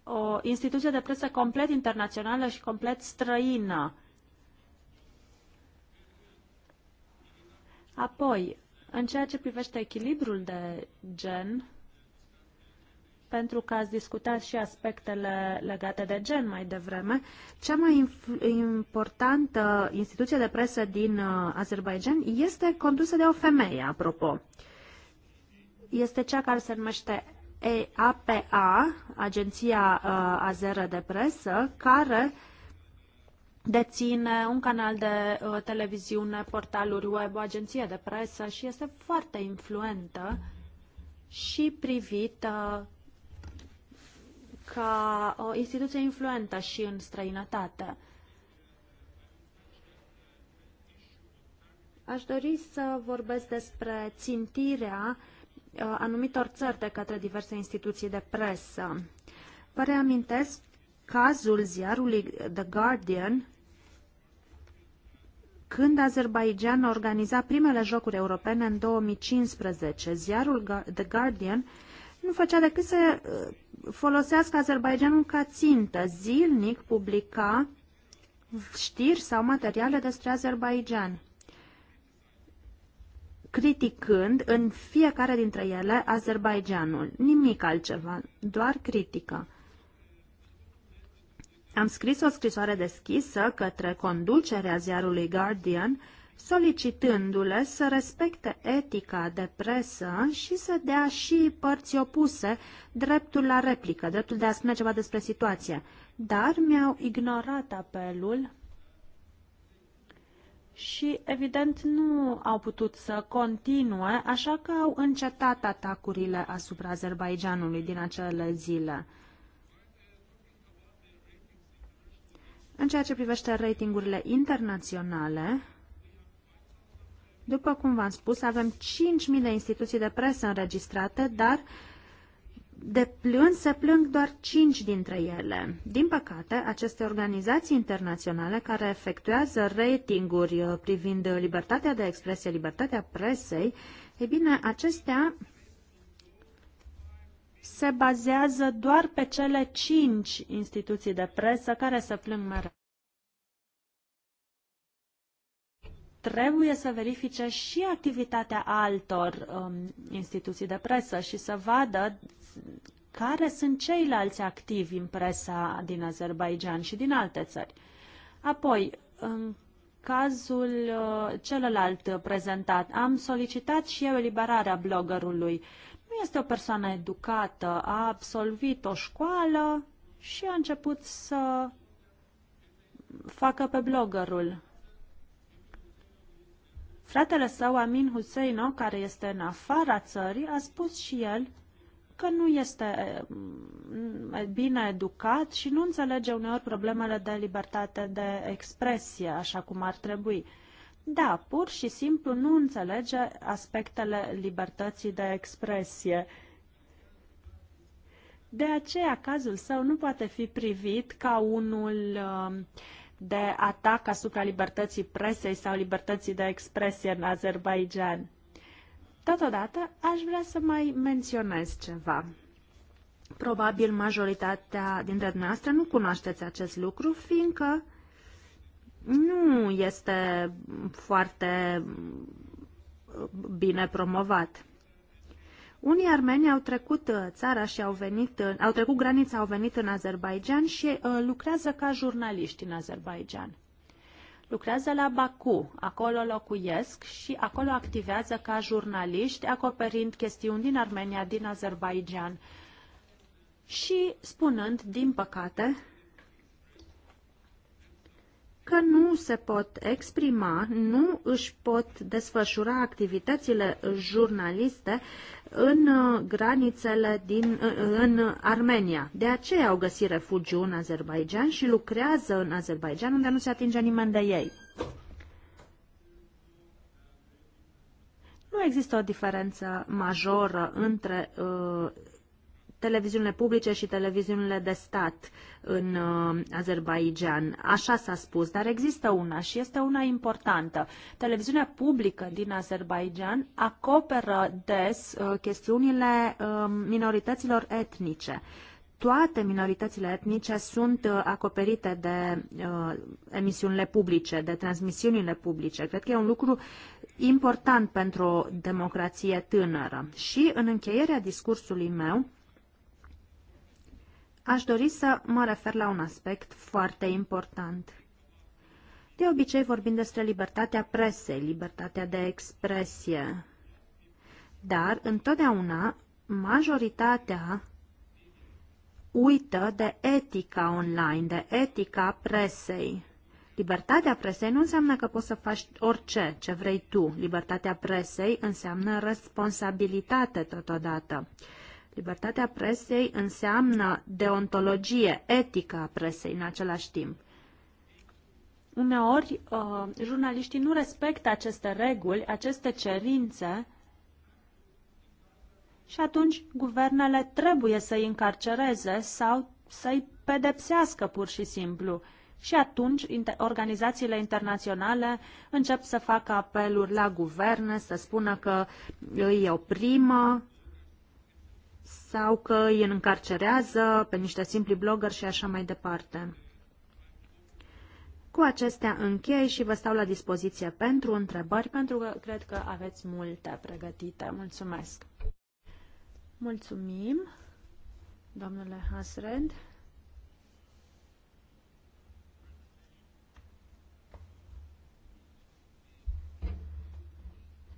Speaker 3: o instituție de presă complet internațională și complet străină. Apoi, în ceea ce privește echilibrul de gen, pentru că ați discutat și aspectele legate de gen mai devreme. Cea mai importantă instituție de presă din uh, Azerbaijan este condusă de o femeie, apropo. Este cea care se numește APA, Agenția uh, Azeră de Presă, care uh, deține un canal de uh, televiziune, portaluri web, o agenție de presă și este foarte influentă și privită ca o uh, instituție influentă și în străinătate. Aș dori să vorbesc despre țintirea uh, anumitor țări de către diverse instituții de presă. Vă reamintesc cazul ziarului The Guardian, când Azerbaijan organiza primele jocuri europene în 2015, ziarul The Guardian nu făcea decât să uh, folosească Azerbaijanul ca țintă. Zilnic publica știri sau materiale despre Azerbaijan, criticând în fiecare dintre ele Azerbaijanul. Nimic altceva, doar critică. Am scris o scrisoare deschisă către conducerea ziarului Guardian, solicitându-le să respecte etica de presă și să dea și părți opuse dreptul la replică, dreptul de a spune ceva despre situație. Dar mi-au ignorat apelul și, evident, nu au putut să continue, așa că au încetat atacurile asupra Azerbaijanului din acele zile. În ceea ce privește ratingurile internaționale, după cum v-am spus, avem 5.000 de instituții de presă înregistrate, dar de plâns se plâng doar 5 dintre ele. Din păcate, aceste organizații internaționale care efectuează ratinguri privind libertatea de expresie, libertatea presei, e bine, acestea se bazează doar pe cele cinci instituții de presă care se plâng mereu. Trebuie să verifice și activitatea altor um, instituții de presă și să vadă care sunt ceilalți activi în presa din Azerbaijan și din alte țări. Apoi, în cazul uh, celălalt prezentat, am solicitat și eu eliberarea bloggerului uh, nu este o persoană educată, a absolvit o școală și a început să facă pe bloggerul. Fratele său, Amin Huseino, care este în afara țării, a spus și el că nu este mm, bine educat și nu înțelege uneori problemele de libertate de expresie, așa cum ar trebui. Da, pur și simplu nu înțelege aspectele libertății de expresie. De aceea, cazul său nu poate fi privit ca unul um, de atac asupra libertății presei sau libertății de expresie în Azerbaijan. Totodată, aș vrea să mai menționez ceva. Probabil majoritatea dintre dumneavoastră nu cunoașteți acest lucru, fiindcă nu este foarte bine promovat. Unii armeni au trecut uh, țara și au venit, uh, au trecut granița, au venit în Azerbaijan și uh, lucrează ca jurnaliști în Azerbaijan. Lucrează la Baku, acolo locuiesc și acolo activează ca jurnaliști, acoperind chestiuni din Armenia, din Azerbaijan și spunând, din păcate, că nu se pot exprima, nu își pot desfășura activitățile jurnaliste în uh, granițele din uh, în Armenia. De aceea au găsit refugiu în Azerbaijan și lucrează în Azerbaijan unde nu se atinge nimeni de ei. Nu există o diferență majoră între uh, televiziunile publice și televiziunile de stat în uh, Azerbaijan. Așa s-a spus, dar există una și este una importantă. Televiziunea publică din Azerbaijan acoperă des uh, chestiunile uh, minorităților etnice. Toate minoritățile etnice sunt uh, acoperite de uh, emisiunile publice, de transmisiunile publice. Cred că e un lucru important pentru o democrație tânără. Și în încheierea discursului meu, Aș dori să mă refer la un aspect foarte important. De obicei vorbim despre libertatea presei, libertatea de expresie, dar întotdeauna majoritatea uită de etica online, de etica presei. Libertatea presei nu înseamnă că poți să faci orice ce vrei tu. Libertatea presei înseamnă responsabilitate totodată. Libertatea presei înseamnă deontologie, etică a presei în același timp. Uneori, uh, jurnaliștii nu respectă aceste reguli, aceste cerințe și atunci guvernele trebuie să-i încarcereze sau să-i pedepsească pur și simplu. Și atunci organizațiile internaționale încep să facă apeluri la guverne, să spună că îi oprimă, sau că îi încarcerează pe niște simpli blogger și așa mai departe. Cu acestea închei și vă stau la dispoziție pentru întrebări, pentru că cred că aveți multe pregătite. Mulțumesc! Mulțumim, domnule Hasred.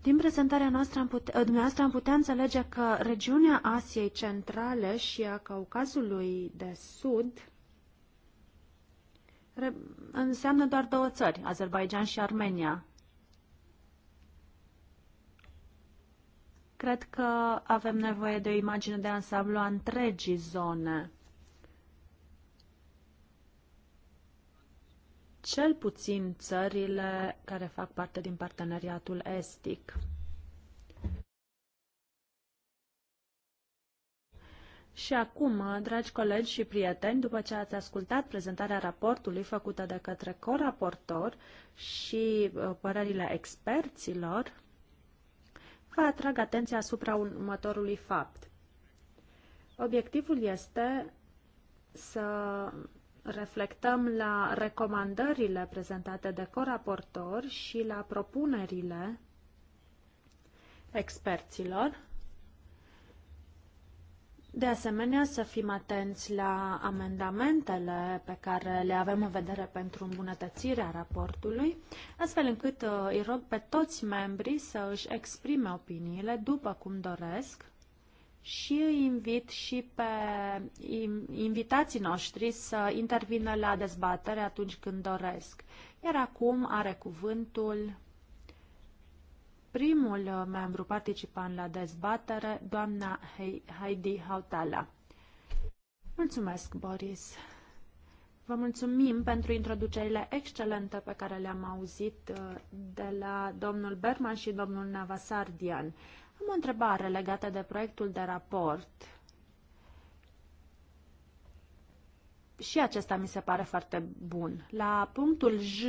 Speaker 3: Din prezentarea noastră am putea, dumneavoastră am putea înțelege că regiunea Asiei Centrale și a Caucazului de Sud înseamnă doar două țări, Azerbaijan și Armenia. Cred că avem nevoie de o imagine de ansamblu a întregii zone. cel puțin țările care fac parte din parteneriatul estic. Și acum, dragi colegi și prieteni, după ce ați ascultat prezentarea raportului făcută de către coraportor și uh, părerile experților, vă atrag atenția asupra următorului fapt. Obiectivul este să reflectăm la recomandările prezentate de coraportor și la propunerile experților. De asemenea, să fim atenți la amendamentele pe care le avem în vedere pentru îmbunătățirea raportului, astfel încât uh, îi rog pe toți membrii să își exprime opiniile după cum doresc, și îi invit și pe invitații noștri să intervină la dezbatere atunci când doresc. Iar acum are cuvântul primul membru participant la dezbatere, doamna Heidi Hautala. Mulțumesc, Boris! Vă mulțumim pentru introducerile excelente pe care le-am auzit uh, de la domnul Berman și domnul Navasardian. Am o întrebare legată de proiectul de raport. Și acesta mi se pare foarte bun. La punctul J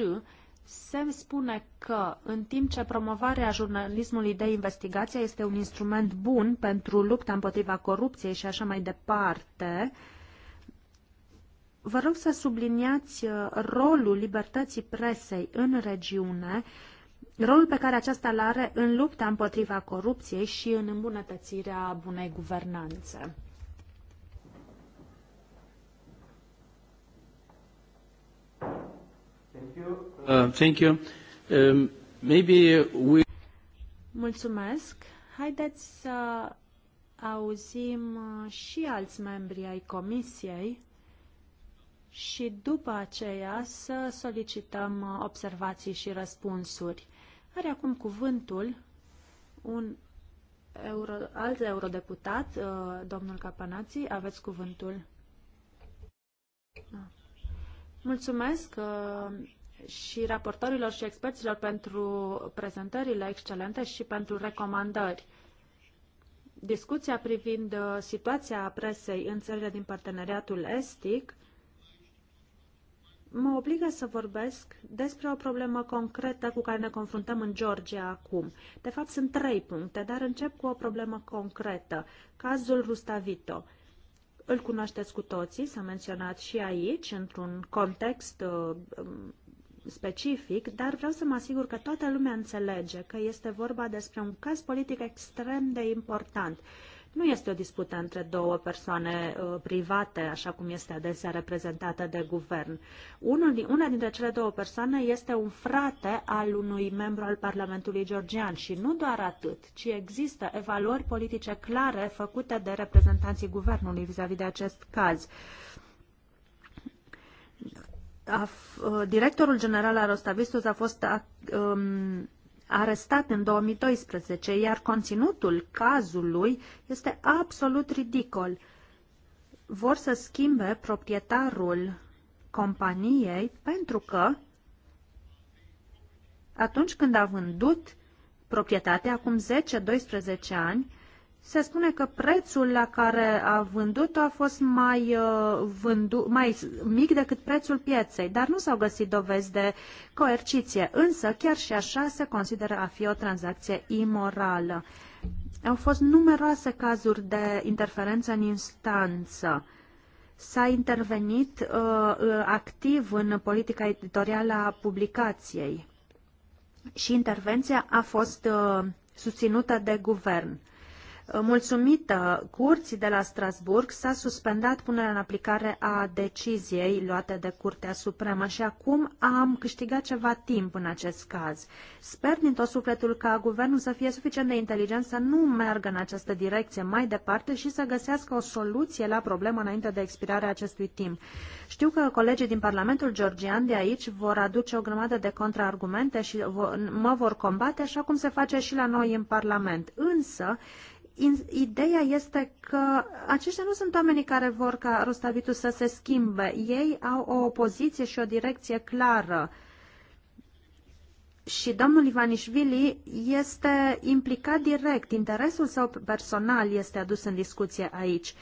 Speaker 3: se spune că, în timp ce promovarea jurnalismului de investigație este un instrument bun pentru lupta împotriva corupției și așa mai departe, vă rog să subliniați rolul libertății presei în regiune rolul pe care aceasta îl are în lupta împotriva corupției și în îmbunătățirea bunei guvernanțe.
Speaker 2: thank
Speaker 4: you. Uh, um, maybe we...
Speaker 3: Mulțumesc. Haideți să auzim uh, și alți membri ai comisiei și după aceea să solicităm uh, observații și răspunsuri. Are acum cuvântul un euro, alt eurodeputat, uh, domnul Capanații, aveți cuvântul. Ah. Mulțumesc uh, și raportorilor și experților pentru prezentările excelente și pentru recomandări. Discuția privind uh, situația presei în țările din parteneriatul estic mă obligă să vorbesc despre o problemă concretă cu care ne confruntăm în Georgia acum. De fapt, sunt trei puncte, dar încep cu o problemă concretă. Cazul Rustavito. Îl cunoașteți cu toții, s-a menționat și aici, într-un context uh, um, specific, dar vreau să mă asigur că toată lumea înțelege că este vorba despre un caz politic extrem de important. Nu este o dispută între două persoane uh, private, așa cum este adesea reprezentată de guvern. Unul, una dintre cele două persoane este un frate al unui membru al Parlamentului Georgian și nu doar atât, ci există evaluări politice clare făcute de reprezentanții guvernului vis-a-vis -vis de acest caz. Uh, directorul general al Rostavistus a fost um, arestat în 2012, iar conținutul cazului este absolut ridicol. Vor să schimbe proprietarul companiei pentru că atunci când a vândut proprietatea acum 10-12 ani, se spune că prețul la care a vândut-o a fost mai, uh, vându- mai mic decât prețul pieței, dar nu s-au găsit dovezi de coerciție. Însă, chiar și așa se consideră a fi o tranzacție imorală. Au fost numeroase cazuri de interferență în instanță. S-a intervenit uh, uh activ în politica editorială a publicației și intervenția a fost uh, susținută de guvern. Uh, Mulțumită curții de la Strasburg, s-a suspendat punerea în aplicare a deciziei luate de Curtea Supremă și acum am câștigat ceva timp în acest caz. Sper din tot sufletul ca guvernul să fie suficient de inteligent să nu meargă în această direcție mai departe și să găsească o soluție la problemă înainte de expirarea acestui timp. Știu că colegii din Parlamentul Georgian de aici vor aduce o grămadă de contraargumente și mă vor combate așa cum se face și la noi în Parlament. Însă, ideea este că aceștia nu sunt oamenii care vor ca Rostavitul să se schimbe. Ei au o opoziție și o direcție clară. Și domnul Ivanișvili este implicat direct. Interesul său personal este adus în discuție aici.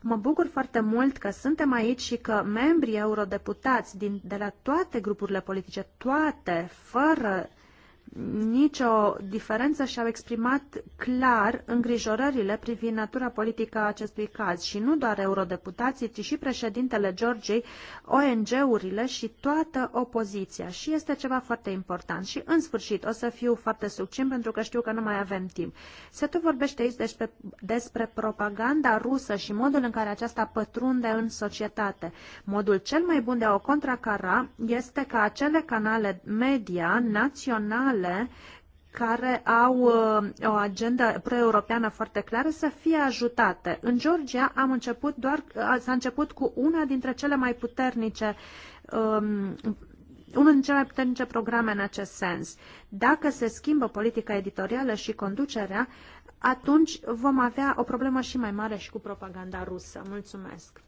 Speaker 3: Mă bucur foarte mult că suntem aici și că membrii eurodeputați din, de la toate grupurile politice, toate, fără nicio diferență și au exprimat clar îngrijorările privind natura politică a acestui caz și nu doar eurodeputații, ci și președintele Georgiei, ONG-urile și toată opoziția și este ceva foarte important. Și în sfârșit, o să fiu foarte succint pentru că știu că nu mai avem timp. Se tot vorbește aici despre, despre propaganda rusă și modul în care aceasta pătrunde în societate. Modul cel mai bun de a o contracara este ca acele canale media naționale naționale care au uh, o agendă pro-europeană foarte clară să fie ajutate. În Georgia am început doar, uh, s-a început cu una dintre cele mai puternice um, unul dintre cele mai puternice programe în acest sens. Dacă se schimbă politica editorială și conducerea, atunci vom avea o problemă și mai mare și cu propaganda rusă. Mulțumesc!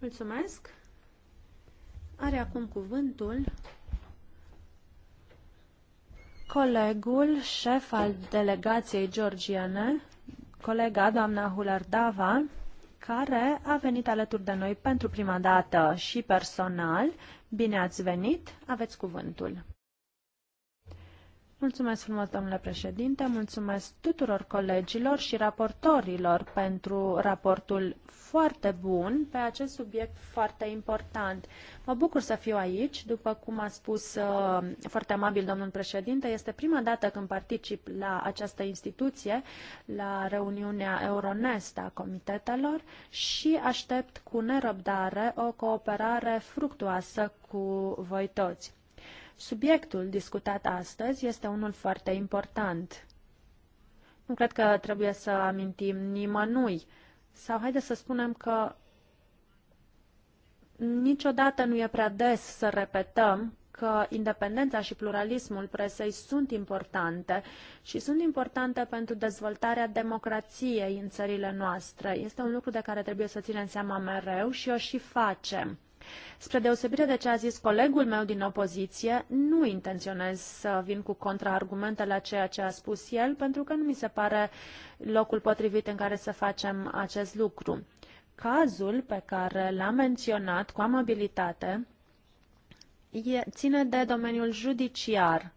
Speaker 3: Mulțumesc! Are acum cuvântul Colegul șef al delegației georgiene, colega doamna Hulardava, care a venit alături de noi pentru prima dată și personal. Bine ați venit, aveți cuvântul. Mulțumesc frumos, domnule președinte, mulțumesc tuturor colegilor și raportorilor pentru raportul foarte bun pe acest subiect foarte important. Mă bucur să fiu aici, după cum a spus uh, foarte amabil domnul președinte, este prima dată când particip la această instituție, la reuniunea Euronest a comitetelor și aștept cu nerăbdare o cooperare fructuoasă cu voi toți. Subiectul discutat astăzi este unul foarte important. Nu cred că trebuie să amintim nimănui. Sau haide să spunem că niciodată nu e prea des să repetăm că independența și pluralismul presei sunt importante și sunt importante pentru dezvoltarea democrației în țările noastre. Este un lucru de care trebuie să ținem seama mereu și o și facem. Spre deosebire de ce a zis colegul meu din opoziție, nu intenționez să vin cu contraargumente la ceea ce a spus el, pentru că nu mi se pare locul potrivit în care să facem acest lucru. Cazul pe care l-am menționat cu amabilitate e, ține de domeniul judiciar.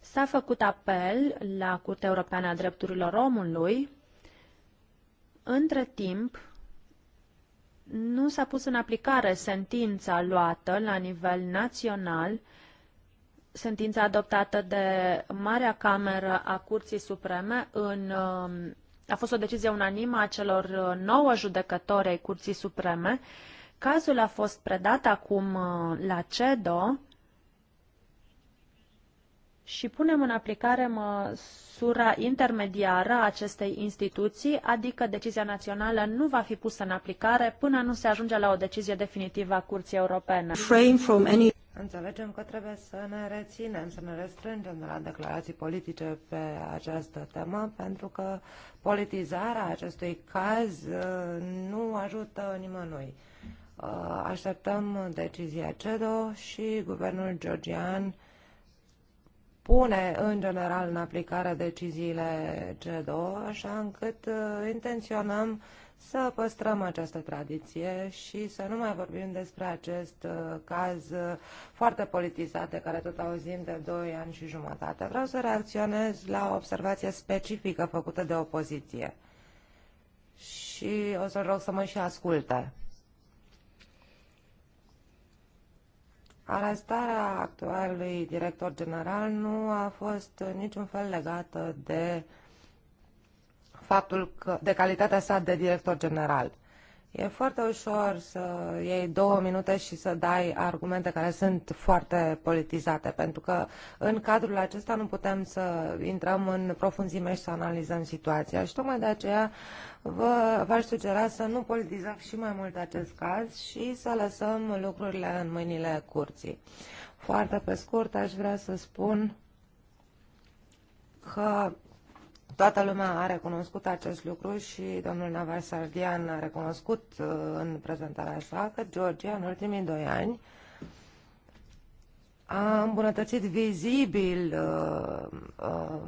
Speaker 3: S-a făcut apel la Curtea Europeană a Drepturilor Omului. Între timp, nu s-a pus în aplicare sentința luată la nivel național, sentința adoptată de Marea Cameră a Curții Supreme în um, a fost o decizie unanimă a celor uh, nouă judecători ai Curții Supreme. Cazul a fost predat acum uh, la CEDO, și punem în aplicare măsura intermediară a acestei instituții, adică decizia națională nu va fi pusă în aplicare până nu se ajunge la o decizie definitivă a Curții Europene.
Speaker 2: Înțelegem că trebuie să ne reținem, să ne restrângem de la declarații politice pe această temă, pentru că politizarea acestui caz uh, nu ajută nimănui. Uh, așteptăm decizia CEDO și guvernul georgian pune în general în aplicare deciziile G2, așa încât uh, intenționăm să păstrăm această tradiție și să nu mai vorbim despre acest uh, caz uh, foarte politizat de care tot auzim de 2 ani și jumătate. Vreau să reacționez la o observație specifică făcută de opoziție și o să-l rog să mă și asculte. Arestarea actualului director general nu a fost niciun fel legată de faptul că, de calitatea sa de director general. E foarte ușor să iei două minute și să dai argumente care sunt foarte politizate, pentru că în cadrul acesta nu putem să intrăm în profunzime și să analizăm situația. Și tocmai de aceea vă, v-aș sugera să nu politizăm și mai mult acest caz și să lăsăm lucrurile în mâinile curții. Foarte pe scurt aș vrea să spun că Toată lumea a recunoscut acest lucru și domnul Sardian a recunoscut uh, în prezentarea sa că Georgia în ultimii doi ani a îmbunătățit vizibil uh, uh,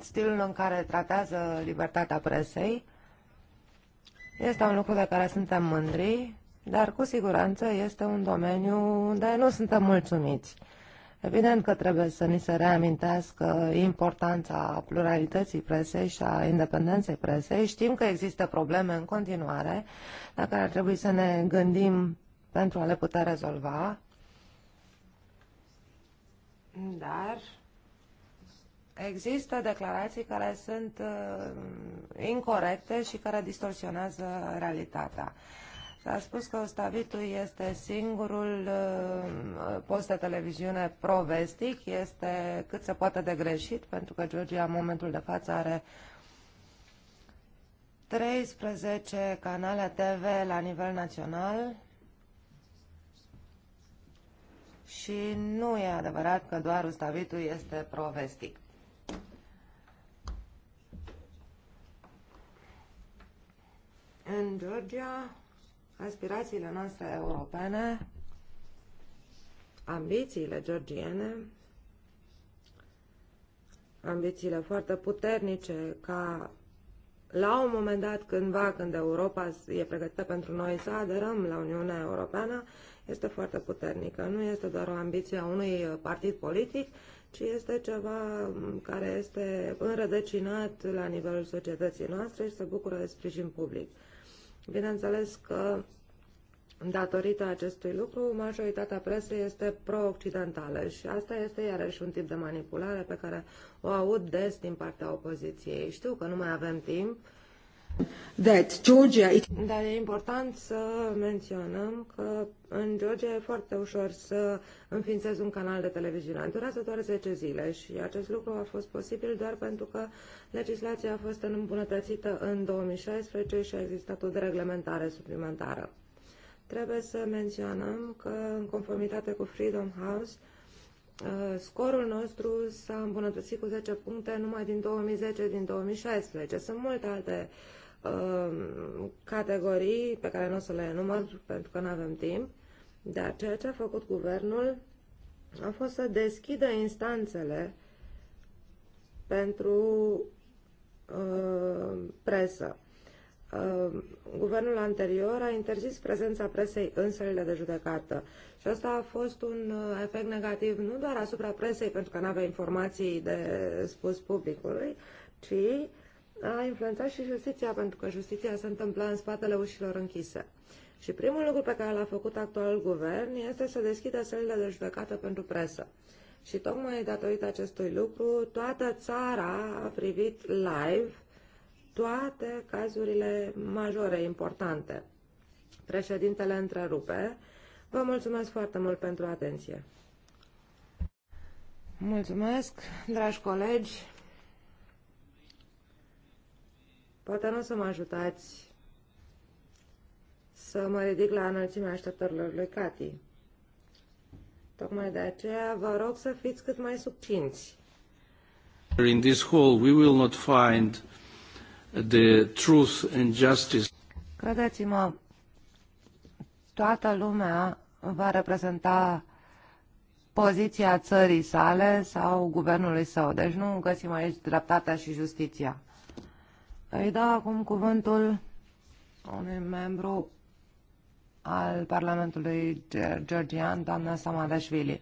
Speaker 2: stilul în care tratează libertatea presei. Este un lucru de care suntem mândri, dar cu siguranță este un domeniu unde nu suntem mulțumiți. Evident că trebuie să ni se reamintească importanța pluralității presei și a independenței presei. Știm că există probleme în continuare la care ar trebui să ne gândim pentru a le putea rezolva, dar există declarații care sunt uh, incorrecte și care distorsionează realitatea. S-a spus că Ostavitu este singurul uh, post de televiziune provestic, este cât se poate de greșit, pentru că Georgia în momentul de față are 13 canale TV la nivel național și nu e adevărat că doar Ustavitu este provestic. În Georgia aspirațiile noastre europene, ambițiile georgiene, ambițiile foarte puternice ca la un moment dat, cândva, când Europa e pregătită pentru noi să aderăm la Uniunea Europeană, este foarte puternică. Nu este doar o ambiție a unui partid politic, ci este ceva care este înrădăcinat la nivelul societății noastre și se bucură de sprijin public. Bineînțeles că Datorită acestui lucru, majoritatea presei este pro-occidentală și asta este iarăși un tip de manipulare pe care o aud des din partea opoziției. Știu că nu mai avem timp, that Georgia... It... Dar e important să menționăm că în Georgia e foarte ușor să înființezi un canal de televiziune. Durează doar 10 zile și acest lucru a fost posibil doar pentru că legislația a fost îmbunătățită în 2016 și a existat o dereglementare suplimentară. Trebuie să menționăm că, în conformitate cu Freedom House, uh, scorul nostru s-a îmbunătățit cu 10 puncte numai din 2010, din 2016. Sunt multe alte uh, Um, categorii pe care nu o să le enumăr pentru că nu avem timp, dar ceea ce a făcut guvernul a fost să deschidă instanțele pentru uh, presă. Uh, guvernul anterior a interzis prezența presei în sălile de judecată și asta a fost un uh, efect negativ nu doar asupra presei pentru că nu avea informații de spus publicului, ci a influențat și justiția, pentru că justiția se întâmpla în spatele ușilor închise. Și primul lucru pe care l-a făcut actualul guvern este să deschidă sălile de judecată pentru presă. Și tocmai datorită acestui lucru, toată țara a privit live toate cazurile majore importante. Președintele întrerupe. Vă mulțumesc foarte mult pentru atenție. Mulțumesc, dragi colegi. Poate nu o să mă ajutați să mă ridic la înălțimea așteptărilor lui Cati. Tocmai de aceea vă rog să fiți cât mai subținți.
Speaker 1: In this hall we will not find the truth and justice.
Speaker 2: Credeți-mă, toată lumea va reprezenta poziția țării sale sau guvernului său. Deci nu găsim aici dreptatea și justiția. Îi dau acum cuvântul unui membru al Parlamentului Georgian, doamna Samadashvili.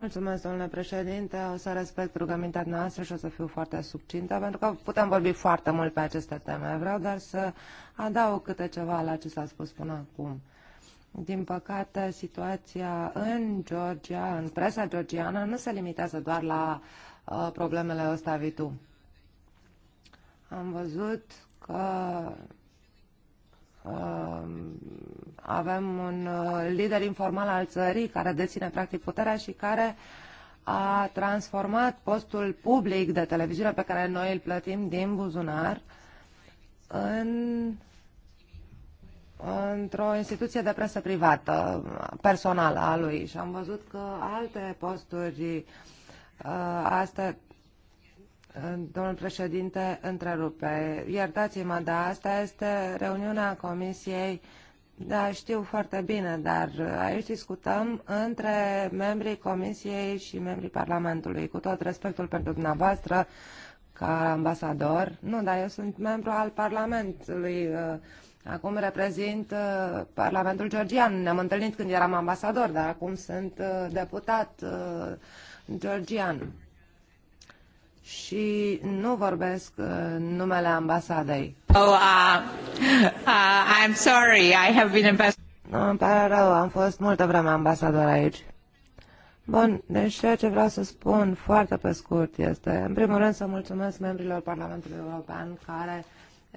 Speaker 2: Mulțumesc, domnule președinte. O să respect rugămintea noastră și o să fiu foarte subcintă, pentru că putem vorbi foarte mult pe aceste teme. Vreau doar să adaug câte ceva la ce s-a spus până acum. Din păcate, situația în Georgia, în presa georgiană, nu se limitează doar la uh, problemele vitu am văzut că um, avem un uh, lider informal al țării care deține practic puterea și care a transformat postul public de televiziune pe care noi îl plătim din buzunar în într-o instituție de presă privată, personală a lui. Și am văzut că alte posturi uh, astea, Domnul președinte, întrerupe. Iertați-mă, dar asta este reuniunea Comisiei. Da, știu foarte bine, dar aici discutăm între membrii Comisiei și membrii Parlamentului. Cu tot respectul pentru dumneavoastră, ca ambasador. Nu, dar eu sunt membru al Parlamentului. Acum reprezint uh, Parlamentul Georgian. Ne-am întâlnit când eram ambasador, dar acum sunt uh, deputat uh, georgian și nu vorbesc uh, numele ambasadei. Oh, uh, uh, I'm sorry, I have been ambassador. No, îmi pare rău, am fost multă vreme ambasador aici. Bun, deci ceea ce vreau să spun foarte pe scurt este, în primul rând, să mulțumesc membrilor Parlamentului European care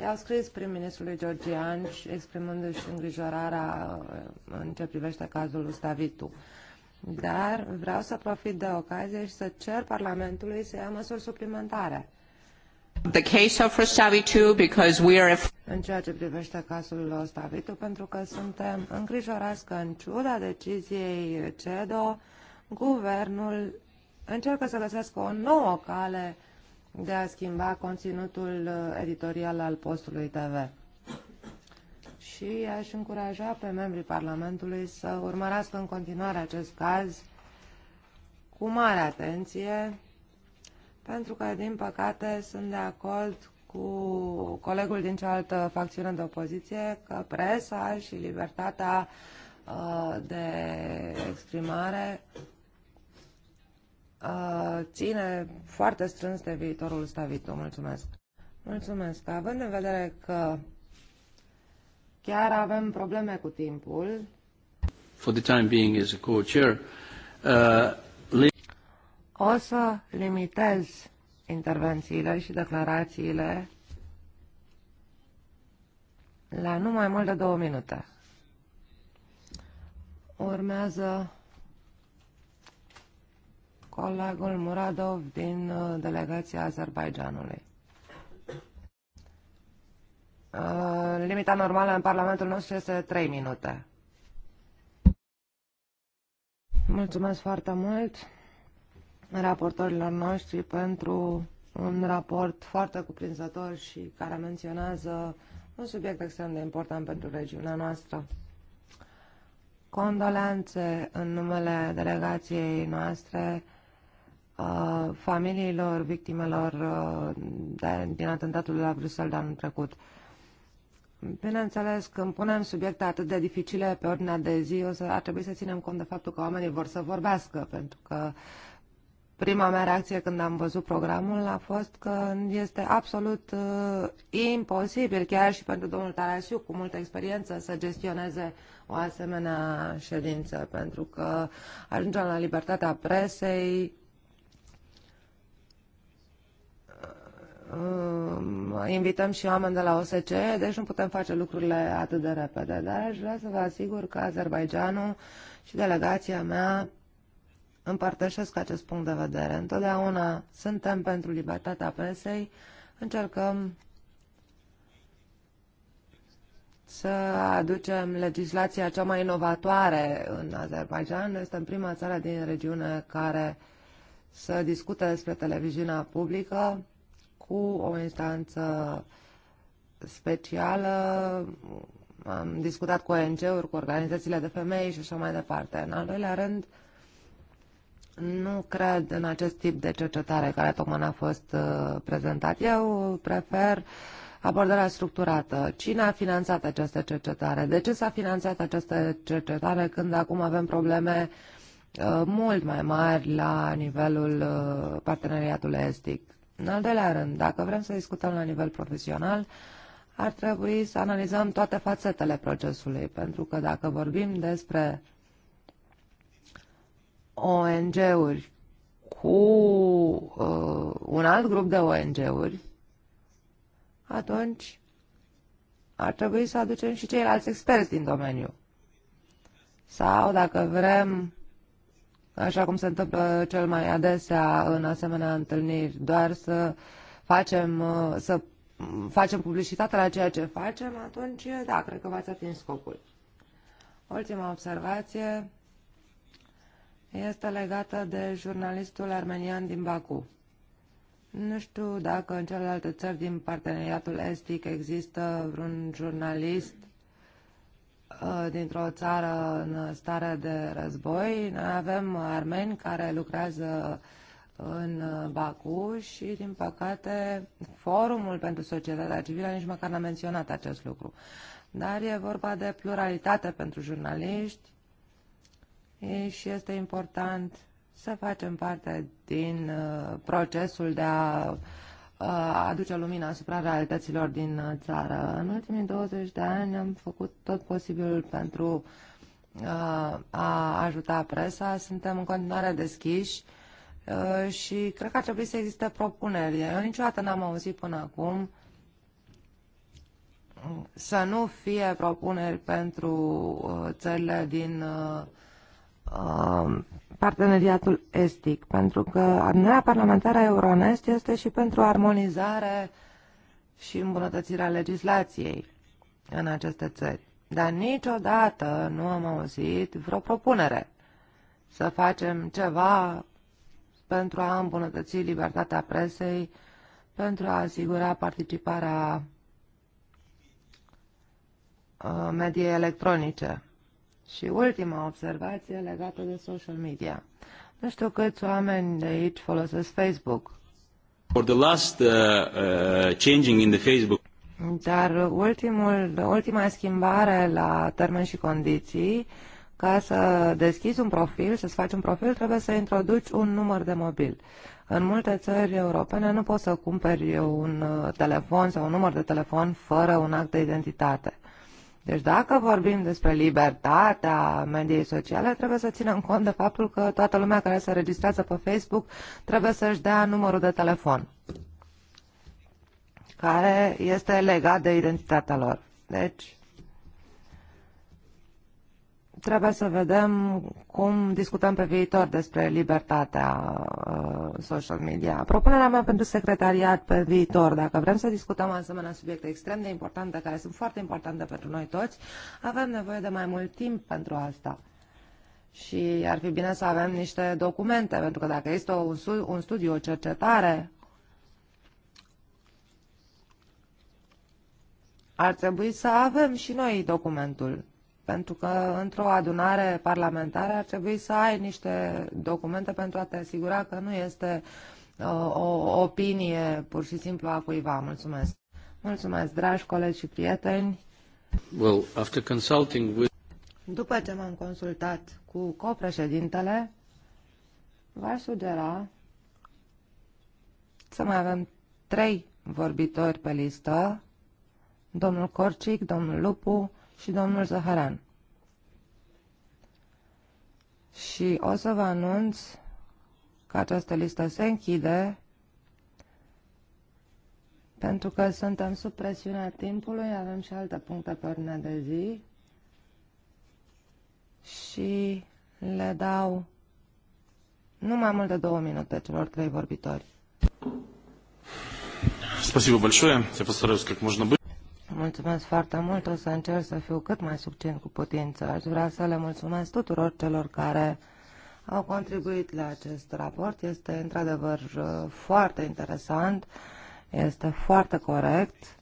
Speaker 2: i-au scris prim-ministrului Georgian exprimându-și îngrijorarea uh, în ce privește cazul Ustavitu. Uh, dar vreau să profit de ocazie și să cer Parlamentului să ia măsuri suplimentare. The case of Rostavitu, because we are... În ceea ce privește cazul Rostavitu, pentru că suntem îngrijorați că, în ciuda deciziei CEDO, guvernul încearcă să găsească o nouă cale de a schimba conținutul uh, editorial al postului TV și aș încuraja pe membrii Parlamentului să urmărească în continuare acest caz cu mare atenție, pentru că, din păcate, sunt de acord cu colegul din cealaltă facțiune de opoziție că presa și libertatea uh, de exprimare uh, ține foarte strâns de viitorul stabilit. Mulțumesc! Mulțumesc! Având în vedere că Chiar avem probleme cu timpul.
Speaker 3: For the time being as a co-chair, uh,
Speaker 2: o să limitez intervențiile și declarațiile la nu mai mult de două minute. Urmează colegul Muradov din uh, delegația Azerbaijanului. Uh, limita normală în Parlamentul nostru este 3 minute. Mulțumesc foarte mult raportorilor noștri pentru un raport foarte cuprinzător și care menționează un subiect extrem de important pentru regiunea noastră. Condoleanțe în numele delegației noastre uh, familiilor victimelor uh, de, din atentatul de la Bruxelles de anul trecut. Bineînțeles, când punem subiecte atât de dificile pe ordinea de zi, o să, ar trebui să ținem cont de faptul că oamenii vor să vorbească, pentru că prima mea reacție când am văzut programul a fost că este absolut uh, imposibil, chiar și pentru domnul Tarasiu, cu multă experiență, să gestioneze o asemenea ședință, pentru că ajungem la libertatea presei, invităm și oameni de la OSCE, deci nu putem face lucrurile atât de repede. Dar aș vrea să vă asigur că Azerbaijanul și delegația mea împărtășesc acest punct de vedere. Întotdeauna suntem pentru libertatea presei, încercăm să aducem legislația cea mai inovatoare în Azerbaijan. Este prima țară din regiune care să discute despre televiziunea publică cu o instanță specială. Am discutat cu ONG-uri, cu organizațiile de femei și așa mai departe. În al doilea rând, nu cred în acest tip de cercetare care tocmai a fost uh, prezentat. Eu prefer abordarea structurată. Cine a finanțat această cercetare? De ce s-a finanțat această cercetare când acum avem probleme uh, mult mai mari la nivelul uh, parteneriatului estic? În al doilea rând, dacă vrem să discutăm la nivel profesional, ar trebui să analizăm toate fațetele procesului, pentru că dacă vorbim despre ONG-uri cu uh, un alt grup de ONG-uri, atunci ar trebui să aducem și ceilalți experți din domeniu. Sau, dacă vrem așa cum se întâmplă cel mai adesea în asemenea întâlniri, doar să facem, uh, să facem publicitate la ceea ce facem, atunci, uh, da, cred că v-ați atins scopul. Ultima observație este legată de jurnalistul armenian din Baku. Nu știu dacă în celelalte țări din parteneriatul estic există vreun jurnalist Uh, dintr-o țară în stare de război. Noi avem armeni care lucrează în Baku și, din păcate, Forumul pentru Societatea Civilă nici măcar n-a menționat acest lucru. Dar e vorba de pluralitate pentru jurnaliști și este important să facem parte din uh, procesul de a uh, Uh, aduce lumina asupra realităților din uh, țară. În ultimii 20 de ani am făcut tot posibilul pentru uh, a ajuta presa. Suntem în continuare deschiși și cred că ar trebui să existe propuneri. Eu niciodată n-am auzit până acum să nu fie propuneri pentru țările din uh, Um, parteneriatul estic, pentru că adunarea parlamentară a Euronest este și pentru armonizare și îmbunătățirea legislației în aceste țări. Dar niciodată nu am auzit vreo propunere să facem ceva pentru a îmbunătăți libertatea presei, pentru a asigura participarea uh, mediei electronice. Și ultima observație legată de social media. Nu știu câți oameni de aici folosesc Facebook.
Speaker 1: For the last uh, uh, changing in the Facebook.
Speaker 2: Dar ultimul, ultima schimbare la termeni și condiții, ca să deschizi un profil, să-ți faci un profil, trebuie să introduci un număr de mobil. În multe țări europene nu poți să cumperi un uh, telefon sau un număr de telefon fără un act de identitate. Deci dacă vorbim despre libertatea mediei sociale, trebuie să ținem cont de faptul că toată lumea care se registrează pe Facebook trebuie să-și dea numărul de telefon care este legat de identitatea lor. Deci, trebuie să vedem cum discutăm pe viitor despre libertatea uh, social media. Propunerea mea pentru secretariat pe viitor, dacă vrem să discutăm asemenea subiecte extrem de importante, care sunt foarte importante pentru noi toți, avem nevoie de mai mult timp pentru asta. Și ar fi bine să avem niște documente, pentru că dacă este un, un studiu, o cercetare, ar trebui să avem și noi documentul pentru că într-o adunare parlamentară ar trebui să ai niște documente pentru a te asigura că nu este uh, o opinie pur și simplu a cuiva. Mulțumesc. Mulțumesc, dragi colegi și prieteni.
Speaker 3: Well, after consulting with...
Speaker 2: După ce m-am consultat cu copreședintele, v-aș sugera să mai avem trei vorbitori pe listă, domnul Corcic, domnul Lupu și domnul Zaharan. Și o să vă anunț că această listă se închide pentru că suntem sub presiunea timpului, avem și alte puncte pe ordinea de zi și le dau nu mai mult de două minute celor trei vorbitori.
Speaker 1: Спасибо большое. Я постараюсь как можно быстрее.
Speaker 2: Mulțumesc foarte mult, o să încerc să fiu cât mai succint cu putință. Aș vrea să le mulțumesc tuturor celor care au contribuit la acest raport. Este într-adevăr uh, foarte interesant, este foarte corect,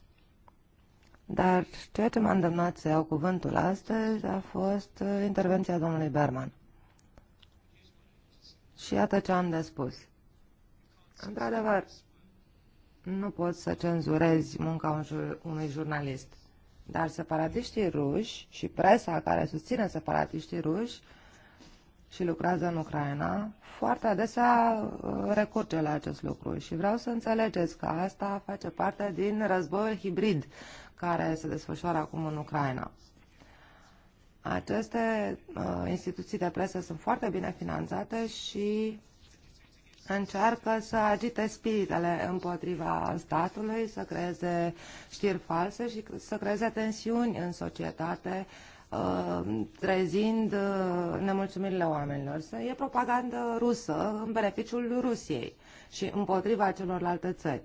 Speaker 2: dar ceea ce m-a îndemnat să iau cuvântul astăzi a fost uh, intervenția domnului Berman. Și iată ce am de spus. Într-adevăr, nu poți să cenzurezi munca unui jurnalist. Dar separatiștii ruși și presa care susține separatiștii ruși și lucrează în Ucraina, foarte adesea uh, recurge la acest lucru și vreau să înțelegeți că asta face parte din războiul hibrid care se desfășoară acum în Ucraina. Aceste uh, instituții de presă sunt foarte bine finanțate și încearcă să agite spiritele împotriva statului, să creeze știri false și să creeze tensiuni în societate, uh, trezind uh, nemulțumirile oamenilor. e propagandă rusă în beneficiul Rusiei și împotriva celorlalte țări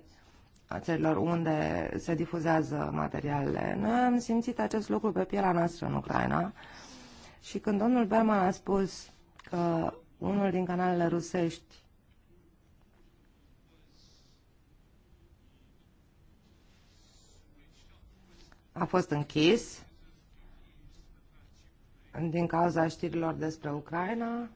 Speaker 2: țărilor unde se difuzează materialele. Noi am simțit acest lucru pe pielea noastră în Ucraina și când domnul Berman a spus că unul din canalele rusești a fost închis din cauza știrilor despre Ucraina.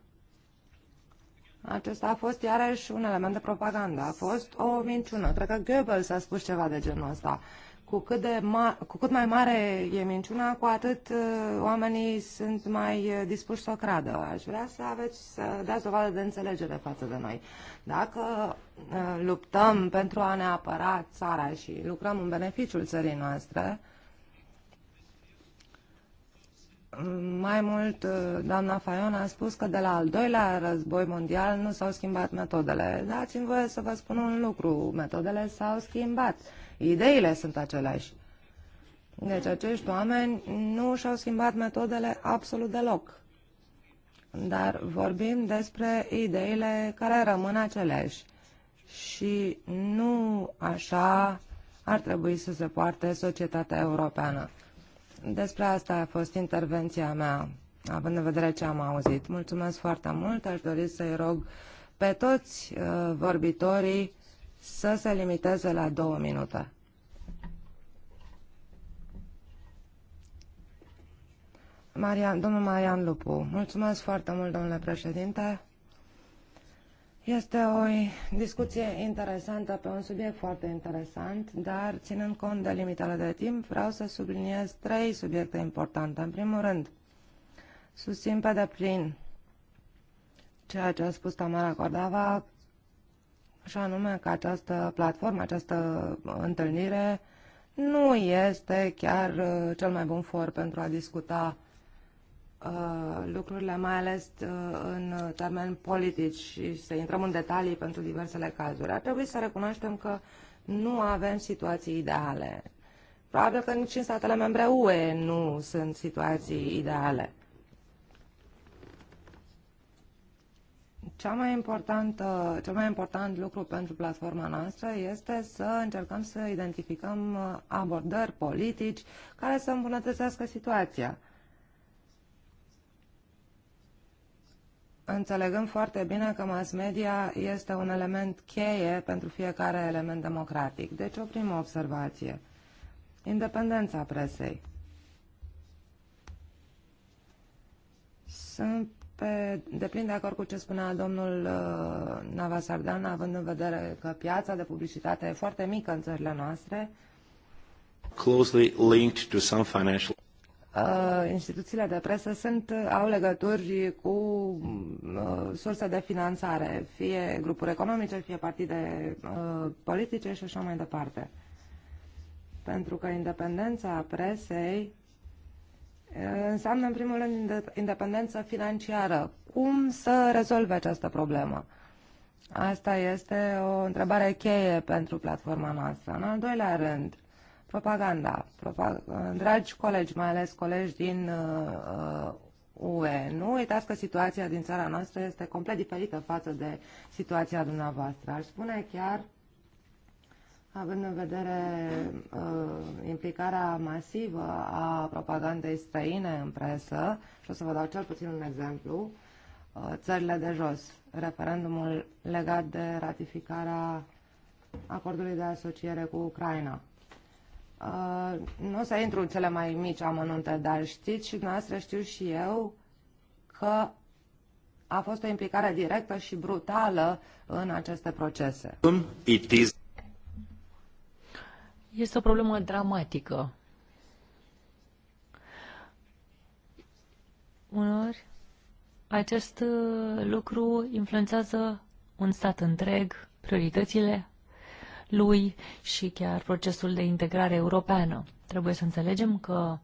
Speaker 2: Acesta a fost iarăși un element de propagandă. A fost o minciună. Cred că Goebbels a spus ceva de genul ăsta. Cu cât, de ma- cu cât mai mare e minciuna, cu atât uh, oamenii sunt mai uh, dispuși să o creadă. Aș vrea să aveți, să dați dovadă de înțelegere față de noi. Dacă uh, luptăm pentru a ne apăra țara și lucrăm în beneficiul țării noastre, Mai mult, uh, doamna Faion a spus că de la al doilea război mondial nu s-au schimbat metodele. Dați-mi voie să vă spun un lucru. Metodele s-au schimbat. Ideile sunt aceleași. Deci acești oameni nu și-au schimbat metodele absolut deloc. Dar vorbim despre ideile care rămân aceleași. Și nu așa ar trebui să se poarte societatea europeană. Despre asta a fost intervenția mea, având în vedere ce am auzit. Mulțumesc foarte mult, aș dori să-i rog pe toți uh, vorbitorii să se limiteze la două minute. Marian, domnul Marian Lupu, mulțumesc foarte mult, domnule președinte. Este o discuție interesantă pe un subiect foarte interesant, dar ținând cont de limitele de timp, vreau să subliniez trei subiecte importante. În primul rând, susțin pe deplin ceea ce a spus Tamara Cordava, și anume că această platformă, această întâlnire nu este chiar uh, cel mai bun for pentru a discuta Uh, lucrurile, mai ales uh, în termeni politici și să intrăm în detalii pentru diversele cazuri. Ar trebui să recunoaștem că nu avem situații ideale. Probabil că nici în statele membre UE nu sunt situații ideale. Cea mai, importantă, cel mai important lucru pentru platforma noastră este să încercăm să identificăm uh, abordări politici care să îmbunătățească situația Înțelegând foarte bine că mass media este un element cheie pentru fiecare element democratic. Deci o primă observație. Independența presei. Sunt pe deplin de acord cu ce spunea domnul uh, Navasardan, având în vedere că piața de publicitate e foarte mică în țările noastre.
Speaker 1: Closely linked to some financial
Speaker 2: instituțiile de presă sunt, au legături cu uh, surse de finanțare, fie grupuri economice, fie partide uh, politice și așa mai departe. Pentru că independența presei uh, înseamnă, în primul rând, independență financiară. Cum să rezolve această problemă? Asta este o întrebare cheie pentru platforma noastră. În al doilea rând, Propaganda. Propag uh, Dragi colegi, mai ales colegi din uh, UE, uh, nu uitați că situația din țara noastră este complet diferită față de situația dumneavoastră. Aș spune chiar având în vedere uh, implicarea masivă a propagandei străine în presă, și o să vă dau cel puțin un exemplu, uh, țările de jos, referendumul legat de ratificarea acordului de asociere cu Ucraina. Uh, nu o să intru în cele mai mici amănunte, dar știți și dumneavoastră, știu și eu, că a fost o implicare directă și brutală în aceste procese. Este o problemă dramatică.
Speaker 4: Uneori, acest uh, lucru influențează un stat întreg, prioritățile lui și chiar procesul de integrare europeană. Trebuie să înțelegem că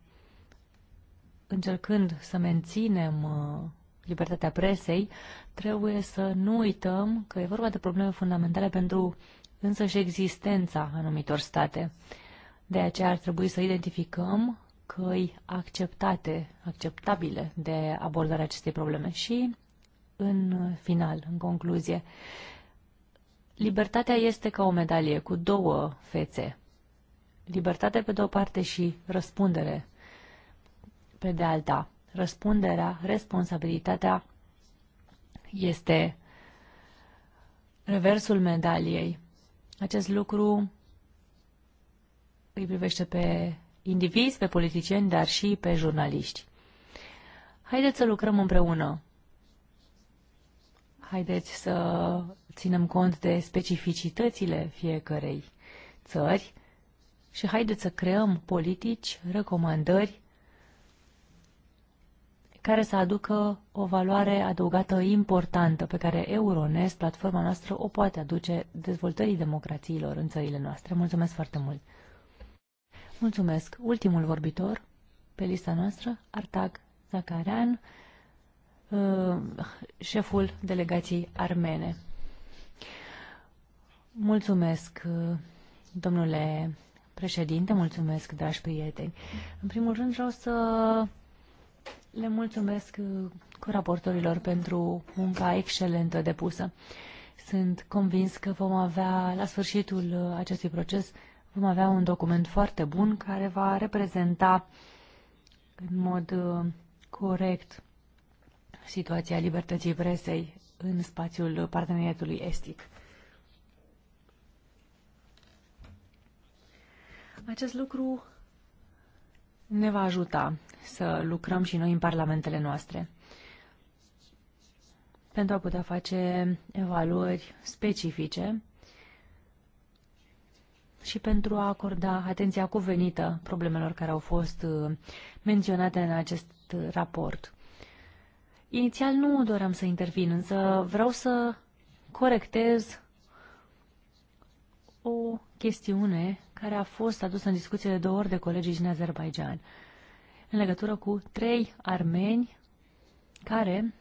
Speaker 4: încercând să menținem uh, libertatea presei, trebuie să nu uităm că e vorba de probleme fundamentale pentru însăși existența anumitor state. De aceea ar trebui să identificăm căi acceptate, acceptabile de abordarea acestei probleme. Și, în final, în concluzie, Libertatea este ca o medalie cu două fețe. Libertate pe de o parte și răspundere pe de alta. Răspunderea, responsabilitatea este reversul medaliei. Acest lucru îi privește pe indivizi, pe politicieni, dar și pe jurnaliști. Haideți să lucrăm împreună. Haideți să ținem cont de specificitățile fiecărei țări și haideți să creăm politici, recomandări care să aducă o valoare adăugată importantă pe care Euronest, platforma noastră, o poate aduce dezvoltării democrațiilor în țările noastre. Mulțumesc foarte mult! Mulțumesc! Ultimul vorbitor pe lista noastră, Artag Zakarian, uh, șeful delegației armene. Mulțumesc, domnule președinte, mulțumesc, dragi prieteni. În primul rând vreau să le mulțumesc cu raportorilor pentru munca excelentă depusă. Sunt convins că vom avea, la sfârșitul acestui proces, vom avea un document foarte bun care va reprezenta în mod uh, corect situația libertății presei în spațiul parteneriatului estic. Acest lucru ne va ajuta să lucrăm și noi în parlamentele noastre pentru a putea face evaluări specifice și pentru a acorda atenția cuvenită problemelor care au fost uh, menționate în acest raport. Inițial nu doream să intervin, însă vreau să corectez o chestiune care a fost adusă în discuție de două ori de colegii din Azerbaijan, în legătură cu trei armeni care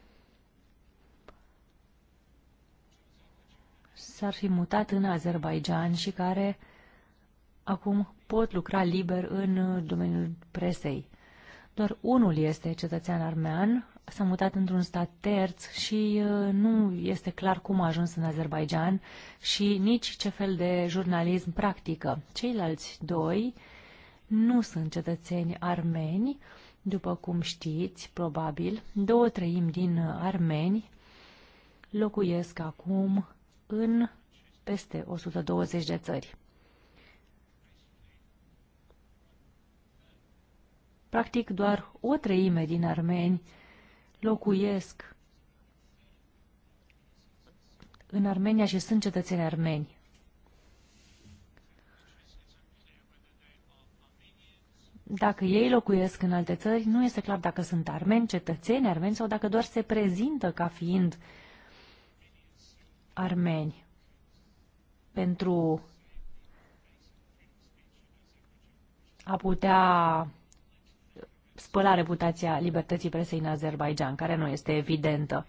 Speaker 4: s-ar fi mutat în Azerbaijan și care acum pot lucra liber în domeniul presei. Doar unul este cetățean armean, s-a mutat într-un stat terț și uh, nu este clar cum a ajuns în Azerbaijan și nici ce fel de jurnalism practică. Ceilalți doi nu sunt cetățeni armeni, după cum știți, probabil, două treimi din armeni locuiesc acum în peste 120 de țări. Practic, doar o treime din armeni locuiesc în Armenia și sunt cetățeni armeni. Dacă ei locuiesc în alte țări, nu este clar dacă sunt armeni, cetățeni armeni sau dacă doar se prezintă ca fiind armeni. Pentru a putea spăla reputația libertății presei în Azerbaijan, care nu este evidentă.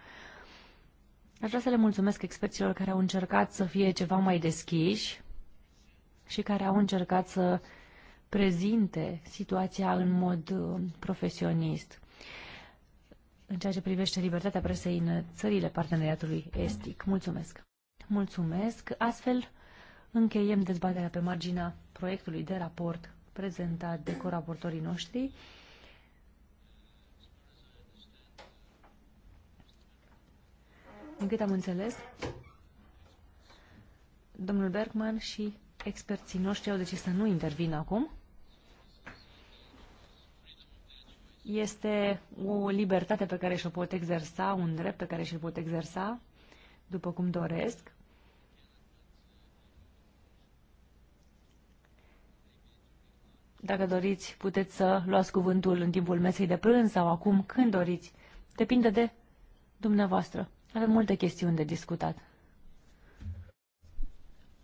Speaker 4: Aș vrea să le mulțumesc experților care au încercat să fie ceva mai deschiși și care au încercat să prezinte situația în mod uh, profesionist în ceea ce privește libertatea presei în țările parteneriatului estic. Mulțumesc! Mulțumesc! Astfel încheiem dezbaterea pe marginea proiectului de raport prezentat de coraportorii noștri. Din câte am înțeles, domnul Bergman și experții noștri au decis să nu intervină acum. Este o libertate pe care și-o pot exersa, un drept pe care și-l pot exersa, după cum doresc. Dacă doriți, puteți să luați cuvântul în timpul mesei de prânz sau acum, când doriți. Depinde de dumneavoastră. Avem multe chestiuni de discutat.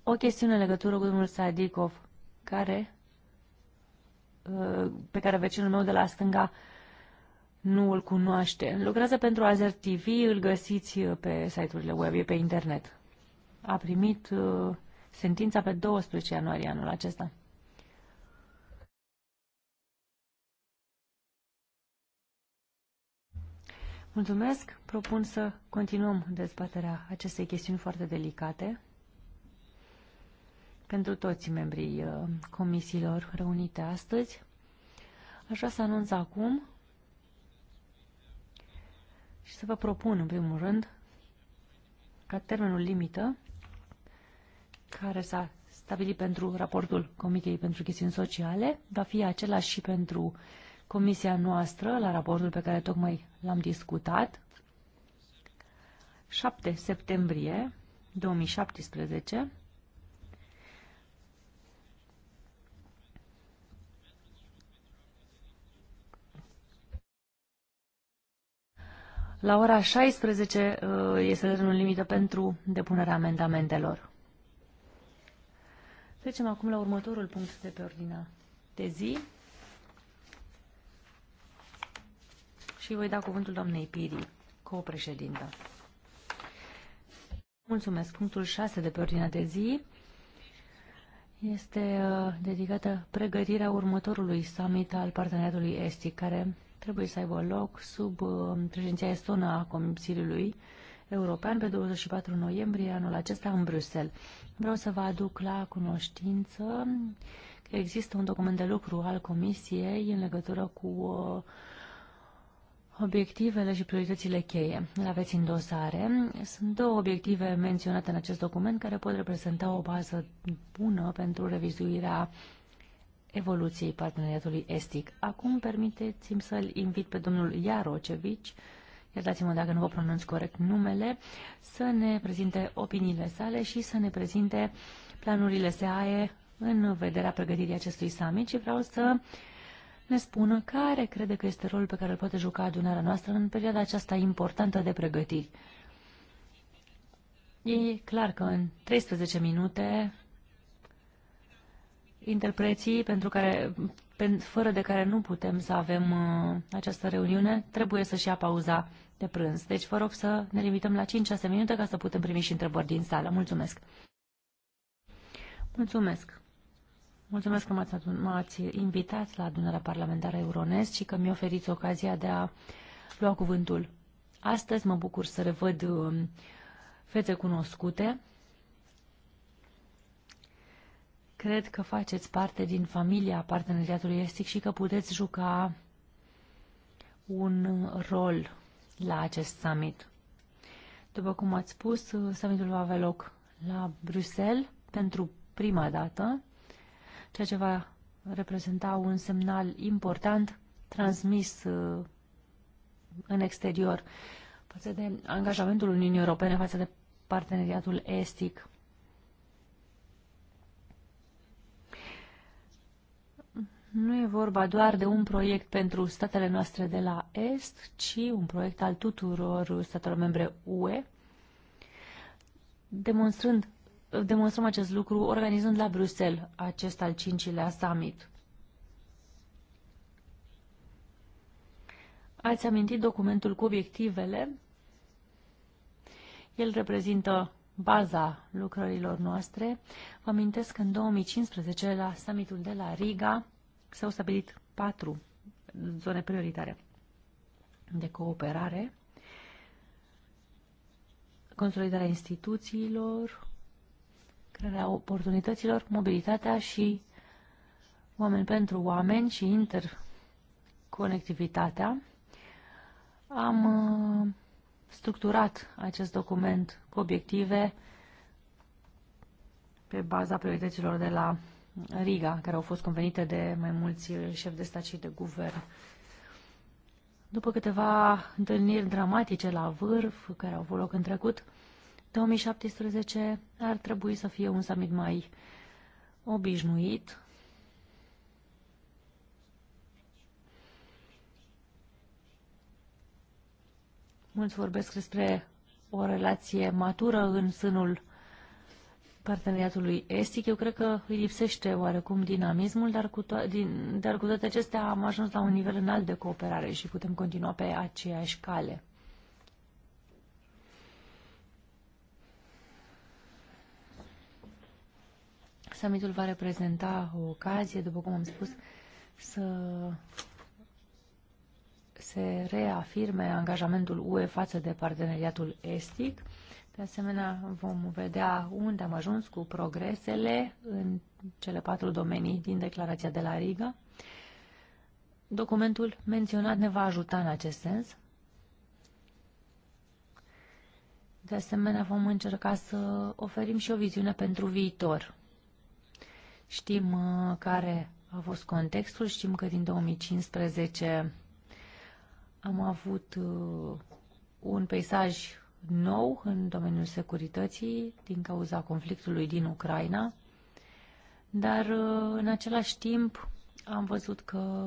Speaker 4: O chestiune în legătură cu domnul Sadikov, care, uh, pe care vecinul meu de la stânga nu îl cunoaște. Lucrează pentru Azer TV, îl găsiți uh, pe site-urile web, e pe internet. A primit uh, sentința pe 12 ianuarie anul acesta. Mulțumesc. Propun să continuăm dezbaterea acestei chestiuni foarte delicate pentru toți membrii uh, comisiilor reunite astăzi. Aș vrea să anunț acum și să vă propun, în primul rând, ca termenul limită care s-a stabilit pentru raportul Comisiei pentru Chestiuni Sociale va fi același și pentru uh, comisia noastră la raportul pe care tocmai l-am discutat. 7 septembrie 2017 La ora 16 uh, este termenul limită pentru depunerea amendamentelor. Trecem acum la următorul punct de pe ordinea de zi. și voi da cuvântul doamnei Piri, co-președintă. Mulțumesc. Punctul 6 de pe ordinea de zi este uh, dedicată pregătirea următorului summit al parteneriatului estic, care trebuie să aibă loc sub uh, președinția estonă a Consiliului European pe 24 noiembrie anul acesta în Bruxelles. Vreau să vă aduc la cunoștință că există un document de lucru al Comisiei în legătură cu uh, Obiectivele și prioritățile cheie le aveți în dosare. Sunt două obiective menționate în acest document care pot reprezenta o bază bună pentru revizuirea evoluției parteneriatului estic. Acum permiteți-mi să-l invit pe domnul Iarocevici, iertați-mă dacă nu vă pronunț corect numele, să ne prezinte opiniile sale și să ne prezinte planurile SAE în vederea pregătirii acestui summit și vreau să ne spună care crede că este rolul pe care îl poate juca adunarea noastră în perioada aceasta importantă de pregătiri. E clar că în 13 minute interpreții pentru care, fără de care nu putem să avem uh, această reuniune trebuie să-și ia pauza de prânz. Deci vă rog să ne limităm la 5-6 minute ca să putem primi și întrebări din sală. Mulțumesc! Mulțumesc! Mulțumesc că m-ați invitat la adunarea parlamentară Euronest și că mi oferiți ocazia de a lua cuvântul. Astăzi mă bucur să revăd um, fețe cunoscute. Cred că faceți parte din familia parteneriatului estic și că puteți juca un rol la acest summit. După cum ați spus, summitul va avea loc la Bruxelles pentru prima dată ceea ce va reprezenta un semnal important transmis uh, în exterior față de angajamentul Uniunii Europene, față de parteneriatul estic. Nu e vorba doar de un proiect pentru statele noastre de la Est, ci un proiect al tuturor statelor membre UE, demonstrând demonstrăm acest lucru organizând la Bruxelles acest al cincilea summit. Ați amintit documentul cu obiectivele? El reprezintă baza lucrărilor noastre. Vă amintesc că în 2015, la summitul de la Riga, s-au stabilit patru zone prioritare de cooperare, consolidarea instituțiilor, crearea oportunităților, mobilitatea și oameni pentru oameni și interconectivitatea. Am uh, structurat acest document cu obiective pe baza priorităților de la Riga, care au fost convenite de mai mulți șefi de stat și de guvern. După câteva întâlniri dramatice la vârf, care au avut loc în trecut, 2017 ar trebui să fie un summit mai obișnuit. Mulți vorbesc despre o relație matură în sânul parteneriatului estic. Eu cred că îi lipsește oarecum dinamismul, dar cu, to- din, dar cu toate acestea am ajuns la un nivel înalt de cooperare și putem continua pe aceeași cale. Summitul va reprezenta o ocazie, după cum am spus, să se reafirme angajamentul UE față de parteneriatul estic. De asemenea, vom vedea unde am ajuns cu progresele în cele patru domenii din declarația de la Riga. Documentul menționat ne va ajuta în acest sens. De asemenea, vom încerca să oferim și o viziune pentru viitor. Știm uh, care a fost contextul, știm că din 2015 am avut uh, un peisaj nou în domeniul securității din cauza conflictului din Ucraina, dar uh, în același timp am văzut că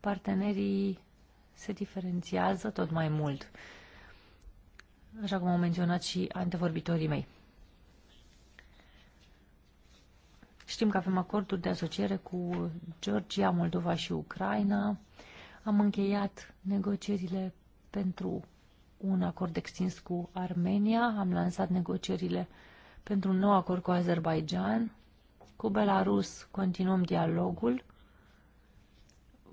Speaker 4: partenerii se diferențiază tot mai mult, așa cum au menționat și antevorbitorii mei. Știm că avem acorduri de asociere cu Georgia, Moldova și Ucraina. Am încheiat negocierile pentru un acord extins cu Armenia, am lansat negocierile pentru un nou acord cu Azerbaijan, cu Belarus continuăm dialogul,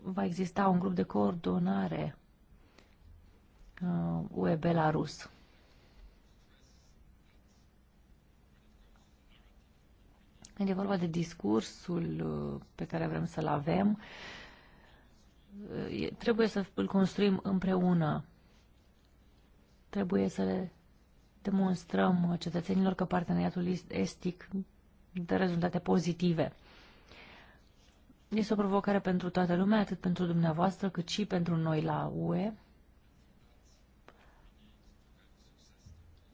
Speaker 4: va exista un grup de coordonare uh, UE Belarus. Când e vorba de discursul uh, pe care vrem să-l avem, uh, trebuie să îl construim împreună. Trebuie să le demonstrăm uh, cetățenilor că parteneriatul estic dă rezultate pozitive. Este o provocare pentru toată lumea, atât pentru dumneavoastră, cât și pentru noi la UE.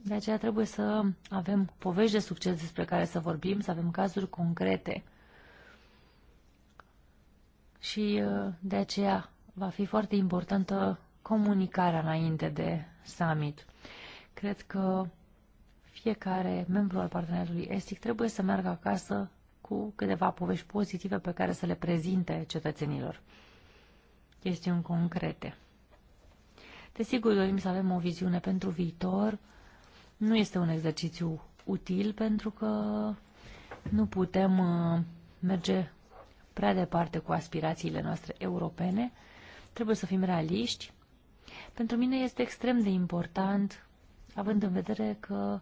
Speaker 4: De aceea trebuie să avem povești de succes despre care să vorbim, să avem cazuri concrete. Și uh, de aceea va fi foarte importantă comunicarea înainte de summit. Cred că fiecare membru al partenerului estic trebuie să meargă acasă cu câteva povești pozitive pe care să le prezinte cetățenilor. Chestiuni concrete. Desigur, dorim să avem o viziune pentru viitor, nu este un exercițiu util pentru că nu putem uh, merge prea departe cu aspirațiile noastre europene. Trebuie să fim realiști. Pentru mine este extrem de important, având în vedere că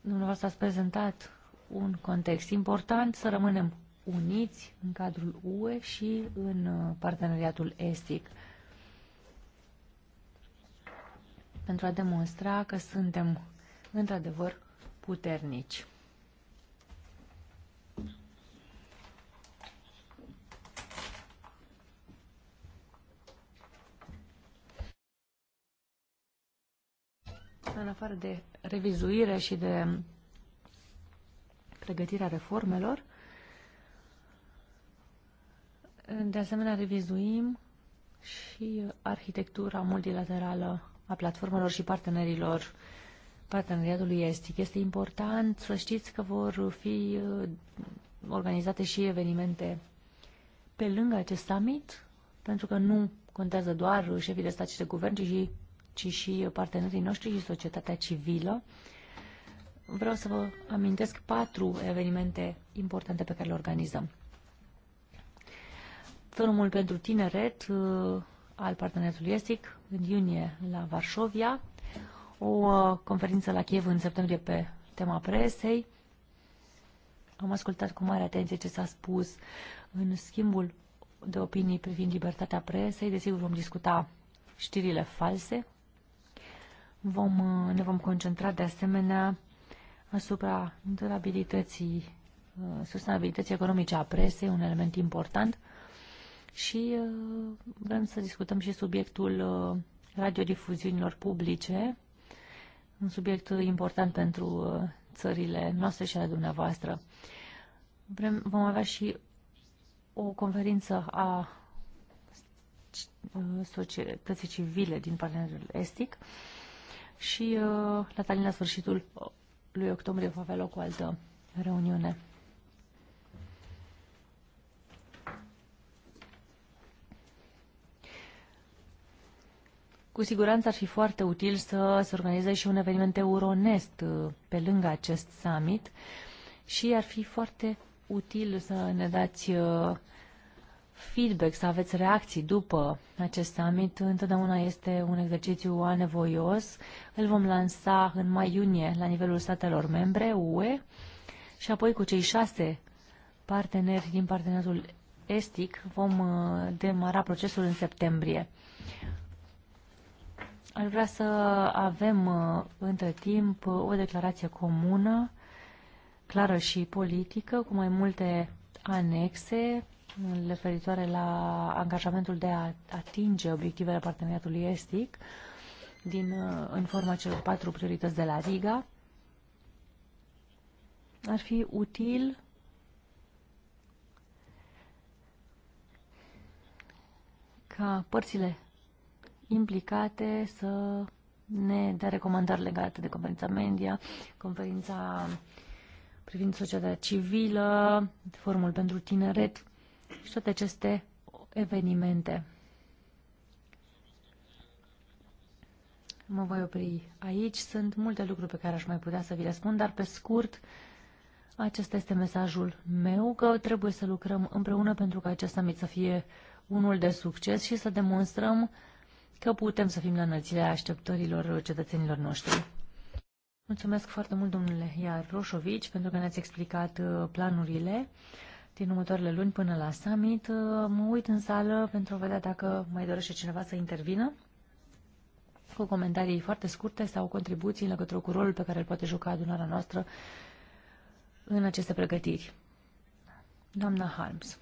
Speaker 4: dumneavoastră ați prezentat un context important, să rămânem uniți în cadrul UE și în uh, parteneriatul estic. pentru a demonstra că suntem într-adevăr puternici. În afară de revizuire și de pregătirea reformelor, de asemenea revizuim și arhitectura multilaterală a platformelor și partenerilor parteneriatului estic. Este important să știți că vor fi uh, organizate și evenimente pe lângă acest summit, pentru că nu contează doar șefii de stat și de guvern, ci și, ci și partenerii noștri și societatea civilă. Vreau să vă amintesc patru evenimente importante pe care le organizăm. Forumul pentru tineret uh, al parteneriatului estic în iunie la Varșovia, o uh, conferință la Kiev în septembrie pe tema presei. Am ascultat cu mare atenție ce s-a spus în schimbul de opinii privind libertatea presei. Desigur, vom discuta știrile false. Vom, uh, ne vom concentra de asemenea asupra durabilității, uh, sustenabilității economice a presei, un element important și uh, vrem să discutăm și subiectul uh, radiodifuziunilor publice, un subiect important pentru uh, țările noastre și ale dumneavoastră. Vrem, vom avea și o conferință a societății civile din partenerul estic și la Tallinn la sfârșitul lui octombrie va avea loc o altă reuniune. Cu siguranță ar fi foarte util să se organizeze și un eveniment Euronest uh, pe lângă acest summit și ar fi foarte util să ne dați uh, feedback, să aveți reacții după acest summit. Întotdeauna este un exercițiu anevoios. Îl vom lansa în mai-iunie la nivelul statelor membre, UE, și apoi cu cei șase parteneri din parteneriatul estic vom uh, demara procesul în septembrie. Ar vrea să avem uh, între timp uh, o declarație comună, clară și politică, cu mai multe anexe uh, referitoare la angajamentul de a atinge obiectivele parteneriatului estic din, în forma celor patru priorități de la Riga. Ar fi util ca părțile implicate să ne dea recomandări legate de conferința media, conferința privind societatea civilă, formul pentru tineret și toate aceste evenimente. Mă voi opri aici. Sunt multe lucruri pe care aș mai putea să vi le spun, dar pe scurt, acesta este mesajul meu, că trebuie să lucrăm împreună pentru ca acest summit să fie unul de succes și să demonstrăm că putem să fim la înălțirea așteptărilor cetățenilor noștri. Mulțumesc foarte mult, domnule Iar Roșovici, pentru că ne-ați explicat uh, planurile din următoarele luni până la summit. Uh, mă uit în sală pentru a vedea dacă mai dorește cineva să intervină cu comentarii foarte scurte sau contribuții în legătură cu rolul pe care îl poate juca adunarea noastră în aceste pregătiri. Doamna Harms.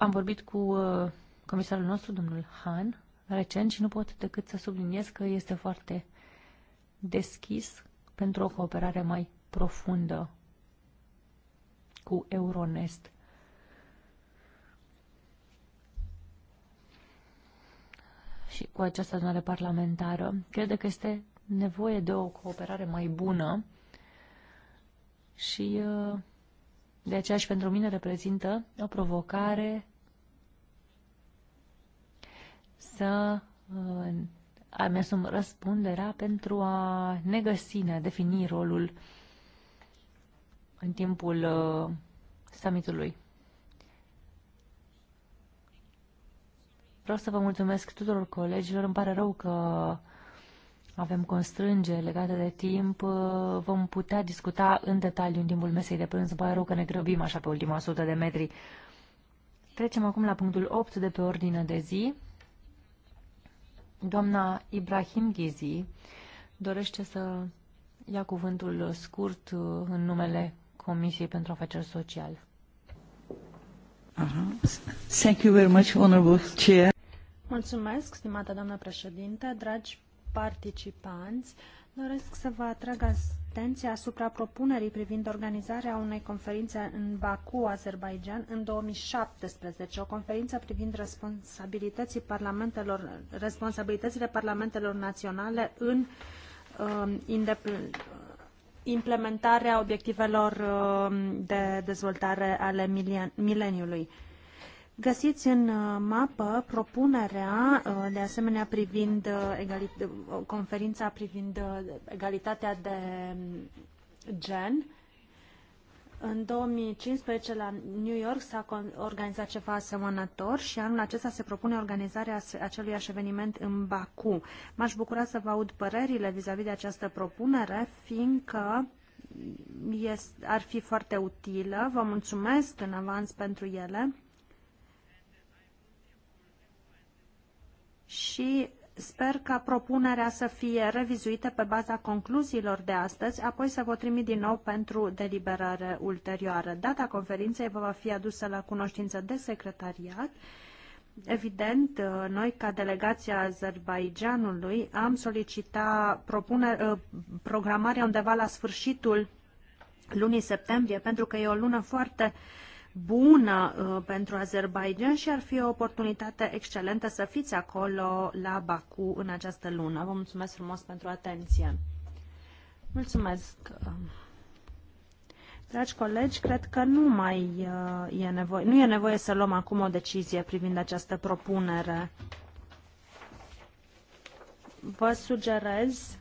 Speaker 4: Am vorbit cu uh, comisarul nostru, domnul Han, recent și nu pot decât să subliniez că este foarte deschis pentru o cooperare mai profundă cu Euronest. Și cu această adunare parlamentară, cred că este nevoie de o cooperare mai bună și uh, de aceea și pentru mine reprezintă o provocare să îmi uh, asum răspunderea pentru a ne găsi, ne -a defini rolul în timpul uh, summitului. Vreau să vă mulțumesc tuturor colegilor. Îmi pare rău că avem constrângeri legate de timp. Uh, vom putea discuta în detaliu în timpul mesei de prânz. Îmi pare rău că ne grăbim așa pe ultima sută de metri. Trecem acum la punctul 8 de pe ordine de zi. Doamna Ibrahim Ghizi dorește să ia cuvântul scurt uh, în numele Comisiei pentru Afaceri Sociale.
Speaker 1: Thank you very much, Honorable Chair.
Speaker 3: Mulțumesc, stimată doamnă președinte, dragi participanți. Doresc să vă atrag atenție asupra propunerii privind organizarea unei conferințe în Baku, Azerbaijan, în 2017, o conferință privind responsabilității parlamentelor, responsabilitățile parlamentelor naționale în uh, implementarea obiectivelor uh, de dezvoltare ale mileniului. Găsiți în uh, mapă propunerea, uh, de asemenea, privind uh, conferința privind egalitatea de um, gen. În 2015 la New York s-a organizat ceva asemănător și anul acesta se propune organizarea acelui eveniment în Baku. M-aș bucura să vă aud părerile vis-a-vis -vis de această propunere, fiindcă este, ar fi foarte utilă. Vă mulțumesc în avans pentru ele. și sper ca propunerea să fie revizuită pe baza concluziilor de astăzi, apoi să vă trimit din nou pentru deliberare ulterioară. Data conferinței vă va fi adusă la cunoștință de secretariat. Evident, noi, ca delegația Azerbaijanului, am solicitat ă, programarea undeva la sfârșitul lunii septembrie, pentru că e o lună foarte bună uh, pentru Azerbaijan și ar fi o oportunitate excelentă să fiți acolo la Baku în această lună. Vă mulțumesc frumos pentru atenție. Mulțumesc. Uh. Dragi colegi, cred că nu mai uh, e nevoie, nu e nevoie să luăm acum o decizie privind această propunere. Vă sugerez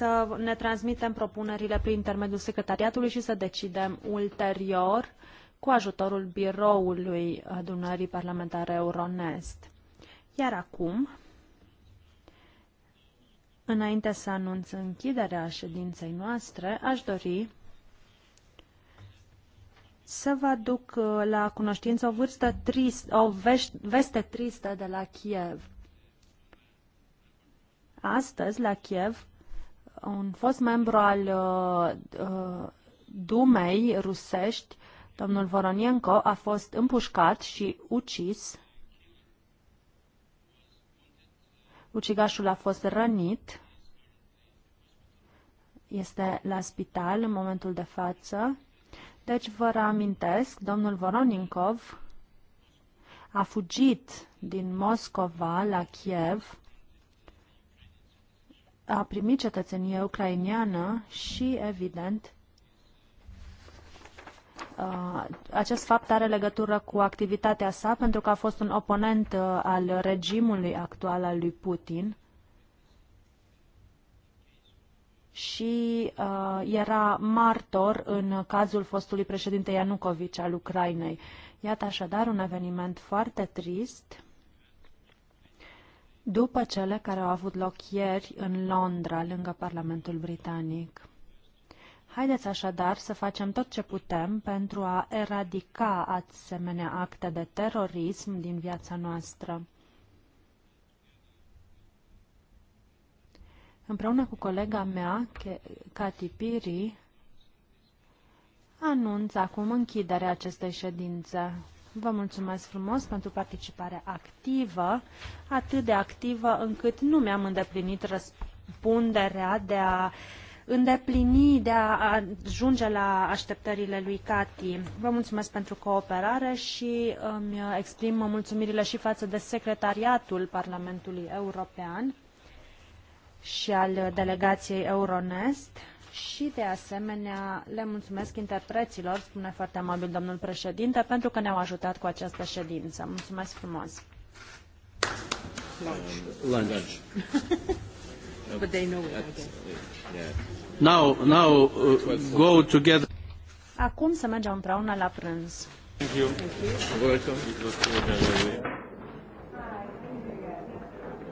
Speaker 3: să ne transmitem propunerile prin intermediul secretariatului și să decidem ulterior cu ajutorul biroului uh, adunării parlamentare Euronest. Iar acum, înainte să anunț închiderea ședinței noastre, aș dori să vă aduc uh, la cunoștință o, vârstă trist, o veste tristă de la Kiev. Astăzi, la Kiev, un fost membru al uh, uh Dumei rusești, domnul Voronienko, a fost împușcat și ucis. Ucigașul a fost rănit. Este la spital în momentul de față. Deci vă reamintesc, domnul Voroninkov a fugit din Moscova la Kiev a primit cetățenie ucrainiană și, evident, acest fapt are legătură cu activitatea sa pentru că a fost un oponent al regimului actual al lui Putin și era martor în cazul fostului președinte Ianucovici al Ucrainei. Iată așadar un eveniment foarte trist după cele care au avut loc ieri în Londra, lângă Parlamentul Britanic. Haideți așadar să facem tot ce putem pentru a eradica asemenea acte de terorism din viața noastră. Împreună cu colega mea, Cati Piri, anunț acum închiderea acestei ședințe. Vă mulțumesc frumos pentru participare activă, atât de activă încât nu mi-am îndeplinit răspunderea de a îndeplini, de a ajunge la așteptările lui Cati. Vă mulțumesc pentru cooperare și îmi exprim mulțumirile și față de Secretariatul Parlamentului European și al delegației Euronest și, de asemenea, le mulțumesc interpreților, spune foarte amabil domnul președinte, pentru că ne-au ajutat cu această ședință. Mulțumesc frumos!
Speaker 4: Lunch. Lunch. But they know it,
Speaker 1: Now, now uh, go together.
Speaker 3: Acum să mergem împreună la prânz.
Speaker 1: Thank you. Thank you. Welcome.